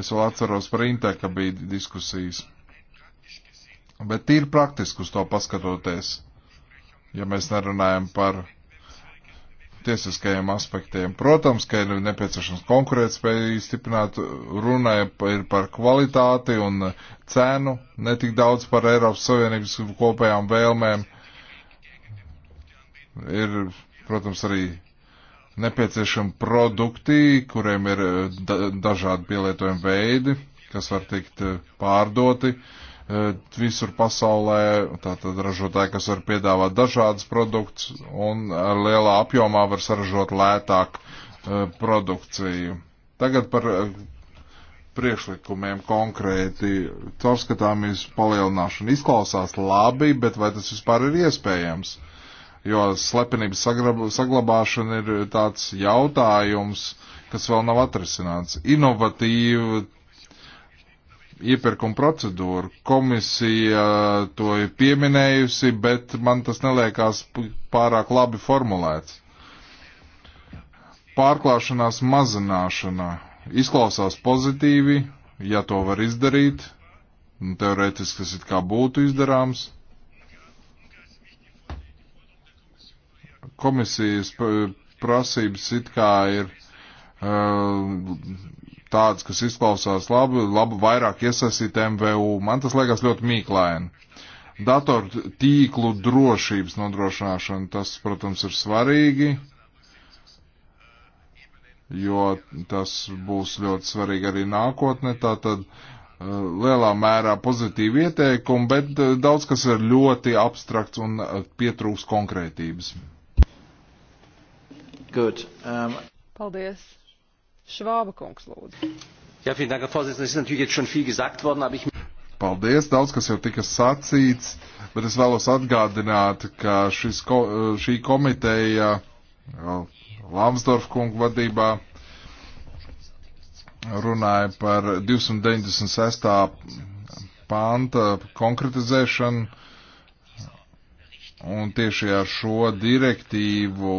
Es vēl atceros par Inteku bija diskusijas. Bet tīri praktiski uz to paskatoties, ja mēs nerunājam par tiesiskajiem aspektiem. Protams, ka ir nepieciešams konkurētspēju stiprināt, runa ir par kvalitāti un cenu, netik daudz par Eiropas Savienības kopējām vēlmēm. Ir, protams, arī nepieciešami produkti, kuriem ir dažādi pielietojumi veidi, kas var tikt pārdoti. Uh, visur pasaulē, tātad ražotāji, kas var piedāvāt dažādas produktus un lielā apjomā var saražot lētāk produkciju. Tagad par priekšlikumiem konkrēti caurskatāmības palielināšana. Izklausās labi, bet vai tas vispār ir iespējams? Jo slepenības saglabāšana ir tāds jautājums, kas vēl nav atrisināts. Inovatīva iepirkuma procedūru. Komisija to ir pieminējusi, bet man tas neliekās pārāk labi formulēts. Pārklāšanās mazināšana izklausās pozitīvi, ja to var izdarīt. Nu, teorētiski tas it kā būtu izdarāms. Komisijas prasības it kā ir uh, tādas, kas izklausās labi, labu vairāk iesaistīt MVU. Man tas liekas ļoti mīklaini. Datoru tīklu drošības nodrošināšana, tas, protams, ir svarīgi, jo tas būs ļoti svarīgi arī nākotnē. Tātad eh, lielā mērā pozitīvi ieteikumi, bet eh, daudz kas ir ļoti abstrakts un eh, pietrūks konkrētības. Good. Um... Paldies. Švāba kungs lūdzu. Jā, vielen Dank, Herr Vorsitzender. Es ist natürlich jetzt schon viel gesagt worden, aber ich paldies, daudz kas jau tika sacīts, bet es vēlos atgādināt, ka šis, ko, šī komiteja Lamsdorf kungu vadībā runāja par 296. panta konkretizēšanu, un tieši ar šo direktīvu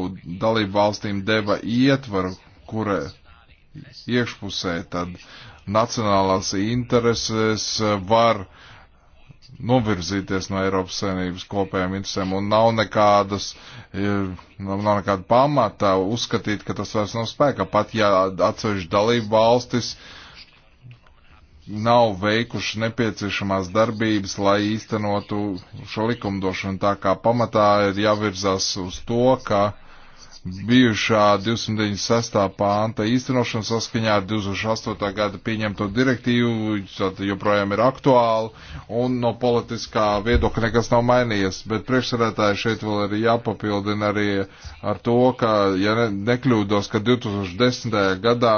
dalību valstīm deva ietvaru, kura iekšpusē, tad nacionālās intereses var novirzīties no Eiropas Savienības kopējiem interesēm un nav nekādas, e, nav nekāda pamata uzskatīt, ka tas vairs nav spēkā, pat ja atsevišķi dalību valstis nav veikuši nepieciešamās darbības, lai īstenotu šo likumdošanu. Tā kā pamatā ir jāvirzās uz to, ka bijušā 296. pānta īstenošana saskaņā ar 2008. gada pieņemto direktīvu, tad joprojām ir aktuāli, un no politiskā viedokļa nekas nav mainījies. Bet priekšsarētāji šeit vēl ir jāpapildina arī ar to, ka, ja ne, nekļūdos, ka 2010. gadā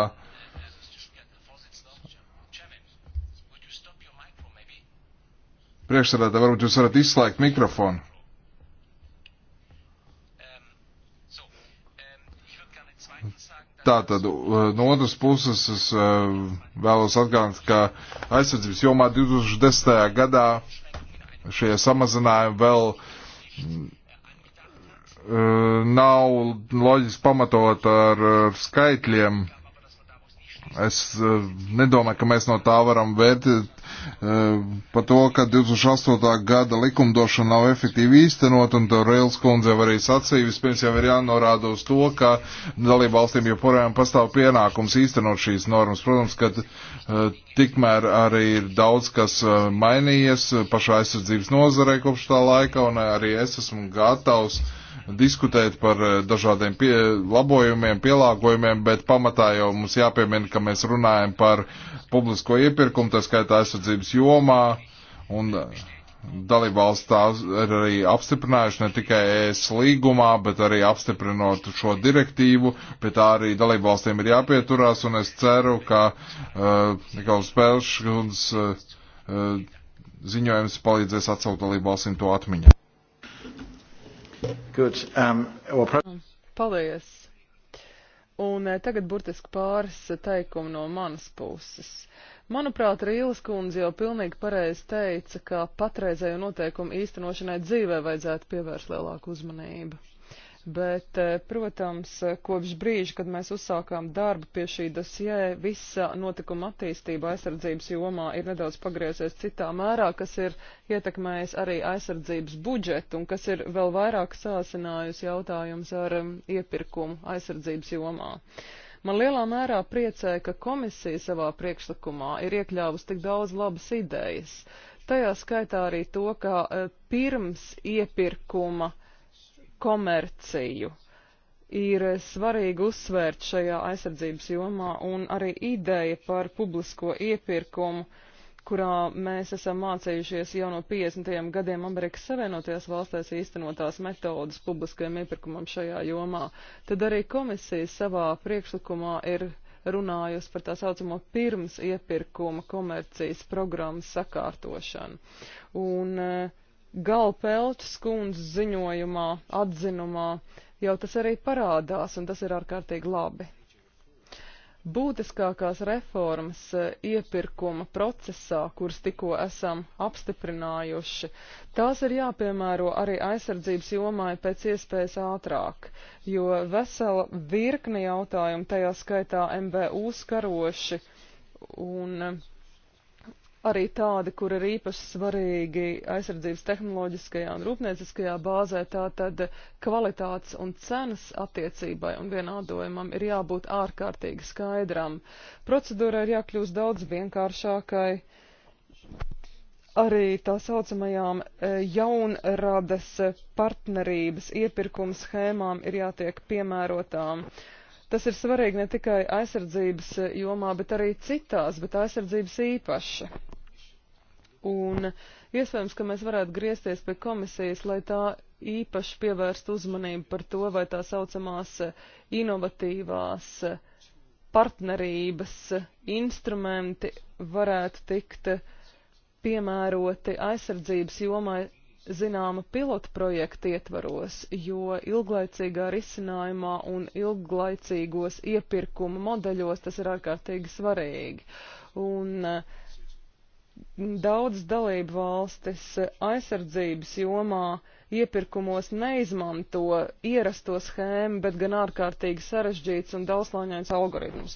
Priekšsarētāji, varbūt jūs varat izslēgt mikrofonu. Tātad, eh, no otras puses, es eh, vēlos atgādināt, ka aizsardzības jomā 2010. gadā šie samazinājumi vēl eh, nav loģiski pamatot ar skaitļiem, Es uh, nedomāju, ka mēs no tā varam vērtēt uh, eh, par to, ka 2008. gada likumdošana nav efektīvi īstenot, un to Reils kundze arī sacīja. Vispirms jau ir jānorāda uz to, ka dalībvalstīm joprojām pastāv pienākums īstenot šīs normas. Protams, ka uh, tikmēr arī ir daudz, kas mainījies pašā aizsardzības nozarē kopš tā laika, un arī es esmu gatavs. Uh, diskutēt par eh, dažādiem pie, labojumiem, pielāgojumiem, bet pamatā jau mums jāpiemina, ka mēs runājam par publisko iepirkumu, tā skaitā aizsardzības jomā, un eh, dalībvalsts tās ir arī apstiprinājuši ne tikai ES līgumā, bet arī apstiprinot šo direktīvu, pie tā arī dalībvalstiem ir jāpieturās, un es ceru, ka uh, eh, Nikols Pelškuns uh, ziņojums palīdzēs atcelt dalībvalstīm to atmiņu. Good. Um, well, Paldies. Un eh, tagad burtiski pāris teikumu no manas puses. Manuprāt, Rīles kundze jau pilnīgi pareizi teica, ka patreizējo noteikumu īstenošanai dzīvē vajadzētu pievērst lielāku uzmanību bet, eh, protams, eh, kopš brīža, kad mēs uzsākām darbu pie šī dosjē, visa notikuma attīstība aizsardzības jomā ir nedaudz pagriezies citā mērā, kas ir ietekmējis arī aizsardzības budžetu un kas ir vēl vairāk sāsinājusi jautājums ar iepirkumu aizsardzības jomā. Man lielā mērā priecē, ka komisija savā priekšlikumā ir iekļāvusi tik daudz labas idejas. Tajā skaitā arī to, ka eh, pirms iepirkuma uh, komerciju. Ir svarīgi uzsvērt šajā aizsardzības jomā un arī ideja par publisko iepirkumu, kurā mēs esam mācījušies jau no 50. gadiem Amerikas Savienotajās valstēs īstenotās metodas publiskajam iepirkumam šajā jomā. Tad arī komisija savā priekšlikumā ir runājusi par tā saucamo pirms iepirkuma komercijas programmas sakārtošanu. Un, uh, Galpeltas kundzes ziņojumā, atzinumā, jau tas arī parādās, un tas ir ārkārtīgi labi. Būtiskākās reformas eh, iepirkuma procesā, kuras tikko esam apstiprinājuši, tās ir jāpiemēro arī aizsardzības jomai pēc iespējas ātrāk, jo vesela virkni jautājumu tajā skaitā MBU skaroši un arī tādi, kur ir īpaši svarīgi aizsardzības tehnoloģiskajā un rūpnieciskajā bāzē, tātad kvalitātes un cenas attiecībai un vienādojumam ir jābūt ārkārtīgi skaidram. Procedūra ir jākļūst daudz vienkāršākai. Arī tā saucamajām e, jaunradas partnerības iepirkuma schēmām ir jātiek piemērotām. Tas ir svarīgi ne tikai aizsardzības e, jomā, bet arī citās, bet aizsardzības īpaši un iespējams, ka mēs varētu griezties pie komisijas, lai tā īpaši pievērst uzmanību par to, vai tā saucamās eh, inovatīvās eh, partnerības eh, instrumenti varētu tikt piemēroti aizsardzības jomai zināma pilotu projekta ietvaros, jo ilglaicīgā risinājumā un ilglaicīgos iepirkuma modeļos tas ir ārkārtīgi svarīgi. Un uh, Daudz dalību valstis aizsardzības jomā iepirkumos neizmanto ierasto schēmu, bet gan ārkārtīgi sarežģīts un daudzslāņains algoritms.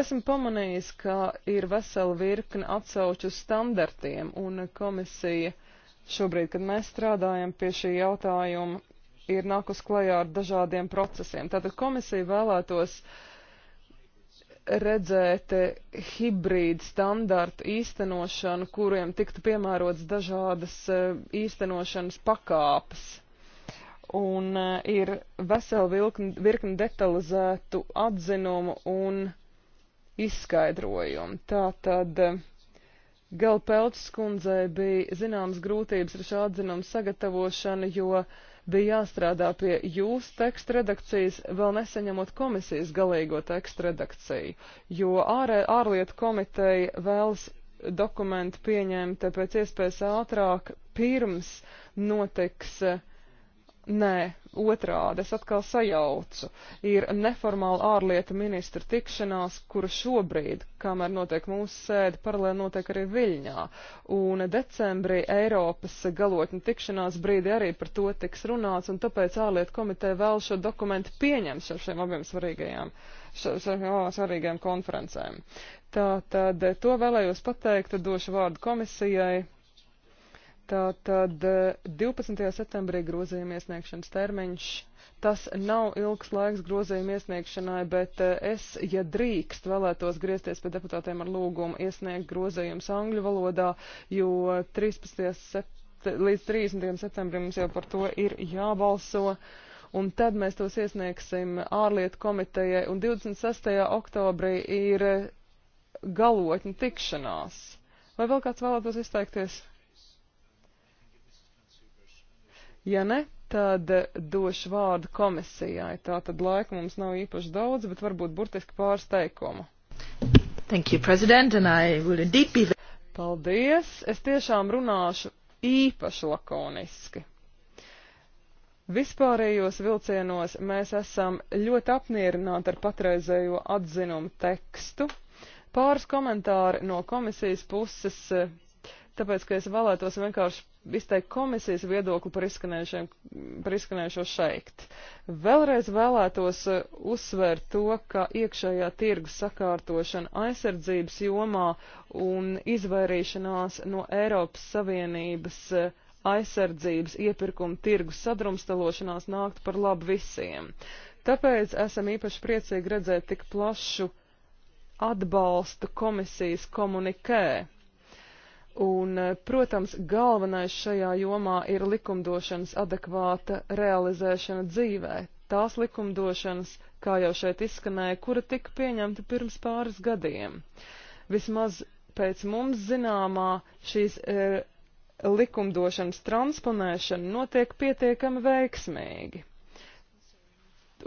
Esmu pamanījis, ka ir vesela virkne atsauču standartiem, un komisija šobrīd, kad mēs strādājam pie šī jautājuma, ir nākus klajā ar dažādiem procesiem. Tātad komisija vēlētos uh, redzēt hibrīdu standartu īstenošanu, kuriem tiktu piemērots dažādas e, īstenošanas pakāpes. Un e, ir vesela virkni, virkni detalizētu atzinumu un izskaidrojumu. Tā tad e, Galpelčs kundzei bija zināmas grūtības ar šā atzinumu sagatavošanu, jo uh, bija jāstrādā pie jūsu teksta redakcijas, vēl nesaņemot komisijas galīgo teksta redakciju, jo ārē, ārlietu komiteja vēlas dokumentu pieņemt pēc iespējas ātrāk pirms notiks uh, Nē, otrādi es atkal sajaucu. Ir neformāla ārlietu ministra tikšanās, kura šobrīd, kamēr notiek mūsu sēde, paralēli notiek arī Viļņā. Un decembrī Eiropas galotņu tikšanās brīdī arī par to tiks runāts, un tāpēc ārlietu komiteja vēl šo dokumentu pieņems ar šiem abiem svarīgajiem, svarīgajiem konferencēm. Tā tad to vēlējos pateikt, došu vārdu komisijai, Tātad 12. Eh, septembrī grozījuma iesniegšanas termiņš. Tas nav ilgs laiks grozījuma iesniegšanai, bet eh, es, ja drīkst, vēlētos griezties pie deputātiem ar lūgumu iesniegt grozījumus angļu valodā, jo 13. Sept... līdz 30. septembrim mums jau par to ir jābalso. Un tad mēs tos iesniegsim ārlietu komitejai, un 26. oktobrī ir eh, galotņu tikšanās. Vai vēl kāds vēlētos izteikties? Ja ne, tad došu vārdu komisijai. Tā tad laika mums nav īpaši daudz, bet varbūt burtiski pāris teikumu. Thank you, President, and I will indeed be... Paldies! Es tiešām runāšu īpaši lakoniski. Vispārējos vilcienos mēs esam ļoti apmierināti ar patreizējo atzinumu tekstu. Pāris komentāri no komisijas puses, eh, tāpēc, ka es vēlētos vienkārši izteikt komisijas viedokli par, par izskanējušo šeit. Vēlreiz vēlētos eh, uzsvērt to, ka iekšējā tirgus sakārtošana aizsardzības jomā un izvairīšanās no Eiropas Savienības eh, aizsardzības iepirkuma tirgus sadrumstalošanās nāktu par labu visiem. Tāpēc esam īpaši priecīgi redzēt tik plašu atbalstu komisijas komunikē Un, eh, protams, galvenais šajā jomā ir likumdošanas adekvāta realizēšana dzīvē. Tās likumdošanas, kā jau šeit izskanēja, kura tika pieņemta pirms pāris gadiem. Vismaz pēc mums zināmā šīs e, likumdošanas transponēšana notiek pietiekami veiksmīgi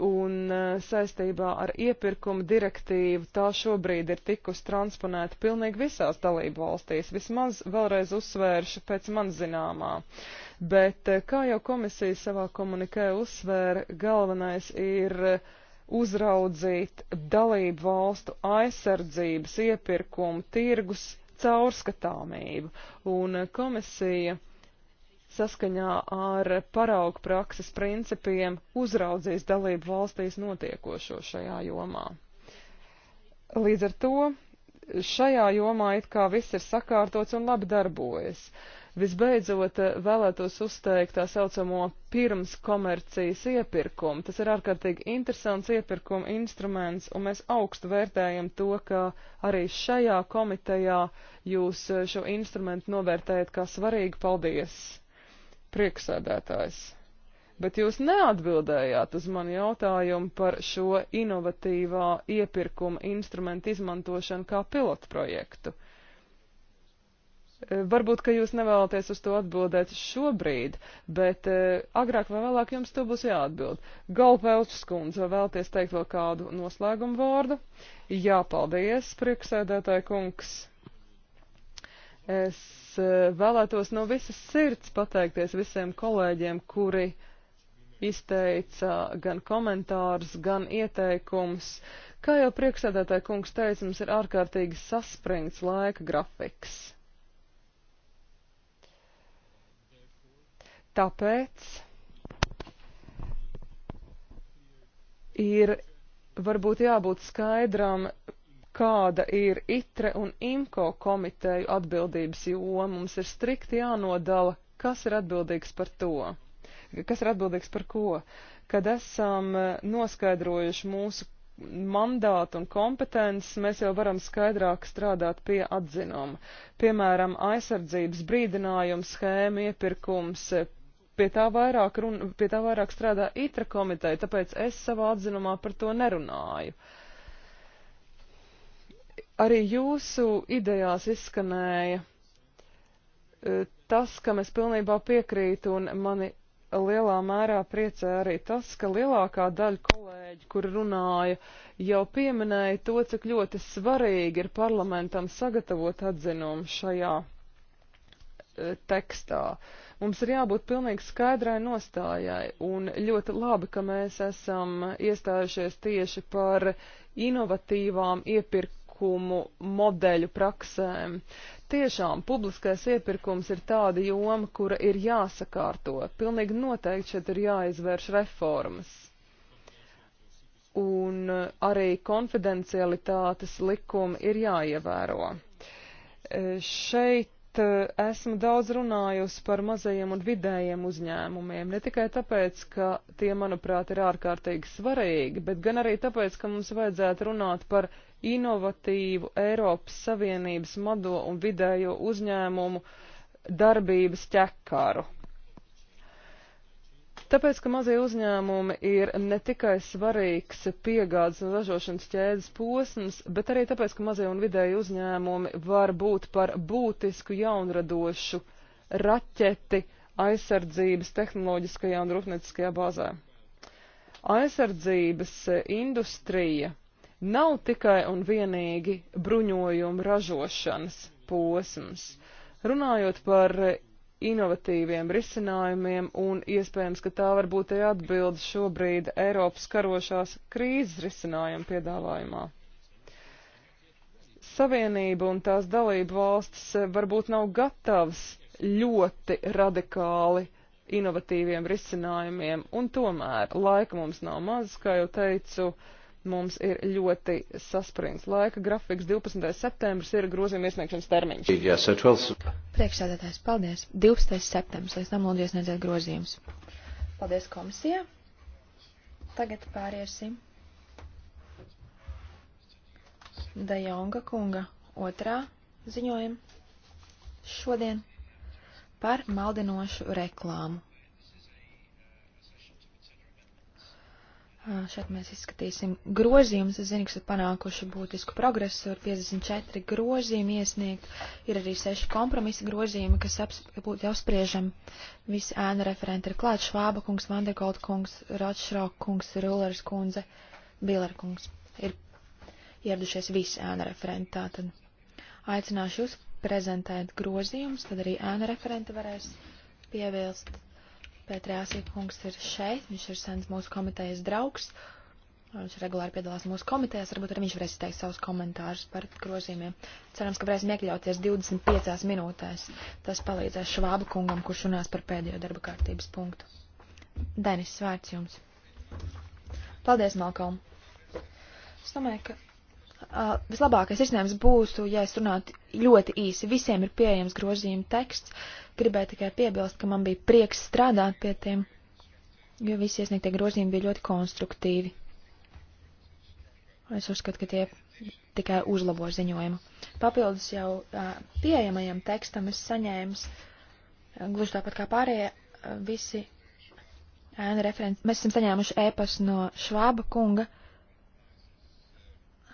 un eh, saistībā ar iepirkumu direktīvu tā šobrīd ir tikus transponēta pilnīgi visās dalību valstīs, vismaz vēlreiz uzsvēršu pēc man zināmā. Bet, eh, kā jau komisija savā komunikē uzsvēra, galvenais ir eh, uzraudzīt dalību valstu aizsardzības iepirkumu tirgus caurskatāmību, un komisija saskaņā ar paraugu prakses principiem uzraudzīs dalību valstīs notiekošo šajā jomā. Līdz ar to šajā jomā it kā viss ir sakārtots un labi darbojas. Visbeidzot, vēlētos uzteikt tā saucamo pirmskomercijas iepirkumu. Tas ir ārkārtīgi interesants iepirkuma instruments, un mēs augstu vērtējam to, ka arī šajā komitejā jūs šo instrumentu novērtējat kā svarīgu. Paldies! Prieksēdētājs. Bet jūs neatbildējāt uz manu jautājumu par šo inovatīvā iepirkuma instrumentu izmantošanu kā pilotprojektu. Eh, varbūt, ka jūs nevēlaties uz to atbildēt šobrīd, bet eh, agrāk vai vēlāk jums to būs jāatbild. Galpēlčs kundze, vai vēlaties teikt vēl kādu noslēgumu vārdu? Jā, paldies, prieksēdētāji kungs. Es e, vēlētos no visas sirds pateikties visiem kolēģiem, kuri izteica gan komentārus, gan ieteikums. Kā jau priekšsēdētāja kungs teica, mums ir ārkārtīgi saspringts laika grafiks. Tāpēc ir varbūt jābūt skaidram kāda ir ITRE un IMCO komiteju atbildības joma. Mums ir strikti jānodala, kas ir atbildīgs par to, kas ir atbildīgs par ko. Kad esam e, noskaidrojuši mūsu mandātu un kompetences, mēs jau varam skaidrāk strādāt pie atzinuma. Piemēram, aizsardzības brīdinājums, schēma, iepirkums, e, pie tā vairāk, run, pie tā vairāk strādā ITRA komiteja, tāpēc es savā atzinumā par to nerunāju. Uh, Arī jūsu idejās izskanēja e, tas, kam es pilnībā piekrītu, un mani lielā mērā priecē arī tas, ka lielākā daļa kolēģi, kur runāja, jau pieminēja to, cik ļoti svarīgi ir parlamentam sagatavot atzinumu šajā e, tekstā. Mums ir jābūt pilnīgi skaidrai nostājai, un ļoti labi, ka mēs esam iestājušies tieši par inovatīvām iepirk iepirkumu modeļu praksēm. Tiešām publiskais iepirkums ir tāda joma, kura ir jāsakārto. Pilnīgi noteikti šeit ir jāizvērš reformas. Un arī konfidencialitātes likumi ir jāievēro. Šeit Eh, esmu daudz runājusi par mazajiem un vidējiem uzņēmumiem, ne tikai tāpēc, ka tie, manuprāt, ir ārkārtīgi svarīgi, bet gan arī tāpēc, ka mums vajadzētu runāt par inovatīvu Eiropas Savienības mado un vidējo uzņēmumu darbības ķekaru. Tāpēc, ka mazie uzņēmumi ir ne tikai svarīgs piegādes un ražošanas ķēdes posms, bet arī tāpēc, ka mazie un vidēji uzņēmumi var būt par būtisku jaunradošu raķeti aizsardzības tehnoloģiskajā un rūpnieciskajā bāzē. Aizsardzības industrija nav tikai un vienīgi bruņojuma ražošanas posms. Runājot par inovatīviem risinājumiem, un iespējams, ka tā varbūt ir atbilde šobrīd Eiropas karošās krīzes risinājuma piedāvājumā. Savienība un tās dalību valstis varbūt nav gatavas ļoti radikāli inovatīviem risinājumiem, un tomēr laika mums nav maz, kā jau teicu, uh, mums ir ļoti saspringts laika grafiks. 12. septembris ir grozījuma iesniegšanas termiņš. Yes, 12... Priekšsēdētājs, paldies. 12. septembris, līdz tam lūdzu iesniedziet grozījumus. Paldies komisijā. Tagad pāriesim. Dajonga kunga otrā ziņojuma šodien par maldinošu reklāmu. Šeit mēs izskatīsim grozījumus. Es zinu, ka esat panākuši būtisku progresu. Ir 54 grozījumi iesniegt. Ir arī 6 kompromisa grozījumi, kas aps, būtu jāspriežam. Visi ēna referenti ir klāt. Švāba kungs, Vandegold kungs, Rotšrok kungs, Rulers kundze, Biller kungs. Ir ieradušies visi ēna referenti. Tātad aicināšu jūs prezentēt grozījumus, tad arī ēna referenti varēs pievilst Pētrējāsī kungs ir šeit, viņš ir sens mūsu komitejas draugs, viņš regulāri piedalās mūsu komitejās, varbūt arī viņš varēs izteikt savus komentārus par grozījumiem. Cerams, ka varēsim iekļauties 25 minūtēs. Tas palīdzēs Švāba kungam, kurš runās par pēdējo darba kārtības punktu. Denis, vārds jums. Paldies, Malkom. Es domāju, ka Uh, vislabākais risinājums būtu, ja es runātu ļoti īsi. Visiem ir pieejams grozījuma teksts. Gribēju tikai piebilst, ka man bija prieks strādāt pie tiem, jo visi iesniegtie grozījumi bija ļoti konstruktīvi. Es uzskatu, ka tie tikai uzlabo ziņojumu. Papildus jau uh, pieejamajam tekstam es saņēmu, uh, gluži tāpat kā pārējie, uh, visi ēna referents. Mēs esam saņēmuši ēpas no Švāba kunga. Uh,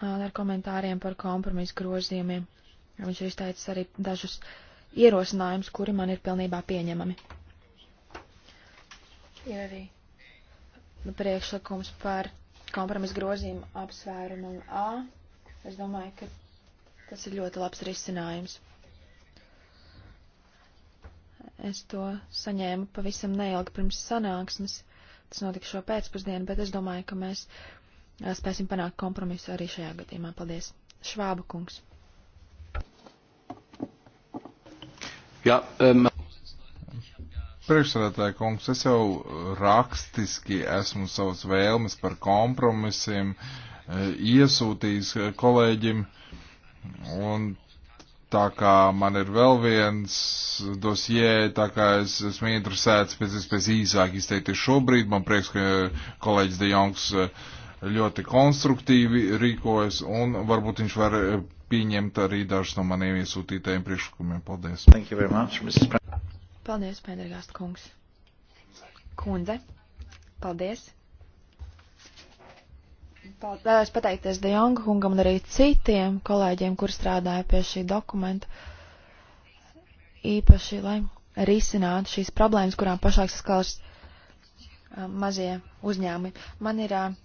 ar komentāriem par kompromisu grozījumiem. Viņš ir izteicis arī dažus ierosinājumus, kuri man ir pilnībā pieņemami. Ir arī priekšlikums par kompromisu grozījumu apsvērumu A. Es domāju, ka tas ir ļoti labs risinājums. Es to saņēmu pavisam neilgi pirms sanāksmes. Tas notika šo pēcpusdienu, bet es domāju, ka mēs spēsim panākt kompromisu arī šajā gadījumā. Paldies. Švāba kungs. Jā, um... Priekšsēdētāji kungs, es jau rakstiski esmu savas vēlmes par kompromisiem e, iesūtījis kolēģim, un tā kā man ir vēl viens dosie, tā kā es esmu interesēts pēc iespējas īsāk izteikties šobrīd, man prieks, ka kolēģis De Jongs uh, ļoti konstruktīvi rīkojas un varbūt viņš var eh, pieņemt arī dažus no maniem iesūtītajiem priekšlikumiem. Paldies. Much, Paldies, Pēdergāst kungs. Kundze. Paldies. Vēlēs pateikties Dejonga kungam un arī citiem kolēģiem, kur strādāja pie šī dokumenta. Īpaši, lai risinātu šīs problēmas, kurām pašlaik saskalas uh, um, mazie uzņēmumi. Man ir uh,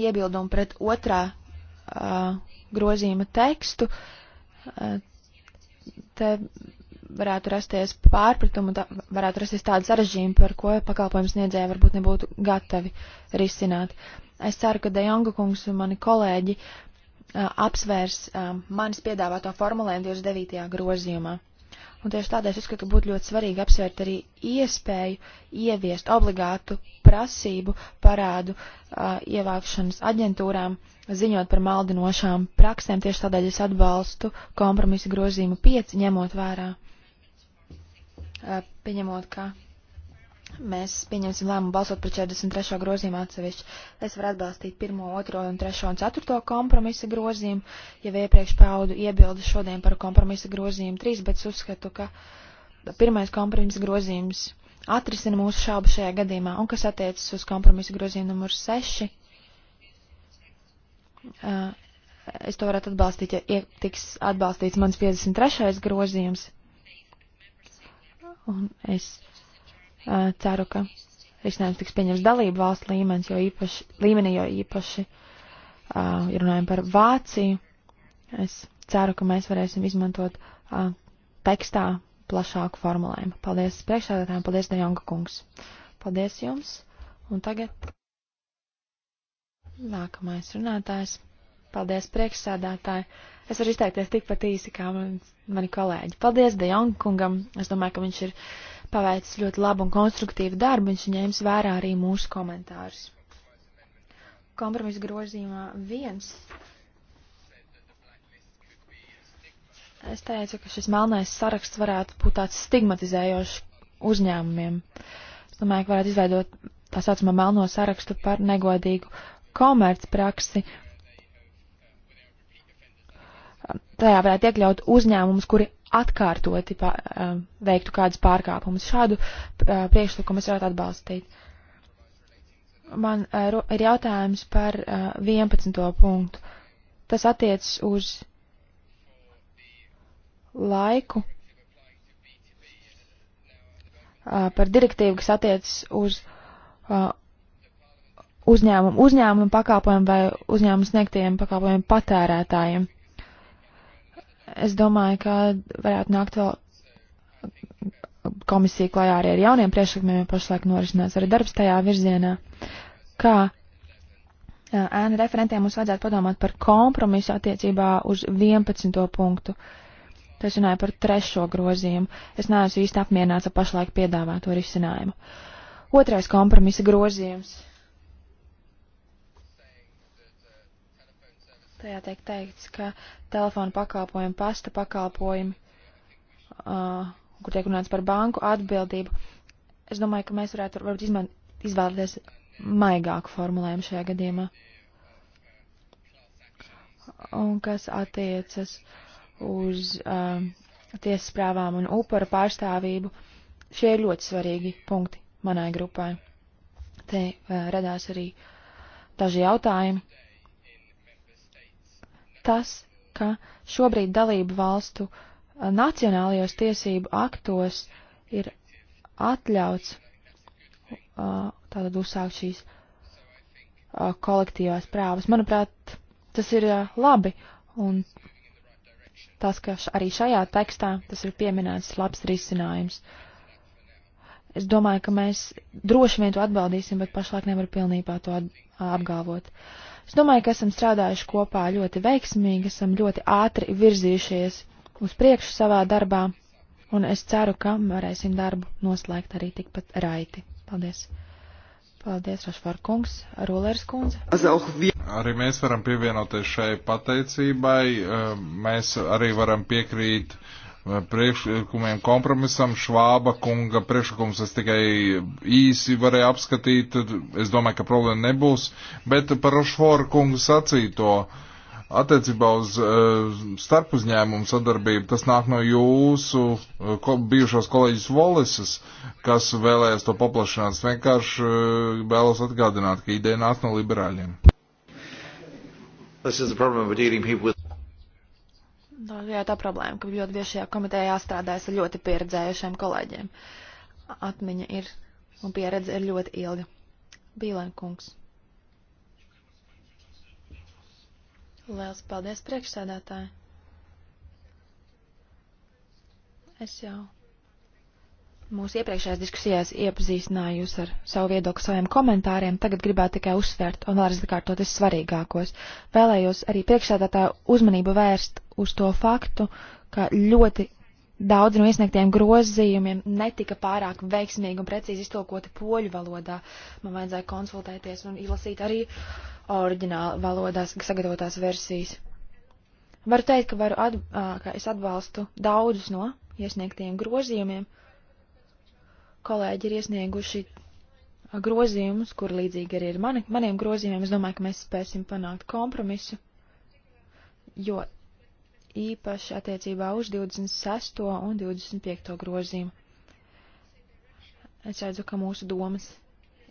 iebildumu pret otrā uh, grozījuma tekstu, uh, te varētu rasties pārpratumi, varētu rasties tādi sarežģījumi, par ko pakalpojums niedzēja varbūt nebūtu gatavi risināt. Es ceru, ka Dejonga kungs un mani kolēģi uh, apsvērs uh, manis piedāvāto formulējumu 29. grozījumā. Un tieši tādēļ es uzskatu, ka būtu ļoti svarīgi apsvērt arī iespēju ieviest obligātu prasību parādu uh, ievākšanas aģentūrām ziņot par maldinošām praksēm. Tieši tādēļ es atbalstu kompromisa grozījumu 5, ņemot vērā, uh, pieņemot, ka Mēs pieņemsim lēmumu balsot par 43. grozījumu atsevišķi. Es varu atbalstīt 1, 2, un 3 un 4 kompromisa grozījumu, jau iepriekš paudu iebildu šodien par kompromisa grozījumu 3, bet es uzskatu, ka pirmais kompromisa grozījums atrisina mūsu šābu šajā gadījumā, un kas attiecas uz kompromisa grozījumu numur 6. Uh, es to varētu atbalstīt, ja tiks atbalstīts mans 53. grozījums. Un es Eh, ceru, ka risinājums tiks pieņems dalību valsts līmenis, jo īpaši, līmenī, jo īpaši uh, runājam par Vāciju. Es ceru, ka mēs varēsim izmantot uh, tekstā plašāku formulējumu. Paldies priekšsēdētājiem, paldies Dejonga kungs. Paldies jums. Un tagad nākamais runātājs. Paldies priekšsēdētāji. Es varu izteikties tikpat īsi kā man, mani kolēģi. Paldies Dejonga kungam. Es domāju, ka viņš ir paveicis ļoti labu un konstruktīvu darbu, viņš ņēmis vērā arī mūsu komentārus. Kompromisa grozījumā viens. Es teicu, ka šis melnais saraksts varētu būt tāds stigmatizējošs uzņēmumiem. Es domāju, ka varētu izveidot tā saucamā melno sarakstu par negodīgu komercpraksi. Tajā varētu iekļaut uzņēmumus, kuri atkārtoti pā, eh, veiktu kādus pārkāpumus. Šādu eh, priekšlikumu es varētu atbalstīt. Man eh, ir jautājums par 11. punktu. Tas attiecas uz laiku par direktīvu, kas attiecas uz uzņēmumu, uzņēmumu pakāpojumu vai uzņēmumu sniegtiem pakāpojumiem patērētājiem. Es domāju, ka varētu nākt vēl komisija klajā arī ar jauniem priekšlikumiem, jo pašlaik norisinās arī darbs tajā virzienā. Kā ēnu referentiem mums vajadzētu padomāt par kompromisu attiecībā uz 11. punktu. Tas runāja par trešo grozījumu. Es neesmu īsti apmierināts ar pašlaik piedāvāto risinājumu. Otrais kompromisa grozījums Tajā tiek teikts, ka telefona pakalpojumi, pasta pakalpojumi, uh, kur tiek runāts par banku atbildību, es domāju, ka mēs varētu varbūt izman, izvēlēties maigāku formulējumu šajā gadījumā. Un kas attiecas uz uh, tiesas prāvām un upara pārstāvību, šie ir ļoti svarīgi punkti manai grupai. Te uh, radās arī daži jautājumi tas, ka šobrīd dalību valstu nacionālajos tiesību aktos ir atļauts tātad uzsākt šīs kolektīvās prāvas. Manuprāt, tas ir labi, un tas, ka arī šajā tekstā tas ir pieminēts labs risinājums. Es domāju, ka mēs droši vien to atbaldīsim, bet pašlaik nevar pilnībā to apgalvot. Uh, Es domāju, ka esam strādājuši kopā ļoti veiksmīgi, esam ļoti ātri virzījušies uz priekšu savā darbā, un es ceru, ka varēsim darbu noslēgt arī tikpat raiti. Paldies! Paldies, Rašvar kungs, Rulers kundze. Arī mēs varam pievienoties šai pateicībai. Mēs arī varam piekrīt uh, priekšlikumiem kompromisam. Švāba kunga priekšlikums es tikai īsi varēju apskatīt. Es domāju, ka problēma nebūs. Bet par Rošforu kungu sacīto attiecībā uz uh, starpuzņēmumu sadarbību, tas nāk no jūsu uh, ko, bijušos kolēģis Volises, kas vēlējās to paplašināt. Es vienkārši uh, vēlos atgādināt, ka ideja nāk no liberāļiem. With... Tā nu, ir tā problēma, ka ļoti bieži šajā komitejā jāstrādājas ar ļoti pieredzējušiem kolēģiem. Atmiņa ir un pieredze ir ļoti ilga. Bīlenkungs. Liels paldies priekšsēdētāji. Es jau mūsu iepriekšējās diskusijās iepazīstināju jūs ar savu viedokli, saviem komentāriem. Tagad gribētu tikai uzsvērt un vēlreiz atkārtot vissvarīgākos. Vēlējos arī priekšsēdētāju uzmanību vērst uz to faktu, ka ļoti daudz no iesniegtiem grozījumiem netika pārāk veiksmīgi un precīzi iztulkoti poļu valodā. Man vajadzēja konsultēties un izlasīt arī oriģināla valodās sagatavotās versijas. Varu teikt, ka, varu at, ka es atbalstu daudzus no iesniegtiem grozījumiem kolēģi ir iesnieguši grozījumus, kur līdzīgi arī ir mani, maniem grozījumiem. Es domāju, ka mēs spēsim panākt kompromisu, jo īpaši attiecībā uz 26. un 25. grozījumu. Es redzu, ka mūsu domas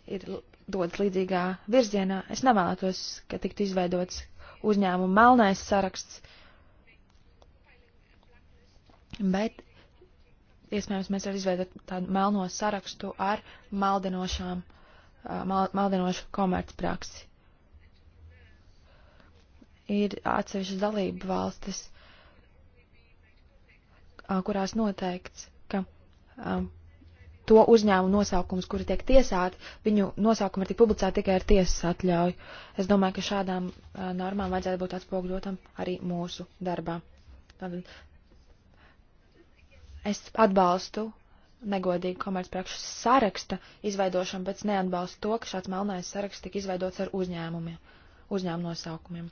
ir dodas līdzīgā virzienā. Es nevēlētos, ka tiktu izveidots uzņēmuma melnais saraksts, bet iespējams mēs varam izveidot tādu melno sarakstu ar maldinošām, mal, maldinošu komercpraksi. Ir atsevišķas dalību valstis, kurās noteikts, ka um, to uzņēmumu nosaukums, kuri tiek tiesāti, viņu nosaukumi var tikt publicēti tikai ar tiesas atļauju. Es domāju, ka šādām uh, normām vajadzētu būt atspogļotam arī mūsu darbā. Tātad Es atbalstu negodīgu komercprakšu saraksta izveidošanu, bet neatbalstu to, ka šāds melnais saraksts tika izveidots ar uzņēmumiem, uzņēmumu nosaukumiem.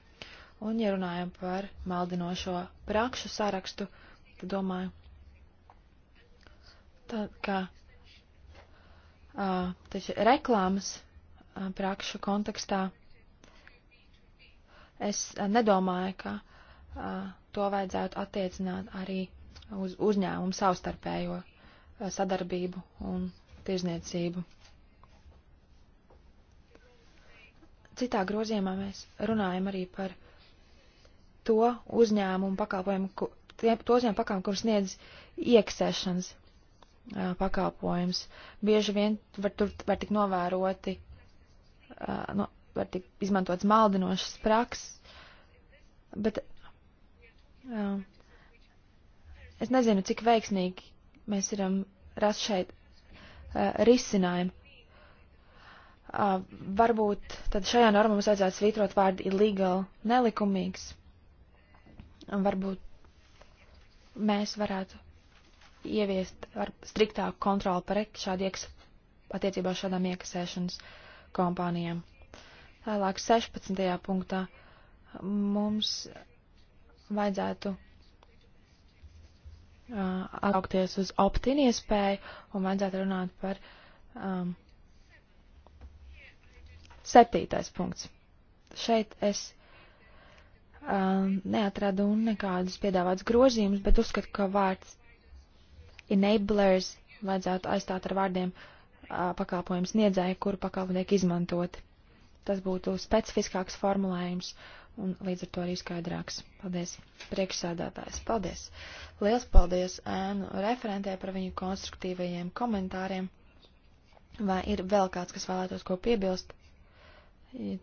Un, ja runājam par maldinošo prakšu sarakstu, tad domāju, tad, ka uh, taču reklāmas uh, prakšu kontekstā es uh, nedomāju, ka uh, to vajadzētu attiecināt arī uz uzņēmumu savstarpējo eh, sadarbību un tirzniecību. Citā grozījumā mēs runājam arī par to uzņēmumu pakalpojumu, to uzņēmumu pakalpojumu, kur sniedz iekasēšanas eh, pakalpojums. Bieži vien var, tur, var tik novēroti, eh, no, var tik izmantots maldinošas praks, bet. Uh, Es nezinu, cik veiksmīgi mēs varam rast šeit uh, risinājumu. Uh, varbūt tad šajā normā mums vajadzētu svītrot vārdu illegal, nelikumīgs. Un varbūt mēs varētu ieviest ar striktāku kontroli par šādu ieks, attiecībā šādām iekasēšanas kompānijām. Tālāk 16. punktā mums vajadzētu Uh, atsaukties uz optīnu iespēju un vajadzētu runāt par um, septītais punkts. Šeit es um, neatradu nekādus piedāvātus grozījumus, bet uzskatu, ka vārds enablers vajadzētu aizstāt ar vārdiem uh, pakalpojums niedzēja, kuru pakalpojumi tiek izmantoti. Tas būtu specifiskāks formulējums. Uh, un līdz ar to arī skaidrāks. Paldies, priekšsādātājs. Paldies! Liels paldies ēnu referentē par viņu konstruktīvajiem komentāriem. Vai ir vēl kāds, kas vēlētos ko piebilst?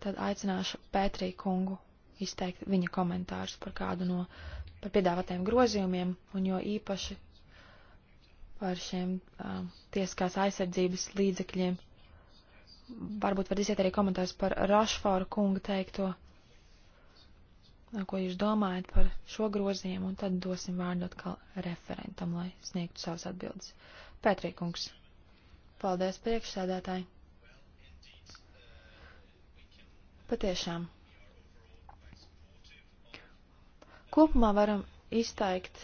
Tad aicināšu Pētrī kungu izteikt viņa komentārus par kādu no par piedāvātajiem grozījumiem un jo īpaši par šiem um, tieskās aizsardzības līdzekļiem. Varbūt var iziet arī komentārus par Rašfāru kungu teikto ko jūs domājat par šo grozījumu, un tad dosim vārdu atkal referentam, lai sniegtu savas atbildes. Pētrīkungs. Paldies priekšsēdētāji. Patiešām. Kopumā varam izteikt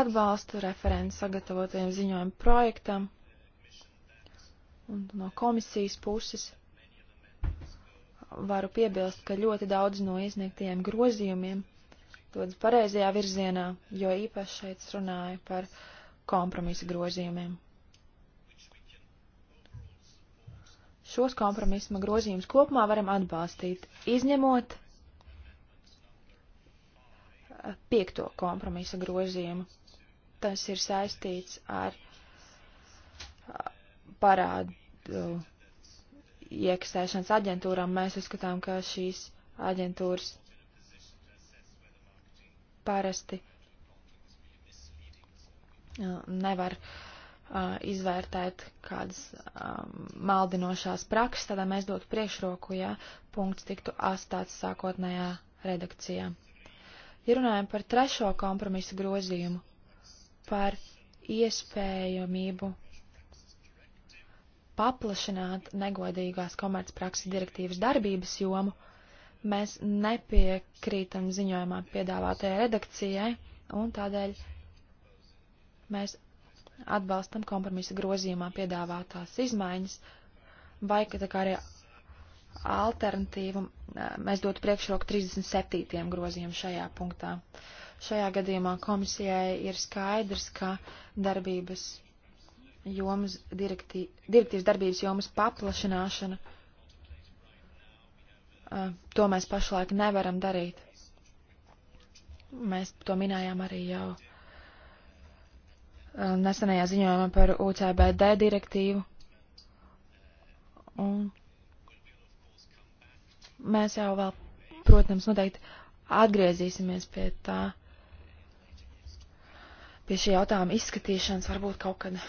atbalstu referents sagatavotajiem ziņojumu projektam un no komisijas puses varu piebilst, ka ļoti daudz no iesniegtajiem grozījumiem dodas pareizajā virzienā, jo īpaši šeit runāju par kompromisa grozījumiem. Šos kompromisma grozījumus kopumā varam atbalstīt, izņemot piekto kompromisa grozījumu. Tas ir saistīts ar uh, parādu iekasēšanas aģentūrām, mēs uzskatām, ka šīs aģentūras parasti uh, nevar uh, izvērtēt kādas um, maldinošās prakses, tādā mēs dotu priekšroku, ja punkts tiktu atstāts sākotnējā redakcijā. Ja runājam par trešo kompromisu grozījumu, par iespējamību paplašināt negodīgās komercprakses direktīvas darbības jomu, mēs nepiekrītam ziņojumā piedāvātajai redakcijai, un tādēļ mēs atbalstam kompromisa grozījumā piedāvātās izmaiņas, vai tā kā arī alternatīvu mēs dotu priekšroku 37. grozījumu šajā punktā. Šajā gadījumā komisijai ir skaidrs, ka darbības jomas direktī, direktīvas darbības jomas paplašināšana. Uh, to mēs pašlaik nevaram darīt. Mēs to minējām arī jau uh, nesenajā ziņojumā par UCBD direktīvu. Un mēs jau vēl, protams, noteikti atgriezīsimies pie tā, pie šī jautājuma izskatīšanas, varbūt kaut kad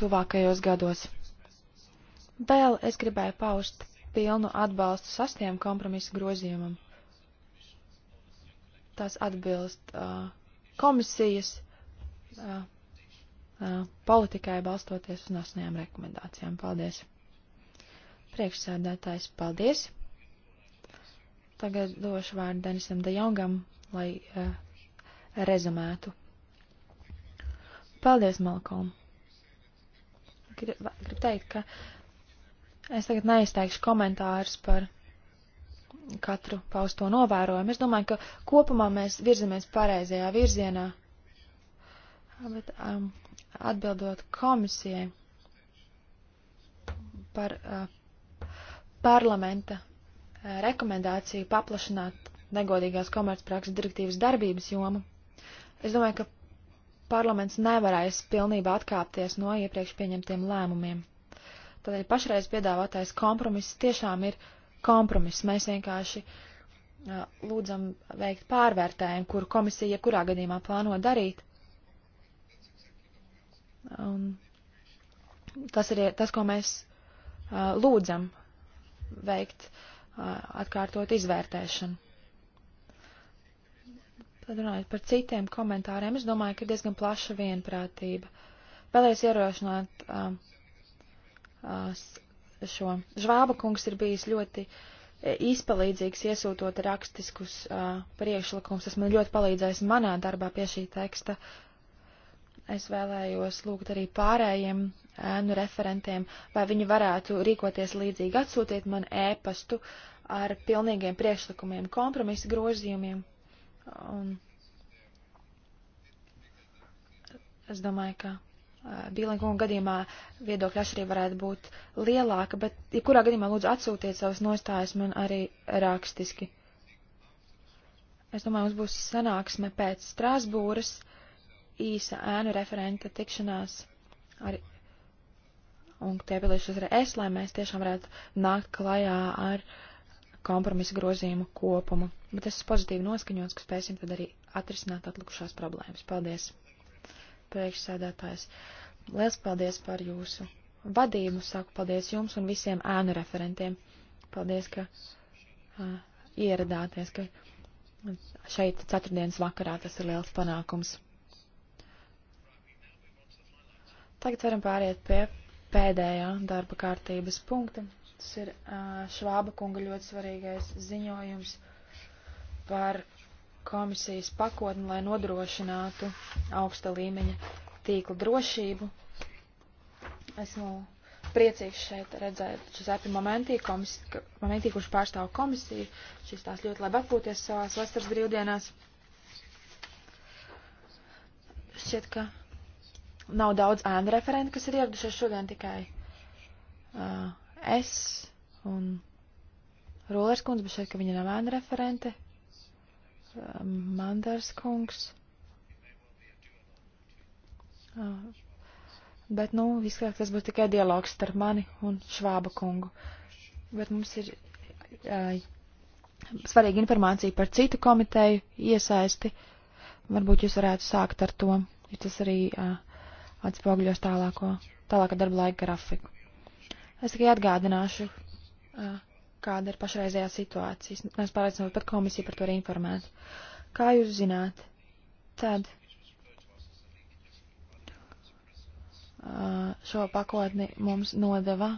tuvākajos gados. Vēl es gribēju paust pilnu atbalstu sastiem kompromisu grozījumam. Tas atbilst uh, komisijas uh, uh, politikai balstoties uz nosnējām rekomendācijām. Paldies! Priekšsēdētājs, paldies! Tagad došu vārdu Denisam Dejongam, lai uh, rezumētu. Paldies, Malkom! grib, grib teikt, ka es tagad neizteikšu komentārus par katru pausto novērojumu. Es domāju, ka kopumā mēs virzamies pareizajā virzienā. Bet um, atbildot komisijai par uh, parlamenta uh, rekomendāciju paplašināt negodīgās komercprakses direktīvas darbības jomu, es domāju, ka parlaments nevarēs pilnībā atkāpties no iepriekš pieņemtiem lēmumiem. Tādēļ pašreiz piedāvātais kompromiss tiešām ir kompromiss. Mēs vienkārši uh, lūdzam veikt pārvērtējumu, kuru komisija jebkurā gadījumā plāno darīt. Un tas ir tas, ko mēs uh, lūdzam veikt uh, atkārtot izvērtēšanu. Tad runājot par citiem komentāriem, es domāju, ka ir diezgan plaša vienprātība. Vēlreiz ierošināt um, šo. Žvāba kungs ir bijis ļoti izpalīdzīgs iesūtot rakstiskus uh, priekšlikumus. Tas man ļoti palīdzēs manā darbā pie šī teksta. Es vēlējos lūgt arī pārējiem ēnu referentiem, vai viņi varētu rīkoties līdzīgi atsūtiet man ēpastu ar pilnīgiem priekšlikumiem, kompromisa grozījumiem Un es domāju, ka Bīlenkunga gadījumā viedokļa atšķirība varētu būt lielāka, bet, ja kurā gadījumā lūdzu atsūtiet savas nostājas man arī rakstiski. Es domāju, mums būs sanāksme pēc Strāsbūras īsa ēnu referenta tikšanās arī, un tie pilīšos arī es, lai mēs tiešām varētu nākt klajā ar uh, kompromisa grozījumu kopumu, bet esmu pozitīvi noskaņots, ka spēsim tad arī atrisināt atlikušās problēmas. Paldies, priekšsēdētājs. Liels paldies par jūsu vadību, saku paldies jums un visiem ēnu referentiem. Paldies, ka uh, ieradāties, ka šeit ceturtdienas vakarā tas ir liels panākums. Tagad varam pāriet pie pēdējā darba kārtības punkta. Tas ir Švāba kunga ļoti svarīgais ziņojums par komisijas pakotni, lai nodrošinātu augsta līmeņa tīkla drošību. Esmu priecīgs šeit redzēt Giuseppe Momentī, komis, momentī, kurš pārstāv komisiju. Šis tās ļoti labi atpūties savās vasaras brīvdienās. Šķiet, ka nav daudz ēnu referentu, kas ir ieradušies šodien tikai. Uh, Es un Rūlers kundze, bet šeit, ka viņa nav ēna referente. Um, Mandars kungs. Ah. Bet, nu, izskatās, tas būs tikai dialogs starp mani un Švāba kungu. Bet mums ir svarīga informācija par citu komiteju iesaisti. Varbūt jūs varētu sākt ar to, ja tas arī uh, atspoguļos tālāko, tālāka darba laika grafiku. Es tikai atgādināšu, kāda ir pašreizējā situācija. Mēs pārliecinām, pat komisija par to ir informēta. Kā jūs zināt, tad šo pakotni mums nodeva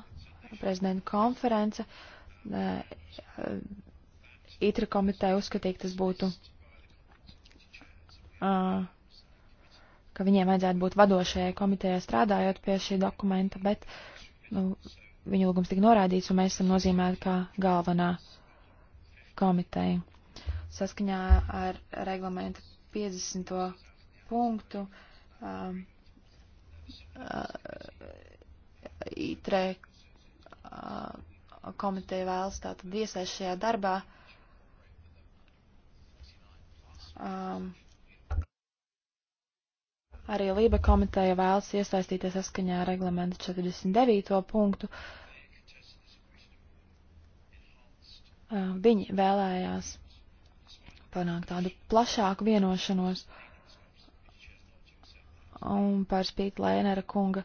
prezidenta konference. ITRA komiteja uzskatīja, tas būtu, ka viņiem vajadzētu būt vadošajai komitejai strādājot pie šī dokumenta, bet nu, viņa lūgums tika norādīts, un mēs esam nozīmēti kā galvenā komiteja. Saskaņā ar reglamenta 50. punktu um, uh, ITRE uh, komiteja vēlas tātad iesaist šajā darbā. Um, Arī Lība komiteja vēlas iesaistīties saskaņā ar reglamentu 49. punktu. Viņi vēlējās panākt tādu plašāku vienošanos un par spīti Lēnera kunga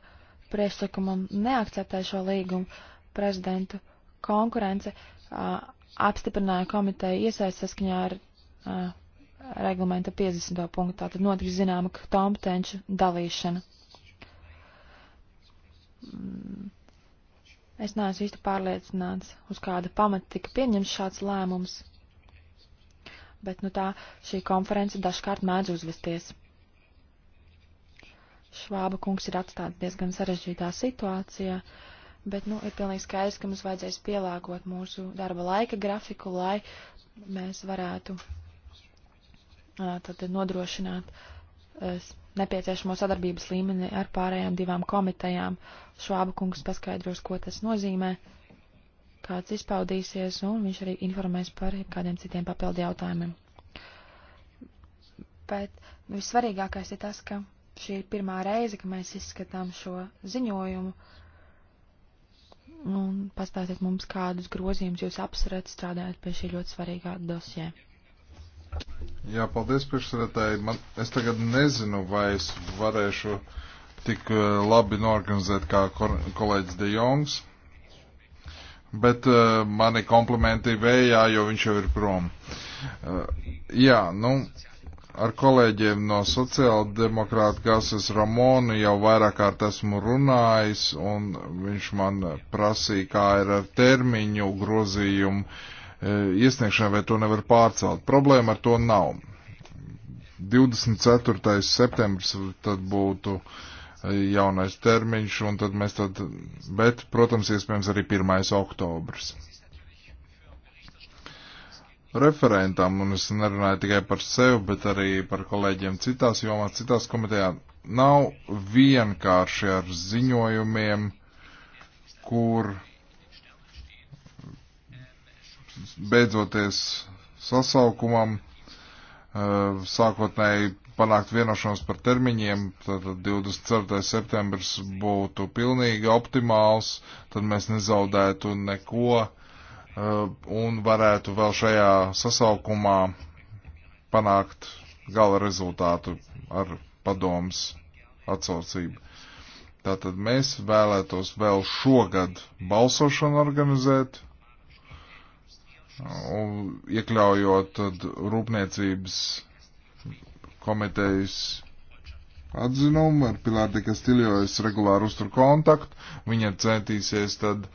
priekšlikumam neakceptē šo līgumu prezidentu konkurence apstiprināja komiteju iesaist saskaņā ar reglamenta 50. punktā, tad notiks zināma kompetenču dalīšana. Mm. Es neesmu īsti pārliecināts, uz kāda pamata tika pieņemts šāds lēmums, bet nu tā šī konference dažkārt mēdz uzvesties. Švāba kungs ir atstāts diezgan sarežģītā situācijā, bet nu ir pilnīgi skaidrs, ka mums vajadzēs pielāgot mūsu darba laika grafiku, lai mēs varētu tad nodrošināt nepieciešamo sadarbības līmeni ar pārējām divām komitejām. Švāba kungs paskaidros, ko tas nozīmē, kāds izpaudīsies, un viņš arī informēs par kādiem citiem papildu jautājumiem. Bet vissvarīgākais ir tas, ka šī ir pirmā reize, ka mēs izskatām šo ziņojumu. Un pastāstiet mums, kādus grozījumus jūs apsverat strādājot pie šī ļoti svarīgā dosjē. Jā, paldies priekšsēdētāji. Man, es tagad nezinu, vai es varēšu tik eh, labi norganizēt kā kolēģis De Jongs, bet uh, mani komplimenti vējā, jo viņš jau ir prom. Uh, jā, nu, ar kolēģiem no sociāldemokrāta Gases Ramonu jau vairāk kārt esmu runājis, un viņš man prasīja, kā ir ar termiņu grozījumu Eh, iesniegšanai, vai to nevar pārcelt. Problēma ar to nav. 24. septembris tad būtu eh, jaunais termiņš, un tad mēs tad, bet, protams, iespējams arī 1. oktobris. Referentam, un es nerunāju tikai par sevi, bet arī par kolēģiem citās jomās, citās komitejā, nav vienkārši ar ziņojumiem, kur beidzoties sasaukumam, eh, sākotnēji panākt vienošanos par termiņiem, tad 24. septembris būtu pilnīgi optimāls, tad mēs nezaudētu neko eh, un varētu vēl šajā sasaukumā panākt gala rezultātu ar padomus atsaucību. Tātad mēs vēlētos vēl šogad balsošanu organizēt, iekļaujot tad rūpniecības komitejas atzinumu ar Pilārdi Kastiljo, es regulāri uzturu kontaktu, viņa centīsies tad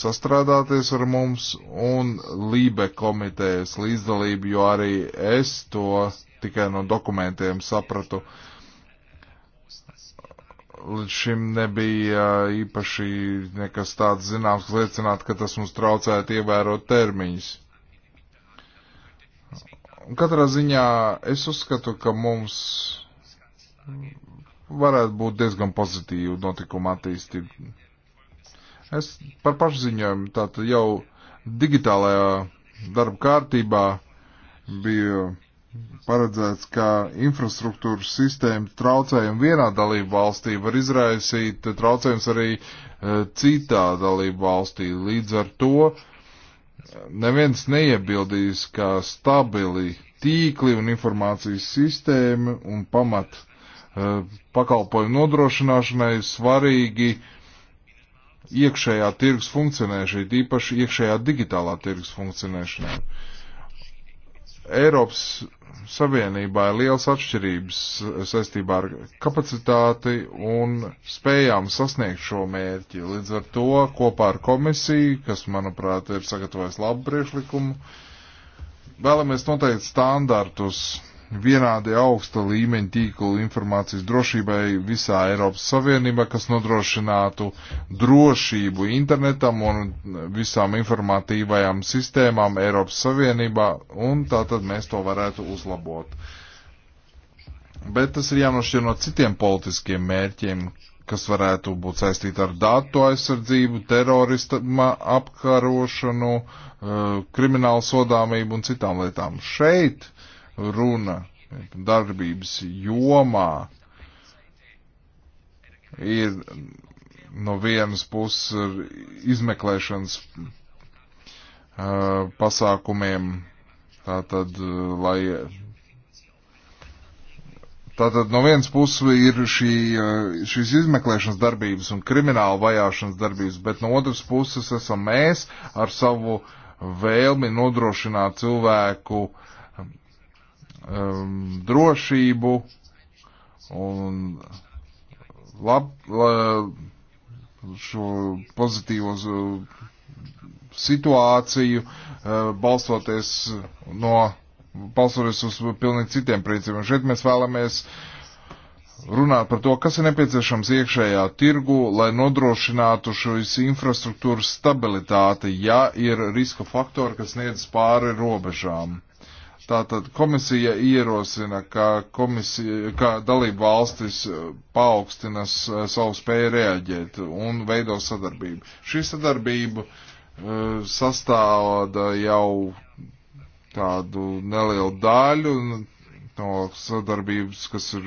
sastrādāties ar mums un Lībe komitejas līdzdalību, jo arī es to tikai no dokumentiem sapratu. Uh, līdz šim nebija īpaši nekas tāds zināms, kas liecinātu, ka tas mums traucētu ievērot termiņus. Katrā ziņā es uzskatu, ka mums varētu būt diezgan pozitīva notikuma attīstība. Es par pašziņojumu tātad jau digitālajā darba kārtībā biju paredzēts, ka infrastruktūras sistēma traucējumi vienā dalību valstī var izraisīt traucējums arī e, citā dalību valstī. Līdz ar to e, neviens neiebildīs, ka stabili tīkli un informācijas sistēma un pamat e, pakalpojumu nodrošināšanai svarīgi iekšējā tirgus funkcionēšanai, īpaši iekšējā digitālā tirgus funkcionēšanai. Eiropas Savienībā ir liels atšķirības saistībā ar kapacitāti un spējām sasniegt šo mērķi. Līdz ar to kopā ar komisiju, kas, manuprāt, ir sagatavojis labu priekšlikumu, vēlamies noteikt standartus vienādi augsta līmeņa tīklu informācijas drošībai visā Eiropas Savienībā, kas nodrošinātu drošību internetam un visām informatīvajām sistēmām Eiropas Savienībā, un tātad mēs to varētu uzlabot. Bet tas ir jānošķir no citiem politiskiem mērķiem, kas varētu būt saistīti ar datu aizsardzību, teroristama apkarošanu, eh, kriminālu sodāmību un citām lietām. Šeit runa darbības jomā ir no vienas puses izmeklēšanas uh, pasākumiem, tātad, uh, lai Tātad no vienas puses ir šī, uh, šīs izmeklēšanas darbības un krimināla vajāšanas darbības, bet no otras puses esam mēs ar savu vēlmi nodrošināt cilvēku uh, um, drošību un lab, la, šo pozitīvo situāciju, uh, balstoties no, balstoties uz pilnīgi citiem principiem. Šeit mēs vēlamies uh, runāt par to, kas ir nepieciešams iekšējā tirgu, lai nodrošinātu šīs infrastruktūras stabilitāti, ja ir riska faktori, kas niedz pāri robežām. Tātad komisija ierosina, ka, komisija, ka dalība valstis eh, paaugstinas eh, savu spēju reaģēt un veido sadarbību. Šī sadarbība eh, sastāvda jau tādu nelielu daļu no sadarbības, kas ir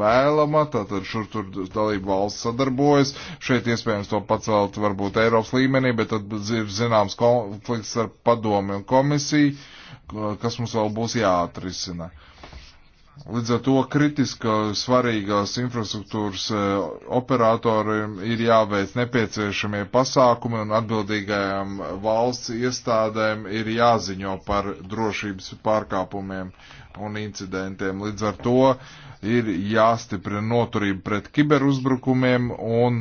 vēlama, tātad šur tur dalība valsts sadarbojas, šeit iespējams to pacelt varbūt Eiropas līmenī, bet tad ir zināms konflikts ar padomi un komisiju kas mums vēl būs jāatrisina. Līdz ar to kritiska svarīgās infrastruktūras e, operatoriem ir jāveic nepieciešamie pasākumi un atbildīgajām valsts iestādēm ir jāziņo par drošības pārkāpumiem un incidentiem. Līdz ar to ir jāstiprina noturība pret kiberuzbrukumiem un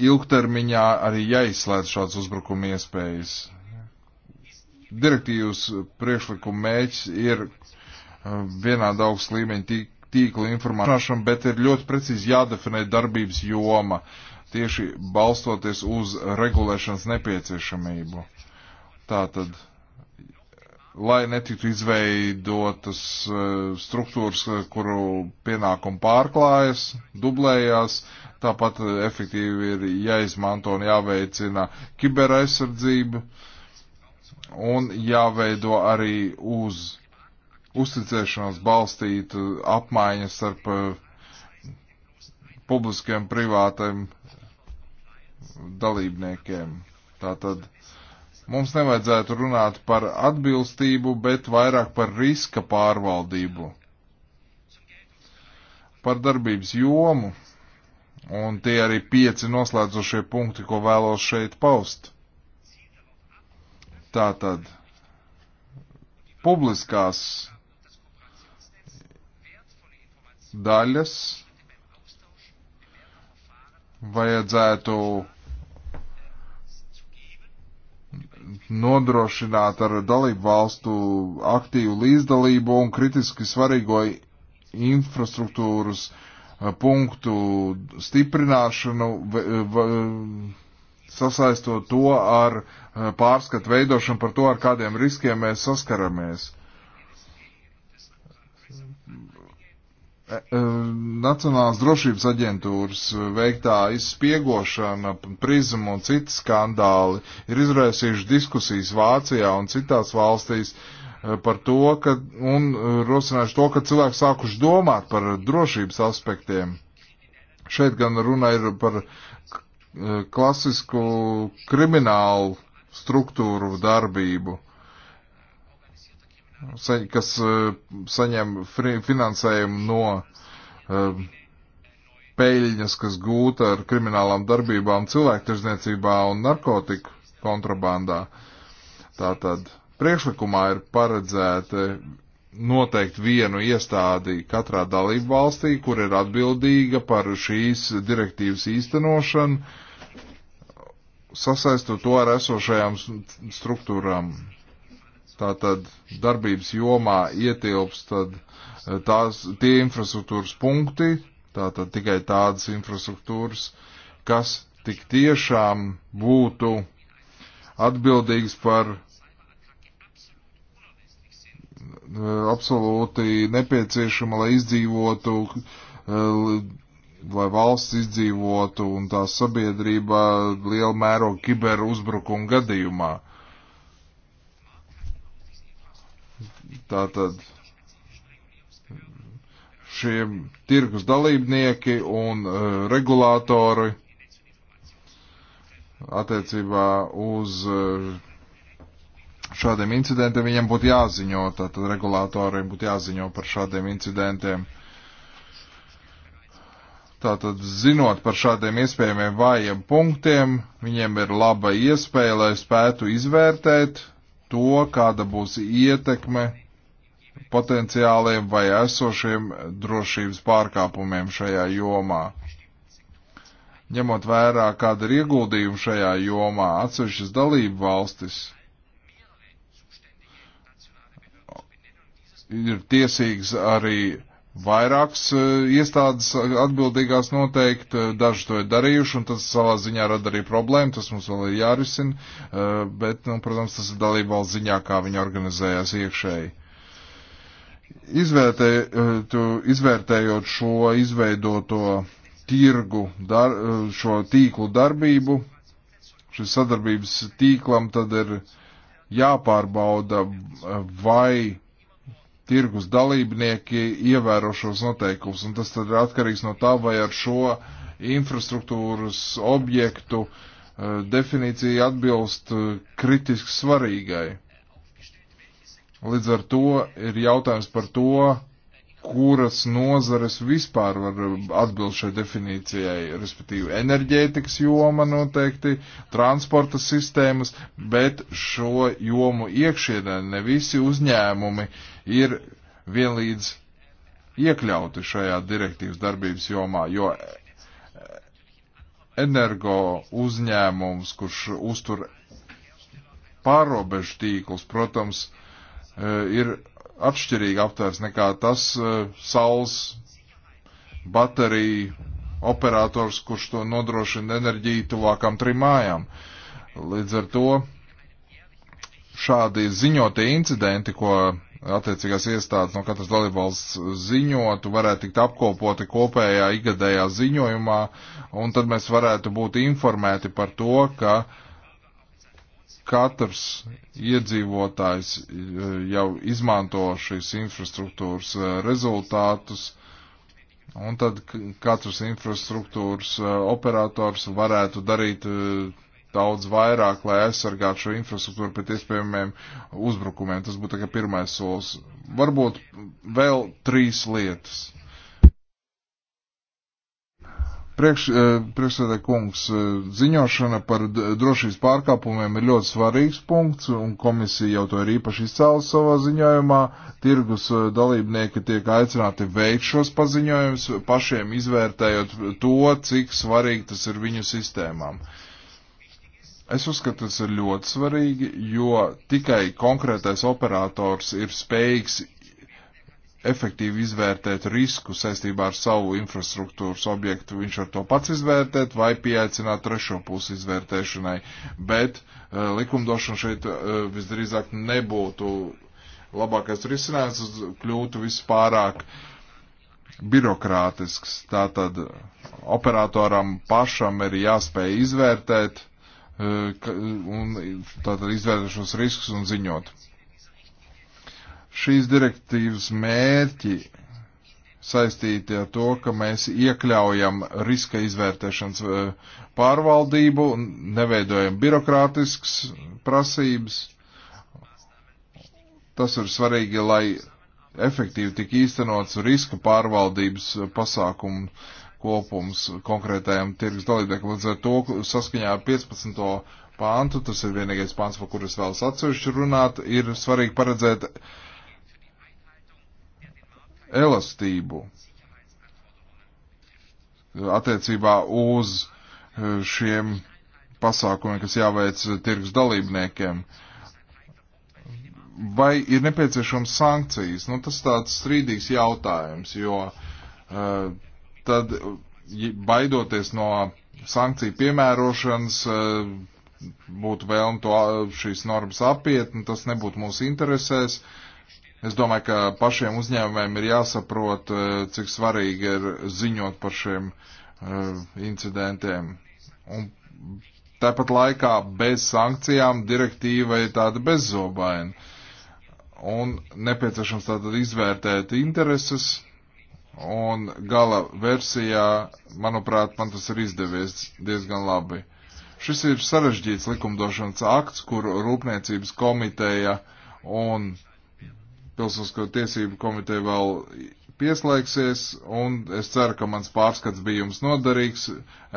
ilgtermiņā arī jāizslēdz šāds uzbrukuma iespējas direktīvas priekšlikuma mēģis ir um, vienāda augsts līmeņa tīkla informācija, bet ir ļoti precīzi jādefinē darbības joma, tieši balstoties uz regulēšanas nepieciešamību. Tātad, lai netiktu izveidotas uh, struktūras, kuru pienākumu pārklājas, dublējās, tāpat uh, efektīvi ir jāizmanto un jāveicina kiberaizsardzība. aizsardzība un jāveido arī uz uzticēšanos balstītu uh, apmaiņu starp uh, publiskiem privātiem uh, dalībniekiem. Tātad mums nevajadzētu runāt par atbilstību, bet vairāk par riska pārvaldību, par darbības jomu, un tie arī pieci noslēdzošie punkti, ko vēlos šeit paust. Tātad publiskās daļas vajadzētu nodrošināt ar dalību valstu aktīvu līdzdalību un kritiski svarīgo infrastruktūras eh, punktu stiprināšanu sasaistot to ar eh, pārskatu veidošanu par to, ar kādiem riskiem mēs saskaramies. Eh, eh, Nacionālās drošības aģentūras veiktā izspiegošana, prizma un citi skandāli ir izraisījuši diskusijas Vācijā un citās valstīs par to, ka, un rosinājuši to, ka cilvēki sākuši domāt par drošības aspektiem. Šeit gan runa ir par Eh, klasisku kriminālu struktūru darbību, kas eh, saņem finansējumu no eh, peļņas, kas gūta ar kriminālām darbībām, cilvēktirzniecībā un narkotiku kontrabandā. Tātad priekšlikumā ir paredzēta noteikt vienu iestādi katrā dalību valstī, kur ir atbildīga par šīs direktīvas īstenošanu, sasaistu to ar esošajām struktūrām. Tātad darbības jomā ietilps tad e, tās, tie infrastruktūras punkti, tātad tikai tādas infrastruktūras, kas tik tiešām būtu atbildīgas par e, absolūti nepieciešama, lai izdzīvotu e, lai valsts izdzīvotu un tā sabiedrība liela mēroga kiberuzbrukuma gadījumā. Tātad šie tirgus dalībnieki un uh, regulātori attiecībā uz uh, šādiem incidentiem viņiem būtu jāziņo, tātad regulātoriem būtu jāziņo par šādiem incidentiem. Uh, Tātad, zinot par šādiem iespējamiem vājiem punktiem, viņiem ir laba iespēja, lai spētu izvērtēt to, kāda būs ietekme potenciāliem vai esošiem drošības pārkāpumiem šajā jomā. Ņemot vērā, kāda ir ieguldījuma šajā jomā atsevišķas dalību valstis, ir tiesīgs arī Vairākas e, iestādes atbildīgās noteikti, e, daži to ir darījuši, un tas savā ziņā rada arī problēmu, tas mums vēl ir jārisina, e, bet, nu, protams, tas ir dalība valsts ziņā, kā viņi organizējās iekšēji. Izvērtē, tu, izvērtējot šo izveidoto tirgu, dar, šo tīklu darbību, šis sadarbības tīklam tad ir jāpārbauda, vai tirgus dalībnieki ievēro šos noteikumus, un tas tad ir atkarīgs no tā, vai ar šo infrastruktūras objektu uh, definīcija atbilst uh, kritiski svarīgai. Līdz ar to ir jautājums par to, kuras nozares vispār var atbilst šai definīcijai, respektīvi enerģētikas joma noteikti, transporta sistēmas, bet šo jomu iekšienē ne visi uzņēmumi ir vienlīdz iekļauti šajā direktīvas darbības jomā, jo energo uzņēmums, kurš uztur pārobežu tīklus, protams, e, ir atšķirīgi aptvērs nekā tas uh, saules bateriju operators, kurš to nodrošina enerģiju tuvākām trim mājām. Līdz ar to šādi ziņotie incidenti, ko attiecīgās iestādes no katras dalībvalsts ziņotu, varētu tikt apkopoti kopējā igadējā ziņojumā, un tad mēs varētu būt informēti par to, ka uh, katrs iedzīvotājs e, jau izmanto šīs infrastruktūras e, rezultātus, un tad katrs infrastruktūras e, operators varētu darīt daudz vairāk, lai aizsargātu šo infrastruktūru pret iespējamiem uzbrukumiem. Tas būtu pirmais solis. Varbūt vēl trīs lietas. Priekš, eh, priekšsēdē kungs, eh, ziņošana par drošības pārkāpumiem ir ļoti svarīgs punkts, un komisija jau to ir īpaši izcēlus savā ziņojumā. Tirgus eh, dalībnieki tiek aicināti veikt šos paziņojumus, pašiem izvērtējot to, cik svarīgi tas ir viņu sistēmām. Es uzskatu, tas ir ļoti svarīgi, jo tikai konkrētais operators ir spējīgs efektīvi izvērtēt risku saistībā ar savu infrastruktūras objektu, viņš var to pats izvērtēt vai pieaicināt trešo pusi izvērtēšanai, bet uh, likumdošana šeit uh, visdrīzāk nebūtu labākais risinājums, kļūtu vispārāk birokrātisks. Tātad operatoram pašam ir jāspēj izvērtēt uh, un tātad izvērtēt šos riskus un ziņot. Šīs direktīvas mērķi saistīti ar to, ka mēs iekļaujam riska izvērtēšanas e, pārvaldību, neveidojam birokrātisks prasības. Tas ir svarīgi, lai efektīvi tik īstenots riska pārvaldības pasākumu kopums konkrētajam tirgus dalībniekam. Līdz ar to saskaņā ar 15. pāntu, tas ir vienīgais pāns, par kuras vēlas atsevišķi runāt, ir svarīgi paredzēt elastību attiecībā uz eh, šiem pasākumiem, kas jāveic tirgus dalībniekiem. Vai ir nepieciešams sankcijas? Nu, tas tāds strīdīgs jautājums, jo uh, tad baidoties no sankciju piemērošanas, uh, būtu vēlme to šīs normas apiet, un nu, tas nebūtu mūsu interesēs. Uh, Es domāju, ka pašiem uzņēmumiem ir jāsaprot, eh, cik svarīgi ir ziņot par šiem eh, incidentiem. Un tāpat laikā bez sankcijām direktīva ir tāda bezzobaina. Un nepieciešams tātad izvērtēt intereses, un gala versijā, manuprāt, man tas ir izdevies diezgan labi. Šis ir sarežģīts likumdošanas akts, kur Rūpniecības komiteja un Pilsonisko tiesību komiteja vēl pieslēgsies, un es ceru, ka mans pārskats bija jums noderīgs.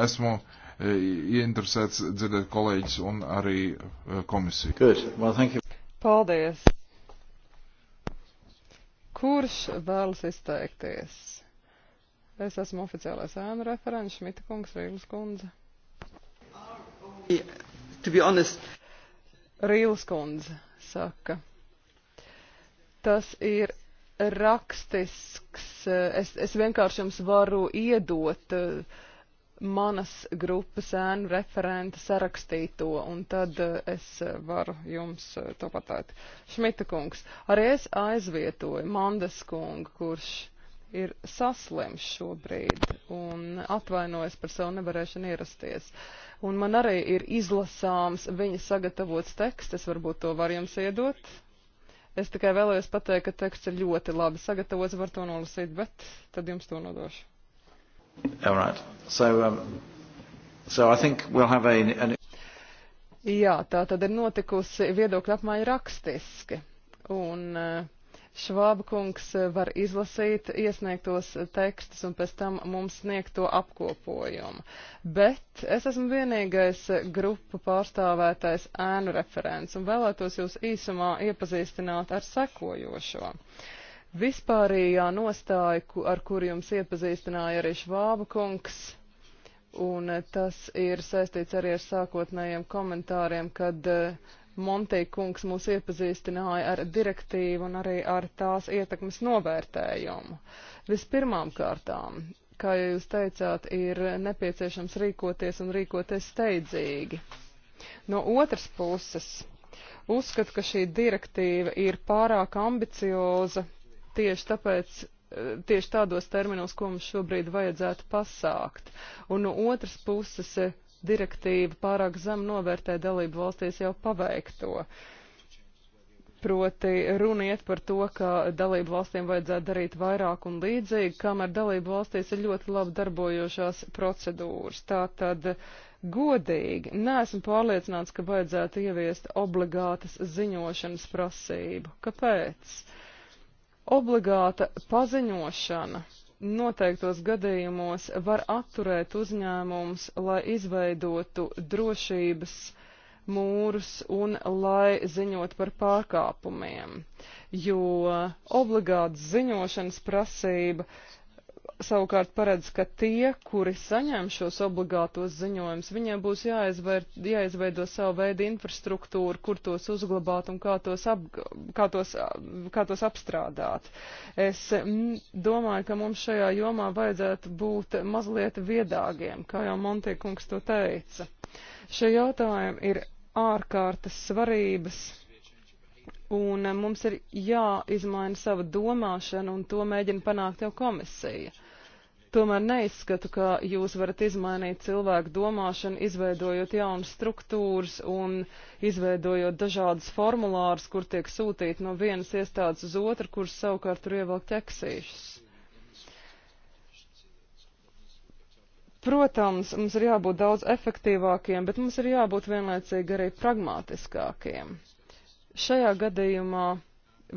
Esmu e, ieinteresēts dzirdēt kolēģis un arī e, komisiju. Good. Well, thank you. Paldies. Kurš vēlas izteikties? Es esmu oficiālais ēnu referents Šmita kungs, Rīles kundze. Yeah, Rīles kundze saka. Tas ir rakstisks, eh, es, es vienkārši jums varu iedot eh, manas grupas ēnu referenta sarakstīto, un tad eh, es varu jums to pateikt. Šmita kungs, arī es aizvietoju Mandas kungu, kurš ir saslims šobrīd un atvainojas par savu nevarēšanu ierasties. Un man arī ir izlasāms viņa sagatavots teksts, es varbūt to varu jums iedot. Es tikai vēlējos pateikt, ka teksts ir ļoti labi sagatavots, var to nolasīt, bet tad jums to nodošu. All right. So, um, so I think we'll have a, an... Jā, tā tad ir notikusi viedokļa apmaiņa rakstiski. Un uh, Švāba kungs eh, var izlasīt iesniegtos tekstus un pēc tam mums sniegto apkopojumu. Bet es esmu vienīgais grupu pārstāvētais ēnu referents un vēlētos jūs īsumā iepazīstināt ar sekojošo. Vispārījā nostāja, ar kuru jums iepazīstināja arī Švāba kungs, un tas ir saistīts arī ar sākotnējiem komentāriem, kad uh, Montī kungs mūs iepazīstināja ar direktīvu un arī ar tās ietekmes novērtējumu. Vispirmām kārtām, kā jūs teicāt, ir nepieciešams rīkoties un rīkoties steidzīgi. No otras puses, uzskatu, ka šī direktīva ir pārāk ambicioza tieši tāpēc, eh, tieši tādos terminos, ko mums šobrīd vajadzētu pasākt. Un no otras puses direktīva pārāk zem novērtē dalību valstīs jau paveikto. Proti runa iet par to, ka dalību valstīm vajadzētu darīt vairāk un līdzīgi, kamēr dalību valstīs ir ļoti labi darbojošās procedūras. Tātad godīgi neesmu pārliecināts, ka vajadzētu ieviest obligātas ziņošanas prasību. Kāpēc? Obligāta paziņošana noteiktos gadījumos var atturēt uzņēmumus, lai izveidotu drošības mūrus un lai ziņot par pārkāpumiem, jo obligāts ziņošanas prasība uh, savukārt paredz, ka tie, kuri saņem šos obligātos ziņojumus, viņiem būs jāizvēr, jāizveido savu veidu infrastruktūru, kur tos uzglabāt un kā tos, ap, kā tos, kā tos apstrādāt. Es m, domāju, ka mums šajā jomā vajadzētu būt mazliet viedāgiem, kā jau Montiekungs to teica. Šie jautājumi ir ārkārtas svarības un mums ir jāizmaina sava domāšana, un to mēģina panākt jau komisija. Tomēr neizskatu, ka jūs varat izmainīt cilvēku domāšanu, izveidojot jaunas struktūras un izveidojot dažādas formulārus, kur tiek sūtīti no vienas iestādes uz otru, kuras savukārt tur ievelk ķeksīšas. Protams, mums ir jābūt daudz efektīvākiem, bet mums ir jābūt vienlaicīgi arī pragmātiskākiem. Šajā gadījumā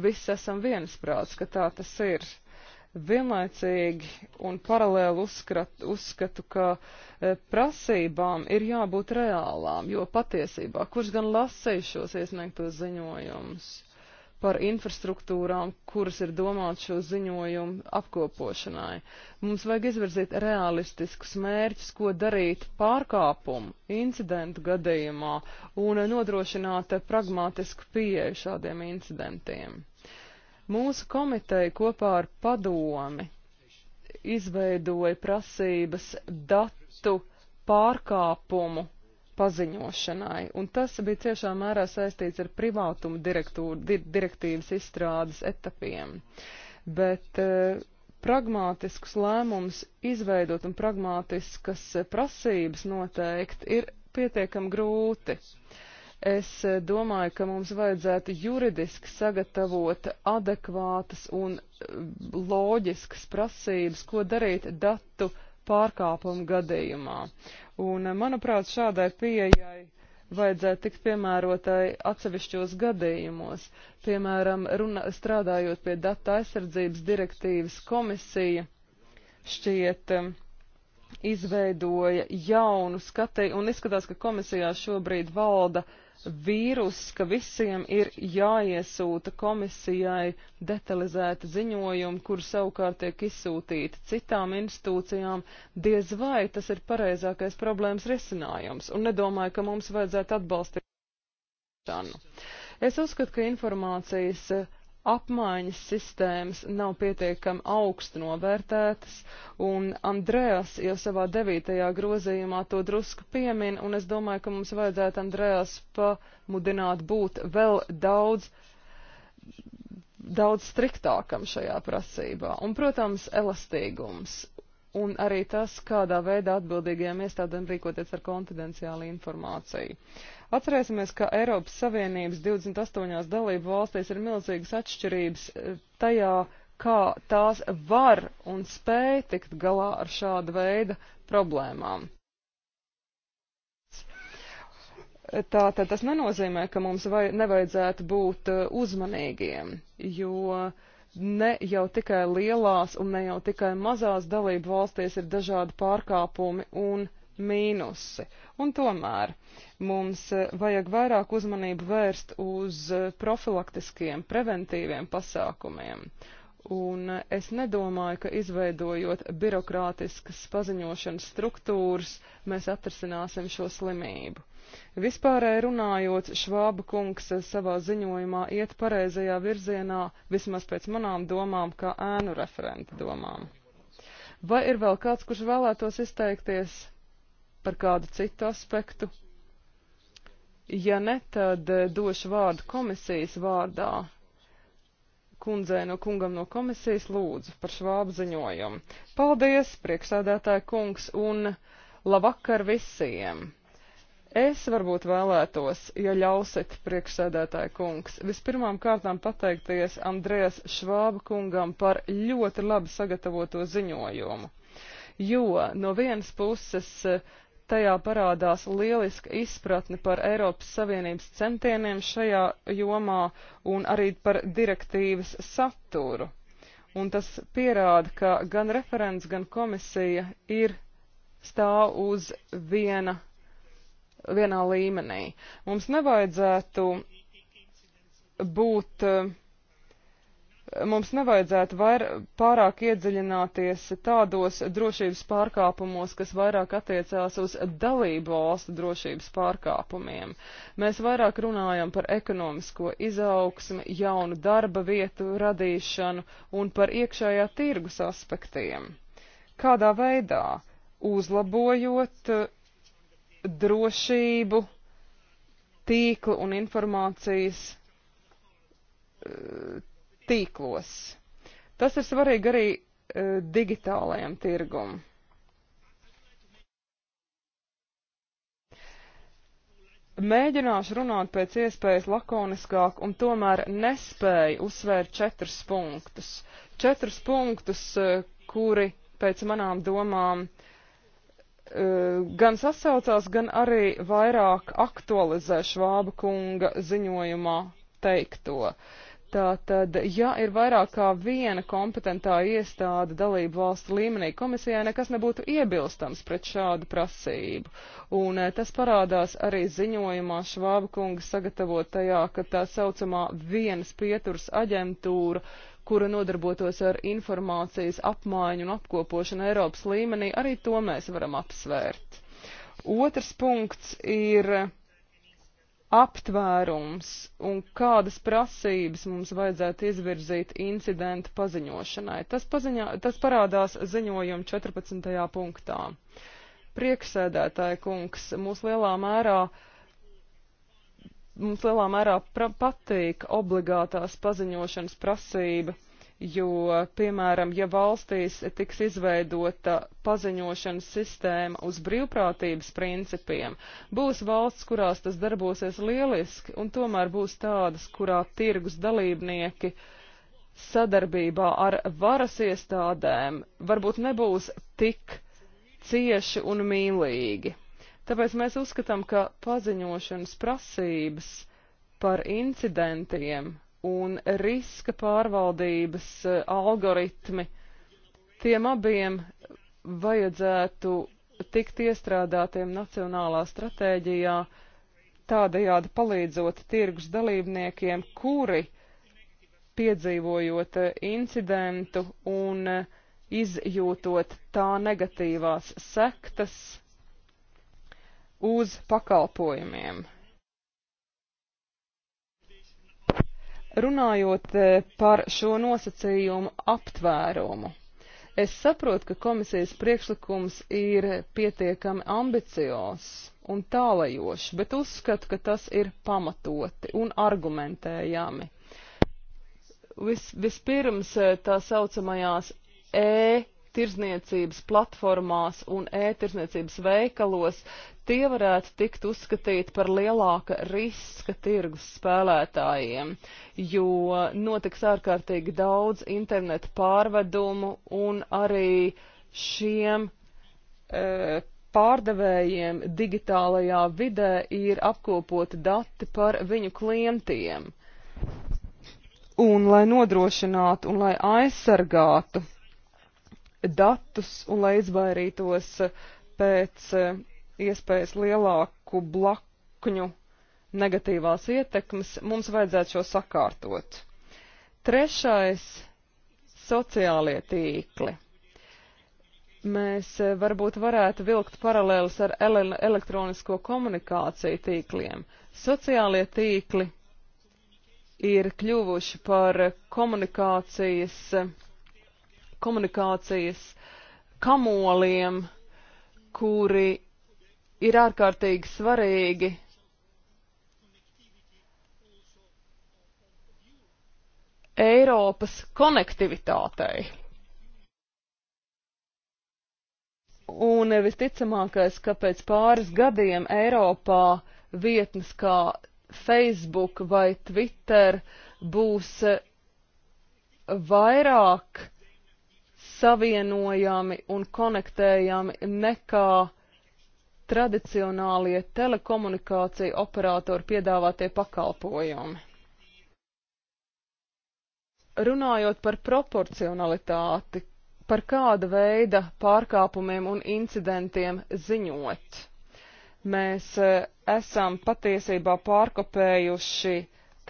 visi esam viensprāts, ka tā tas ir vienlaicīgi un paralēli uzskrat, uzskatu, ka e, prasībām ir jābūt reālām, jo patiesībā, kurš gan lasēju šos iesniegtos ziņojumus par infrastruktūrām, kuras ir domāts šo ziņojumu apkopošanai. Mums vajag izvirzīt realistiskus mērķus, ko darīt pārkāpumu, incidentu gadījumā un nodrošināt pragmātisku pieeju šādiem incidentiem. Mūsu komiteja kopā ar padomi izveidoja prasības datu pārkāpumu paziņošanai, un tas bija ciešā mērā saistīts ar privātumu di direktīvas izstrādes etapiem. Bet eh, pragmātiskus lēmumus izveidot un pragmātiskas prasības noteikt ir pietiekami grūti. Uh, Es e, domāju, ka mums vajadzētu juridiski sagatavot adekvātas un e, loģiskas prasības, ko darīt datu pārkāpumu gadījumā. Un, e, manuprāt, šādai pieejai vajadzētu tikt piemērotai atsevišķos gadījumos. Piemēram, runa, strādājot pie data aizsardzības direktīvas komisija šķiet izveidoja jaunu skatēju, un izskatās, ka komisijā šobrīd valda uh, vīrus, ka visiem ir jāiesūta komisijai detalizēta ziņojuma, kur savukārt tiek izsūtīta citām institūcijām, diez vai tas ir pareizākais problēmas risinājums, un nedomāju, ka mums vajadzētu atbalstīt. Es uzskatu, ka informācijas apmaiņas sistēmas nav pietiekami augstu novērtētas, un Andrējas jau savā devītajā grozījumā to drusku piemin, un es domāju, ka mums vajadzētu Andrējas pamudināt būt vēl daudz daudz striktākam šajā prasībā, un, protams, elastīgums, un arī tas, kādā veidā atbildīgajām iestādēm rīkoties ar konfidenciālu informāciju. Atcerēsimies, ka Eiropas Savienības 28 dalību valstīs ir milzīgas atšķirības e, tajā, kā tās var un spēj tikt galā ar šāda veida problēmām. Tātad tas nenozīmē, ka mums vai, nevajadzētu būt e, uzmanīgiem, jo ne jau tikai lielās un ne jau tikai mazās dalību valstīs ir dažādi pārkāpumi un mīnusi. Un tomēr mums eh, vajag vairāk uzmanību vērst uz eh, profilaktiskiem, preventīviem pasākumiem. Un eh, es nedomāju, ka izveidojot birokrātiskas paziņošanas struktūras, mēs atrasināsim šo slimību. Vispārēji runājot, Švāba kungs savā ziņojumā iet pareizajā virzienā, vismaz pēc manām domām, kā ēnu referenta domām. Vai ir vēl kāds, kurš vēlētos izteikties? par kādu citu aspektu. Ja ne, tad eh, došu vārdu komisijas vārdā. Kundzē no kungam no komisijas lūdzu par švābu ziņojumu. Paldies, priekšsēdētāja kungs, un labvakar visiem! Es varbūt vēlētos, ja ļausit priekšsēdētāja kungs, vispirmām kārtām pateikties Andrēs Švāba kungam par ļoti labi sagatavoto ziņojumu. Jo no vienas puses uh, tajā parādās lieliska izpratne par Eiropas Savienības centieniem šajā jomā un arī par direktīvas saturu. Un tas pierāda, ka gan referents, gan komisija ir stāv uz viena, vienā līmenī. Mums nevajadzētu būt uh, mums nevajadzētu vair, pārāk iedziļināties tādos drošības pārkāpumos, kas vairāk attiecās uz dalību valstu drošības pārkāpumiem. Mēs vairāk runājam par ekonomisko izaugsmu, jaunu darba vietu radīšanu un par iekšējā tirgus aspektiem. Kādā veidā? Uzlabojot eh, drošību, tīklu un informācijas eh, tīklos. Tas ir svarīgi arī e, digitālajam tirgum. Mēģināšu runāt pēc iespējas lakoniskāk un tomēr nespēju uzsvērt četrus punktus. Četrus punktus, e, kuri pēc manām domām e, gan sasaucās, gan arī vairāk aktualizē Švāba kunga ziņojumā teikto. Uh, Tātad, ja ir vairāk kā viena kompetentā iestāde dalību valstu līmenī, komisijai nekas nebūtu iebilstams pret šādu prasību. Un eh, tas parādās arī ziņojumā Švāba kunga sagatavotajā, ka tā saucamā vienas pieturas aģentūra, kura nodarbotos ar informācijas apmaiņu un apkopošanu Eiropas līmenī, arī to mēs varam apsvērt. Otrs punkts ir aptvērums un kādas prasības mums vajadzētu izvirzīt incidentu paziņošanai. Tas, paziņā, tas parādās ziņojuma 14. punktā. Prieksēdētāja kungs mūs lielā mērā. Mums lielā mērā patīk obligātās paziņošanas prasība jo, piemēram, ja valstīs tiks izveidota paziņošanas sistēma uz brīvprātības principiem, būs valsts, kurās tas darbosies lieliski, un tomēr būs tādas, kurā tirgus dalībnieki sadarbībā ar varas iestādēm varbūt nebūs tik cieši un mīlīgi. Tāpēc mēs uzskatām, ka paziņošanas prasības par incidentiem un riska pārvaldības eh, algoritmi, tiem abiem vajadzētu tikt iestrādātiem nacionālā stratēģijā, tādējādi palīdzot tirgus dalībniekiem, kuri piedzīvojot eh, incidentu un eh, izjūtot tā negatīvās sektas uz pakalpojumiem. Runājot e, par šo nosacījumu aptvērumu. Es saprotu, ka komisijas priekšlikums ir pietiekami ambiciozs un tālajošs, bet uzskatu, ka tas ir pamatoti un argumentējami. Vis, vispirms e, tā saucamajās E tirzniecības platformās un e-tirzniecības veikalos, tie varētu tikt uzskatīti par lielāka riska tirgus spēlētājiem, jo notiks ārkārtīgi daudz internetu pārvedumu un arī šiem e, pārdevējiem digitālajā vidē ir apkopoti dati par viņu klientiem. Un lai nodrošinātu un lai aizsargātu datus un lai izvairītos pēc eh, iespējas lielāku blakņu negatīvās ietekmes, mums vajadzētu šo sakārtot. Trešais - sociālie tīkli. Mēs eh, varbūt varētu vilkt paralēlus ar ele elektronisko komunikāciju tīkliem. Sociālie tīkli ir kļuvuši par komunikācijas komunikācijas kamoliem, kuri ir ārkārtīgi svarīgi. Eiropas konektivitātei. Un visticamākais, ka pēc pāris gadiem Eiropā vietnes kā Facebook vai Twitter būs vairāk savienojami un konektējami nekā tradicionālie telekomunikāciju operatori piedāvātie pakalpojumi. Runājot par proporcionalitāti, par kāda veida pārkāpumiem un incidentiem ziņot, mēs eh, esam patiesībā pārkopējuši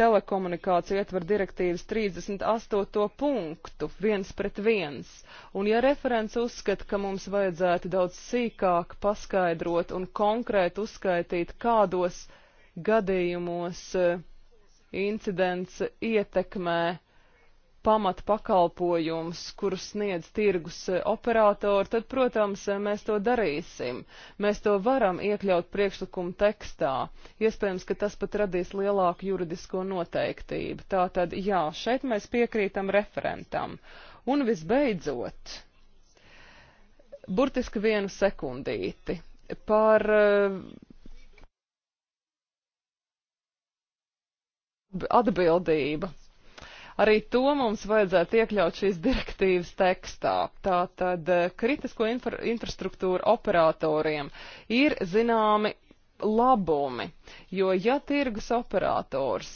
telekomunikāciju ietver direktīvas 38. punktu viens pret viens, un ja referents uzskata, ka mums vajadzētu daudz sīkāk paskaidrot un konkrēti uzskaitīt, kādos gadījumos eh, incidents ietekmē pamat pakalpojums, kurus sniedz tirgus eh, operātori, tad, protams, eh, mēs to darīsim. Mēs to varam iekļaut priekšlikuma tekstā. Iespējams, ka tas pat radīs lielāku juridisko noteiktību. Tātad, jā, šeit mēs piekrītam referentam. Un visbeidzot, burtiski vienu sekundīti par eh, atbildība. Arī to mums vajadzētu iekļaut šīs direktīvas tekstā. Tātad eh, kritisko infra infrastruktūru operatoriem ir zināmi labumi, jo ja tirgus operators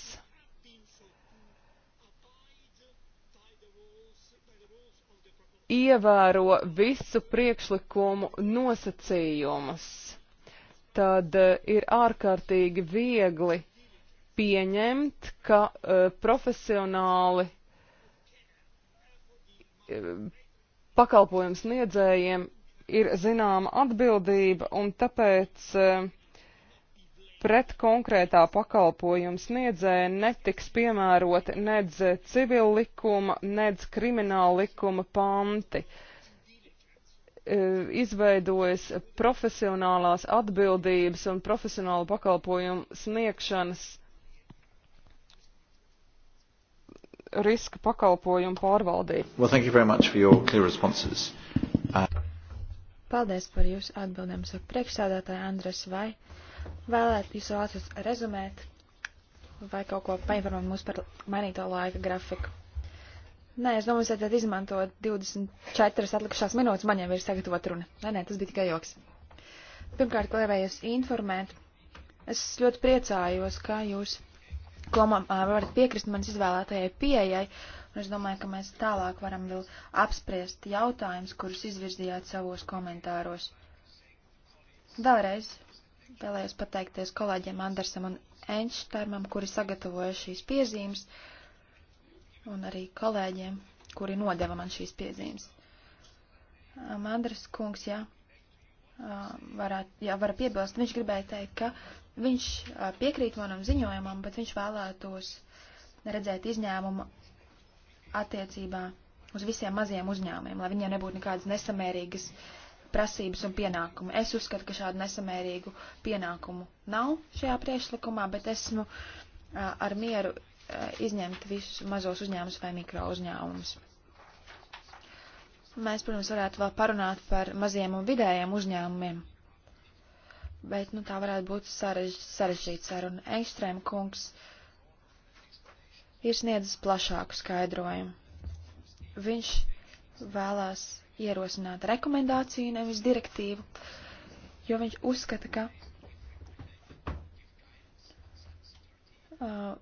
ievēro visu priekšlikumu nosacījumus, tad eh, ir ārkārtīgi viegli pieņemt, ka uh, profesionāli uh, pakalpojums sniedzējiem ir zināma atbildība un tāpēc uh, pret konkrētā pakalpojuma sniedzēja netiks piemēroti nedz civil likuma, nedz krimināla likuma panti. Izveidojas profesionālās atbildības un profesionāla pakalpojuma sniegšanas riska pakalpojumu pārvaldību. Well, uh... Paldies par jūsu atbildēm, saka priekšsēdētāja Andres, vai vēlēt jūs vācus rezumēt vai kaut ko painformēt mūs par mainīto laika grafiku. Nē, es domāju, ka izmantot 24 atlikušās minūtes, man jau ir sagatavot runa. Nē, nē, tas bija tikai joks. Pirmkārt, gribēju jūs informēt. Es ļoti priecājos, ka jūs ko man varat piekrist manas izvēlētajai pieejai. Un es domāju, ka mēs tālāk varam vēl apspriest jautājumus, kurus izvirzījāt savos komentāros. Vēlreiz vēlējos pateikties kolēģiem Andersam un Enštarmam, kuri sagatavoja šīs piezīmes, un arī kolēģiem, kuri nodeva man šīs piezīmes. Andres kungs, jā, varētu, jā, var piebilst, viņš gribēja teikt, ka Viņš piekrīt manam ziņojumam, bet viņš vēlētos redzēt izņēmumu attiecībā uz visiem maziem uzņēmumiem, lai viņiem nebūtu nekādas nesamērīgas prasības un pienākumu. Es uzskatu, ka šādu nesamērīgu pienākumu nav šajā priekšlikumā, bet esmu ar mieru izņemt visus mazos uzņēmumus vai mikro uzņēmumus. Mēs, protams, varētu vēl parunāt par maziem un vidējiem uzņēmumiem bet nu, tā varētu būt sarež, sarežģīta saruna. Ekstrēma kungs ir sniedzis plašāku skaidrojumu. Viņš vēlās ierosināt rekomendāciju, nevis direktīvu, jo viņš uzskata, ka uh,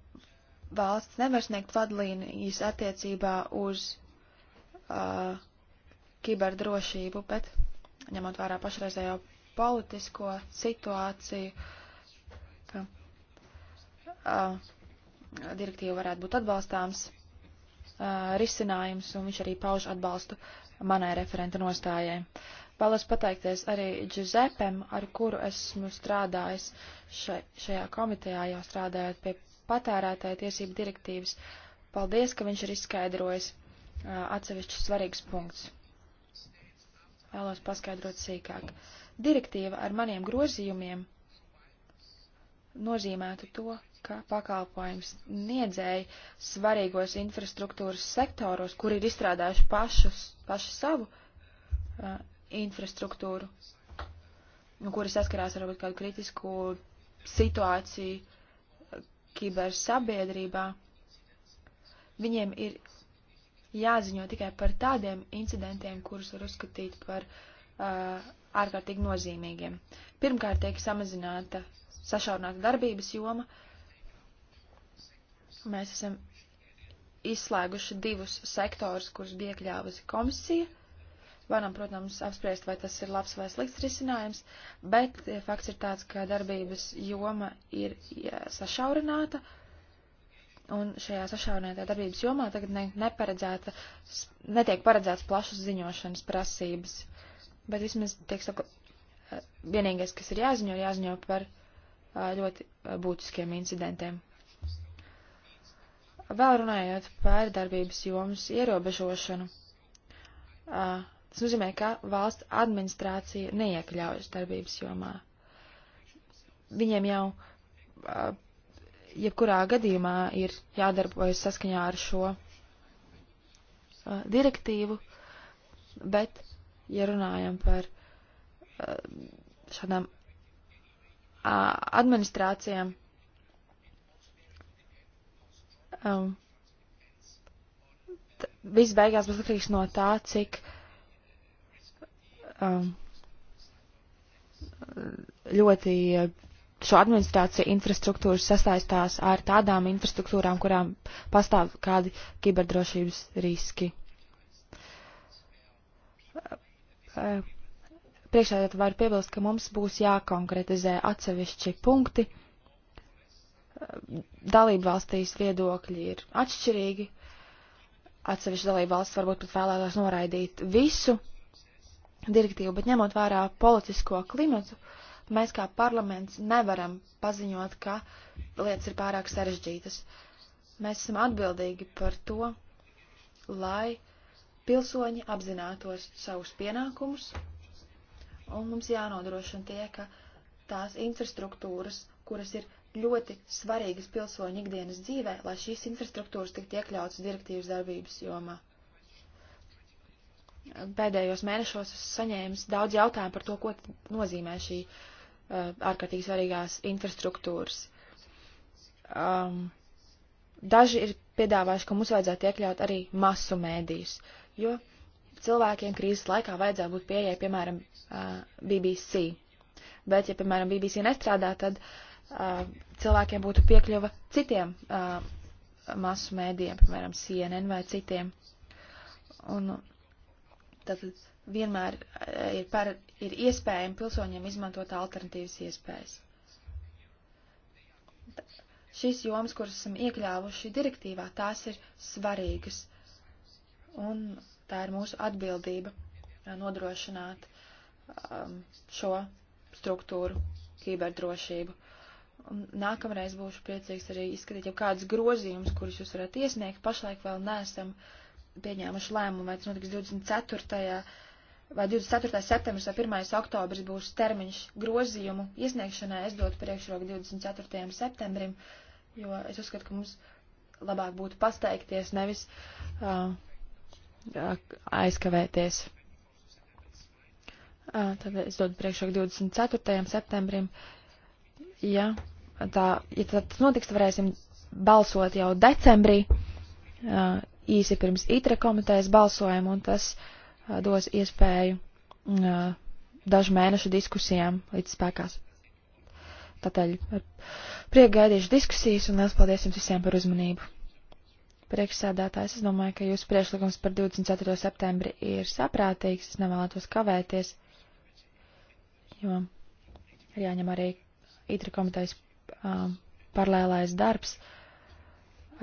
valsts nevar sniegt vadlīnijas attiecībā uz uh, kiberdrošību, bet ņemot vērā pašreizējo politisko situāciju, ka uh, direktīva varētu būt atbalstāms uh, risinājums, un viņš arī pauž atbalstu manai referenta nostājai. Vēlos pateikties arī Giuseppem, ar kuru esmu strādājis še, šajā komitejā, jau strādājot pie patērētāja tiesību direktīvas. Paldies, ka viņš ir izskaidrojis uh, atsevišķus svarīgus punktus. Vēlos paskaidrot sīkāk. Uh, Direktīva ar maniem grozījumiem nozīmētu to, ka pakalpojums niedzēji svarīgos infrastruktūras sektoros, kur ir izstrādājuši pašus, pašu savu uh, infrastruktūru, kuri saskarās ar kādu kritisku situāciju uh, kibersabiedrībā, viņiem ir jāziņo tikai par tādiem incidentiem, kurus var uzskatīt par uh, Uh, ārkārtīgi nozīmīgiem. Pirmkārt, tiek samazināta sašaurināta darbības joma. Mēs esam izslēguši divus sektorus, kurus bija iekļāvusi komisija. Varam, protams, apspriest, vai tas ir labs vai slikts risinājums, bet eh, fakts ir tāds, ka darbības joma ir jā, sašaurināta, un šajā sašaurinātā darbības jomā tagad ne, neparedzēta, netiek paredzēts plašas ziņošanas prasības bet vismaz, tiek saka, vienīgais, kas ir jāziņo, ir jāziņo par ļoti būtiskiem incidentiem. Vēl runājot par darbības jomas ierobežošanu, tas nozīmē, ka valsts administrācija neiekļaujas darbības jomā. Viņiem jau jebkurā gadījumā ir jādarbojas saskaņā ar šo direktīvu, bet ja runājam par eh, šādām administrācijām. Um, viss beigās būs atkarīgs no tā, cik um, ļoti šo administrāciju infrastruktūras sasaistās ar tādām infrastruktūrām, kurām pastāv kādi kiberdrošības riski. Eh, priekšsēdētāji var piebilst, ka mums būs jākonkretizē atsevišķi punkti. Eh, dalību valstīs viedokļi ir atšķirīgi. Atsevišķi dalību valsts varbūt pat vēlētos noraidīt visu direktīvu, bet ņemot vērā politisko klimatu, mēs kā parlaments nevaram paziņot, ka lietas ir pārāk sarežģītas. Mēs esam atbildīgi par to, lai uh, pilsoņi apzinātos savus pienākumus, un mums jānodrošina tie, ka tās infrastruktūras, kuras ir ļoti svarīgas pilsoņu ikdienas dzīvē, lai šīs infrastruktūras tiktu iekļautas direktīvas darbības jomā. Pēdējos mēnešos es saņēmu daudz jautājumu par to, ko nozīmē šī uh, ārkārtīgi svarīgās infrastruktūras. Um, daži ir piedāvājuši, ka mums vajadzētu iekļaut arī masu mēdījus. Uh, jo cilvēkiem krīzes laikā vajadzēja būt pieejai, piemēram, BBC. Bet, ja, piemēram, BBC nestrādā, tad cilvēkiem būtu piekļuva citiem masu mēdiem, piemēram, CNN vai citiem. Un nu, tad vienmēr ir, par, ir iespējami pilsoņiem izmantot alternatīvas iespējas. Šīs jomas, kuras esam iekļāvuši direktīvā, tās ir svarīgas Un tā ir mūsu atbildība uh, nodrošināt um, šo struktūru kiberdrošību. Un nākamreiz būšu priecīgs arī izskatīt jau kādus grozījumus, kurus jūs varat iesniegt. Pašlaik vēl neesam pieņēmuši lēmumu, vai tas notiks 24. vai 24. septembris vai 1. oktobris būs termiņš grozījumu iesniegšanai. Es dotu priekšroku 24. septembrim, jo es uzskatu, ka mums labāk būtu pasteikties, nevis uh, aizkavēties. Tad es dodu priekšroku 24. septembrim. Ja, tā, ja tas notiks, tad varēsim balsot jau decembrī, īsi pirms ITRE komitejas balsojuma, un tas dos iespēju dažu mēnešu diskusijām līdz spēkās. Tātad ar prieku gaidīšu diskusijas, un liels paldies jums visiem par uzmanību! Priekšsēdētājs, es domāju, ka jūsu priešlikums par 24. septembri ir saprātīgs, es nevēlētos kavēties, jo ir jāņem arī ITRA komitejas um, paralēlais darbs,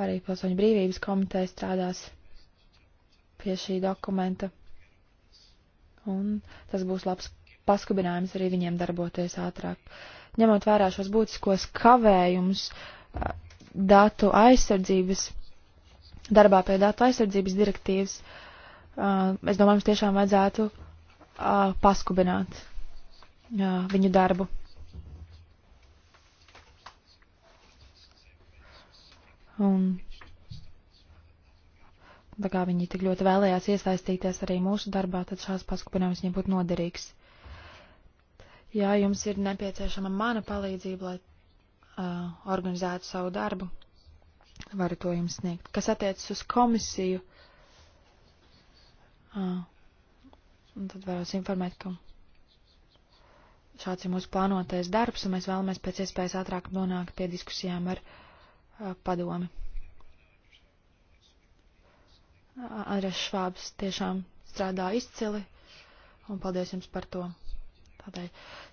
arī pilsoņu brīvības komiteja strādās pie šī dokumenta, un tas būs labs paskubinājums arī viņiem darboties ātrāk. Ņemot vērā šos būtiskos kavējumus, datu aizsardzības darbā pie datu aizsardzības direktīvas, uh, es domāju, mums tiešām vajadzētu uh, paskubināt uh, viņu darbu. Un tā kā viņi tik ļoti vēlējās iesaistīties arī mūsu darbā, tad šāds paskupinājums viņiem būtu noderīgs. Jā, jums ir nepieciešama mana palīdzība, lai uh, organizētu savu darbu. Varu to jums sniegt. Kas attiecas uz komisiju, à, tad varu jūs informēt, ka šāds ir mūsu plānotais darbs, un mēs vēlamies pēc iespējas ātrāk nonākt pie diskusijām ar à, padomi. Andrēs Švābs tiešām strādā izcili, un paldies jums par to. Tādēļ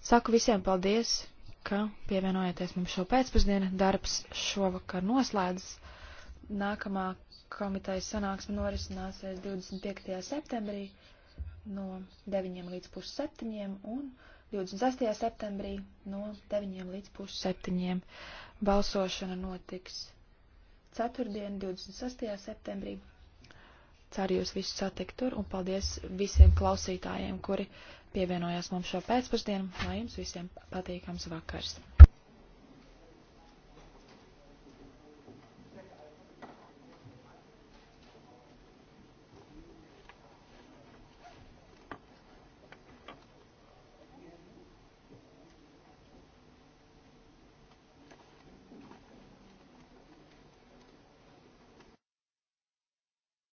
saku visiem paldies ka pievienojāties mums šo pēcpusdienu. Darbs šovakar noslēdzas. Nākamā komitejas sanāksme norisināsies 25. septembrī no 9 līdz pusseptiņiem un 26. septembrī no 9 līdz pusseptiņiem. Balsošana notiks ceturtdien, 26. septembrī. Ceru jūs visus satikt tur un paldies visiem klausītājiem, kuri pievienojās mums šo pēcpusdienu, lai jums visiem patīkams vakars.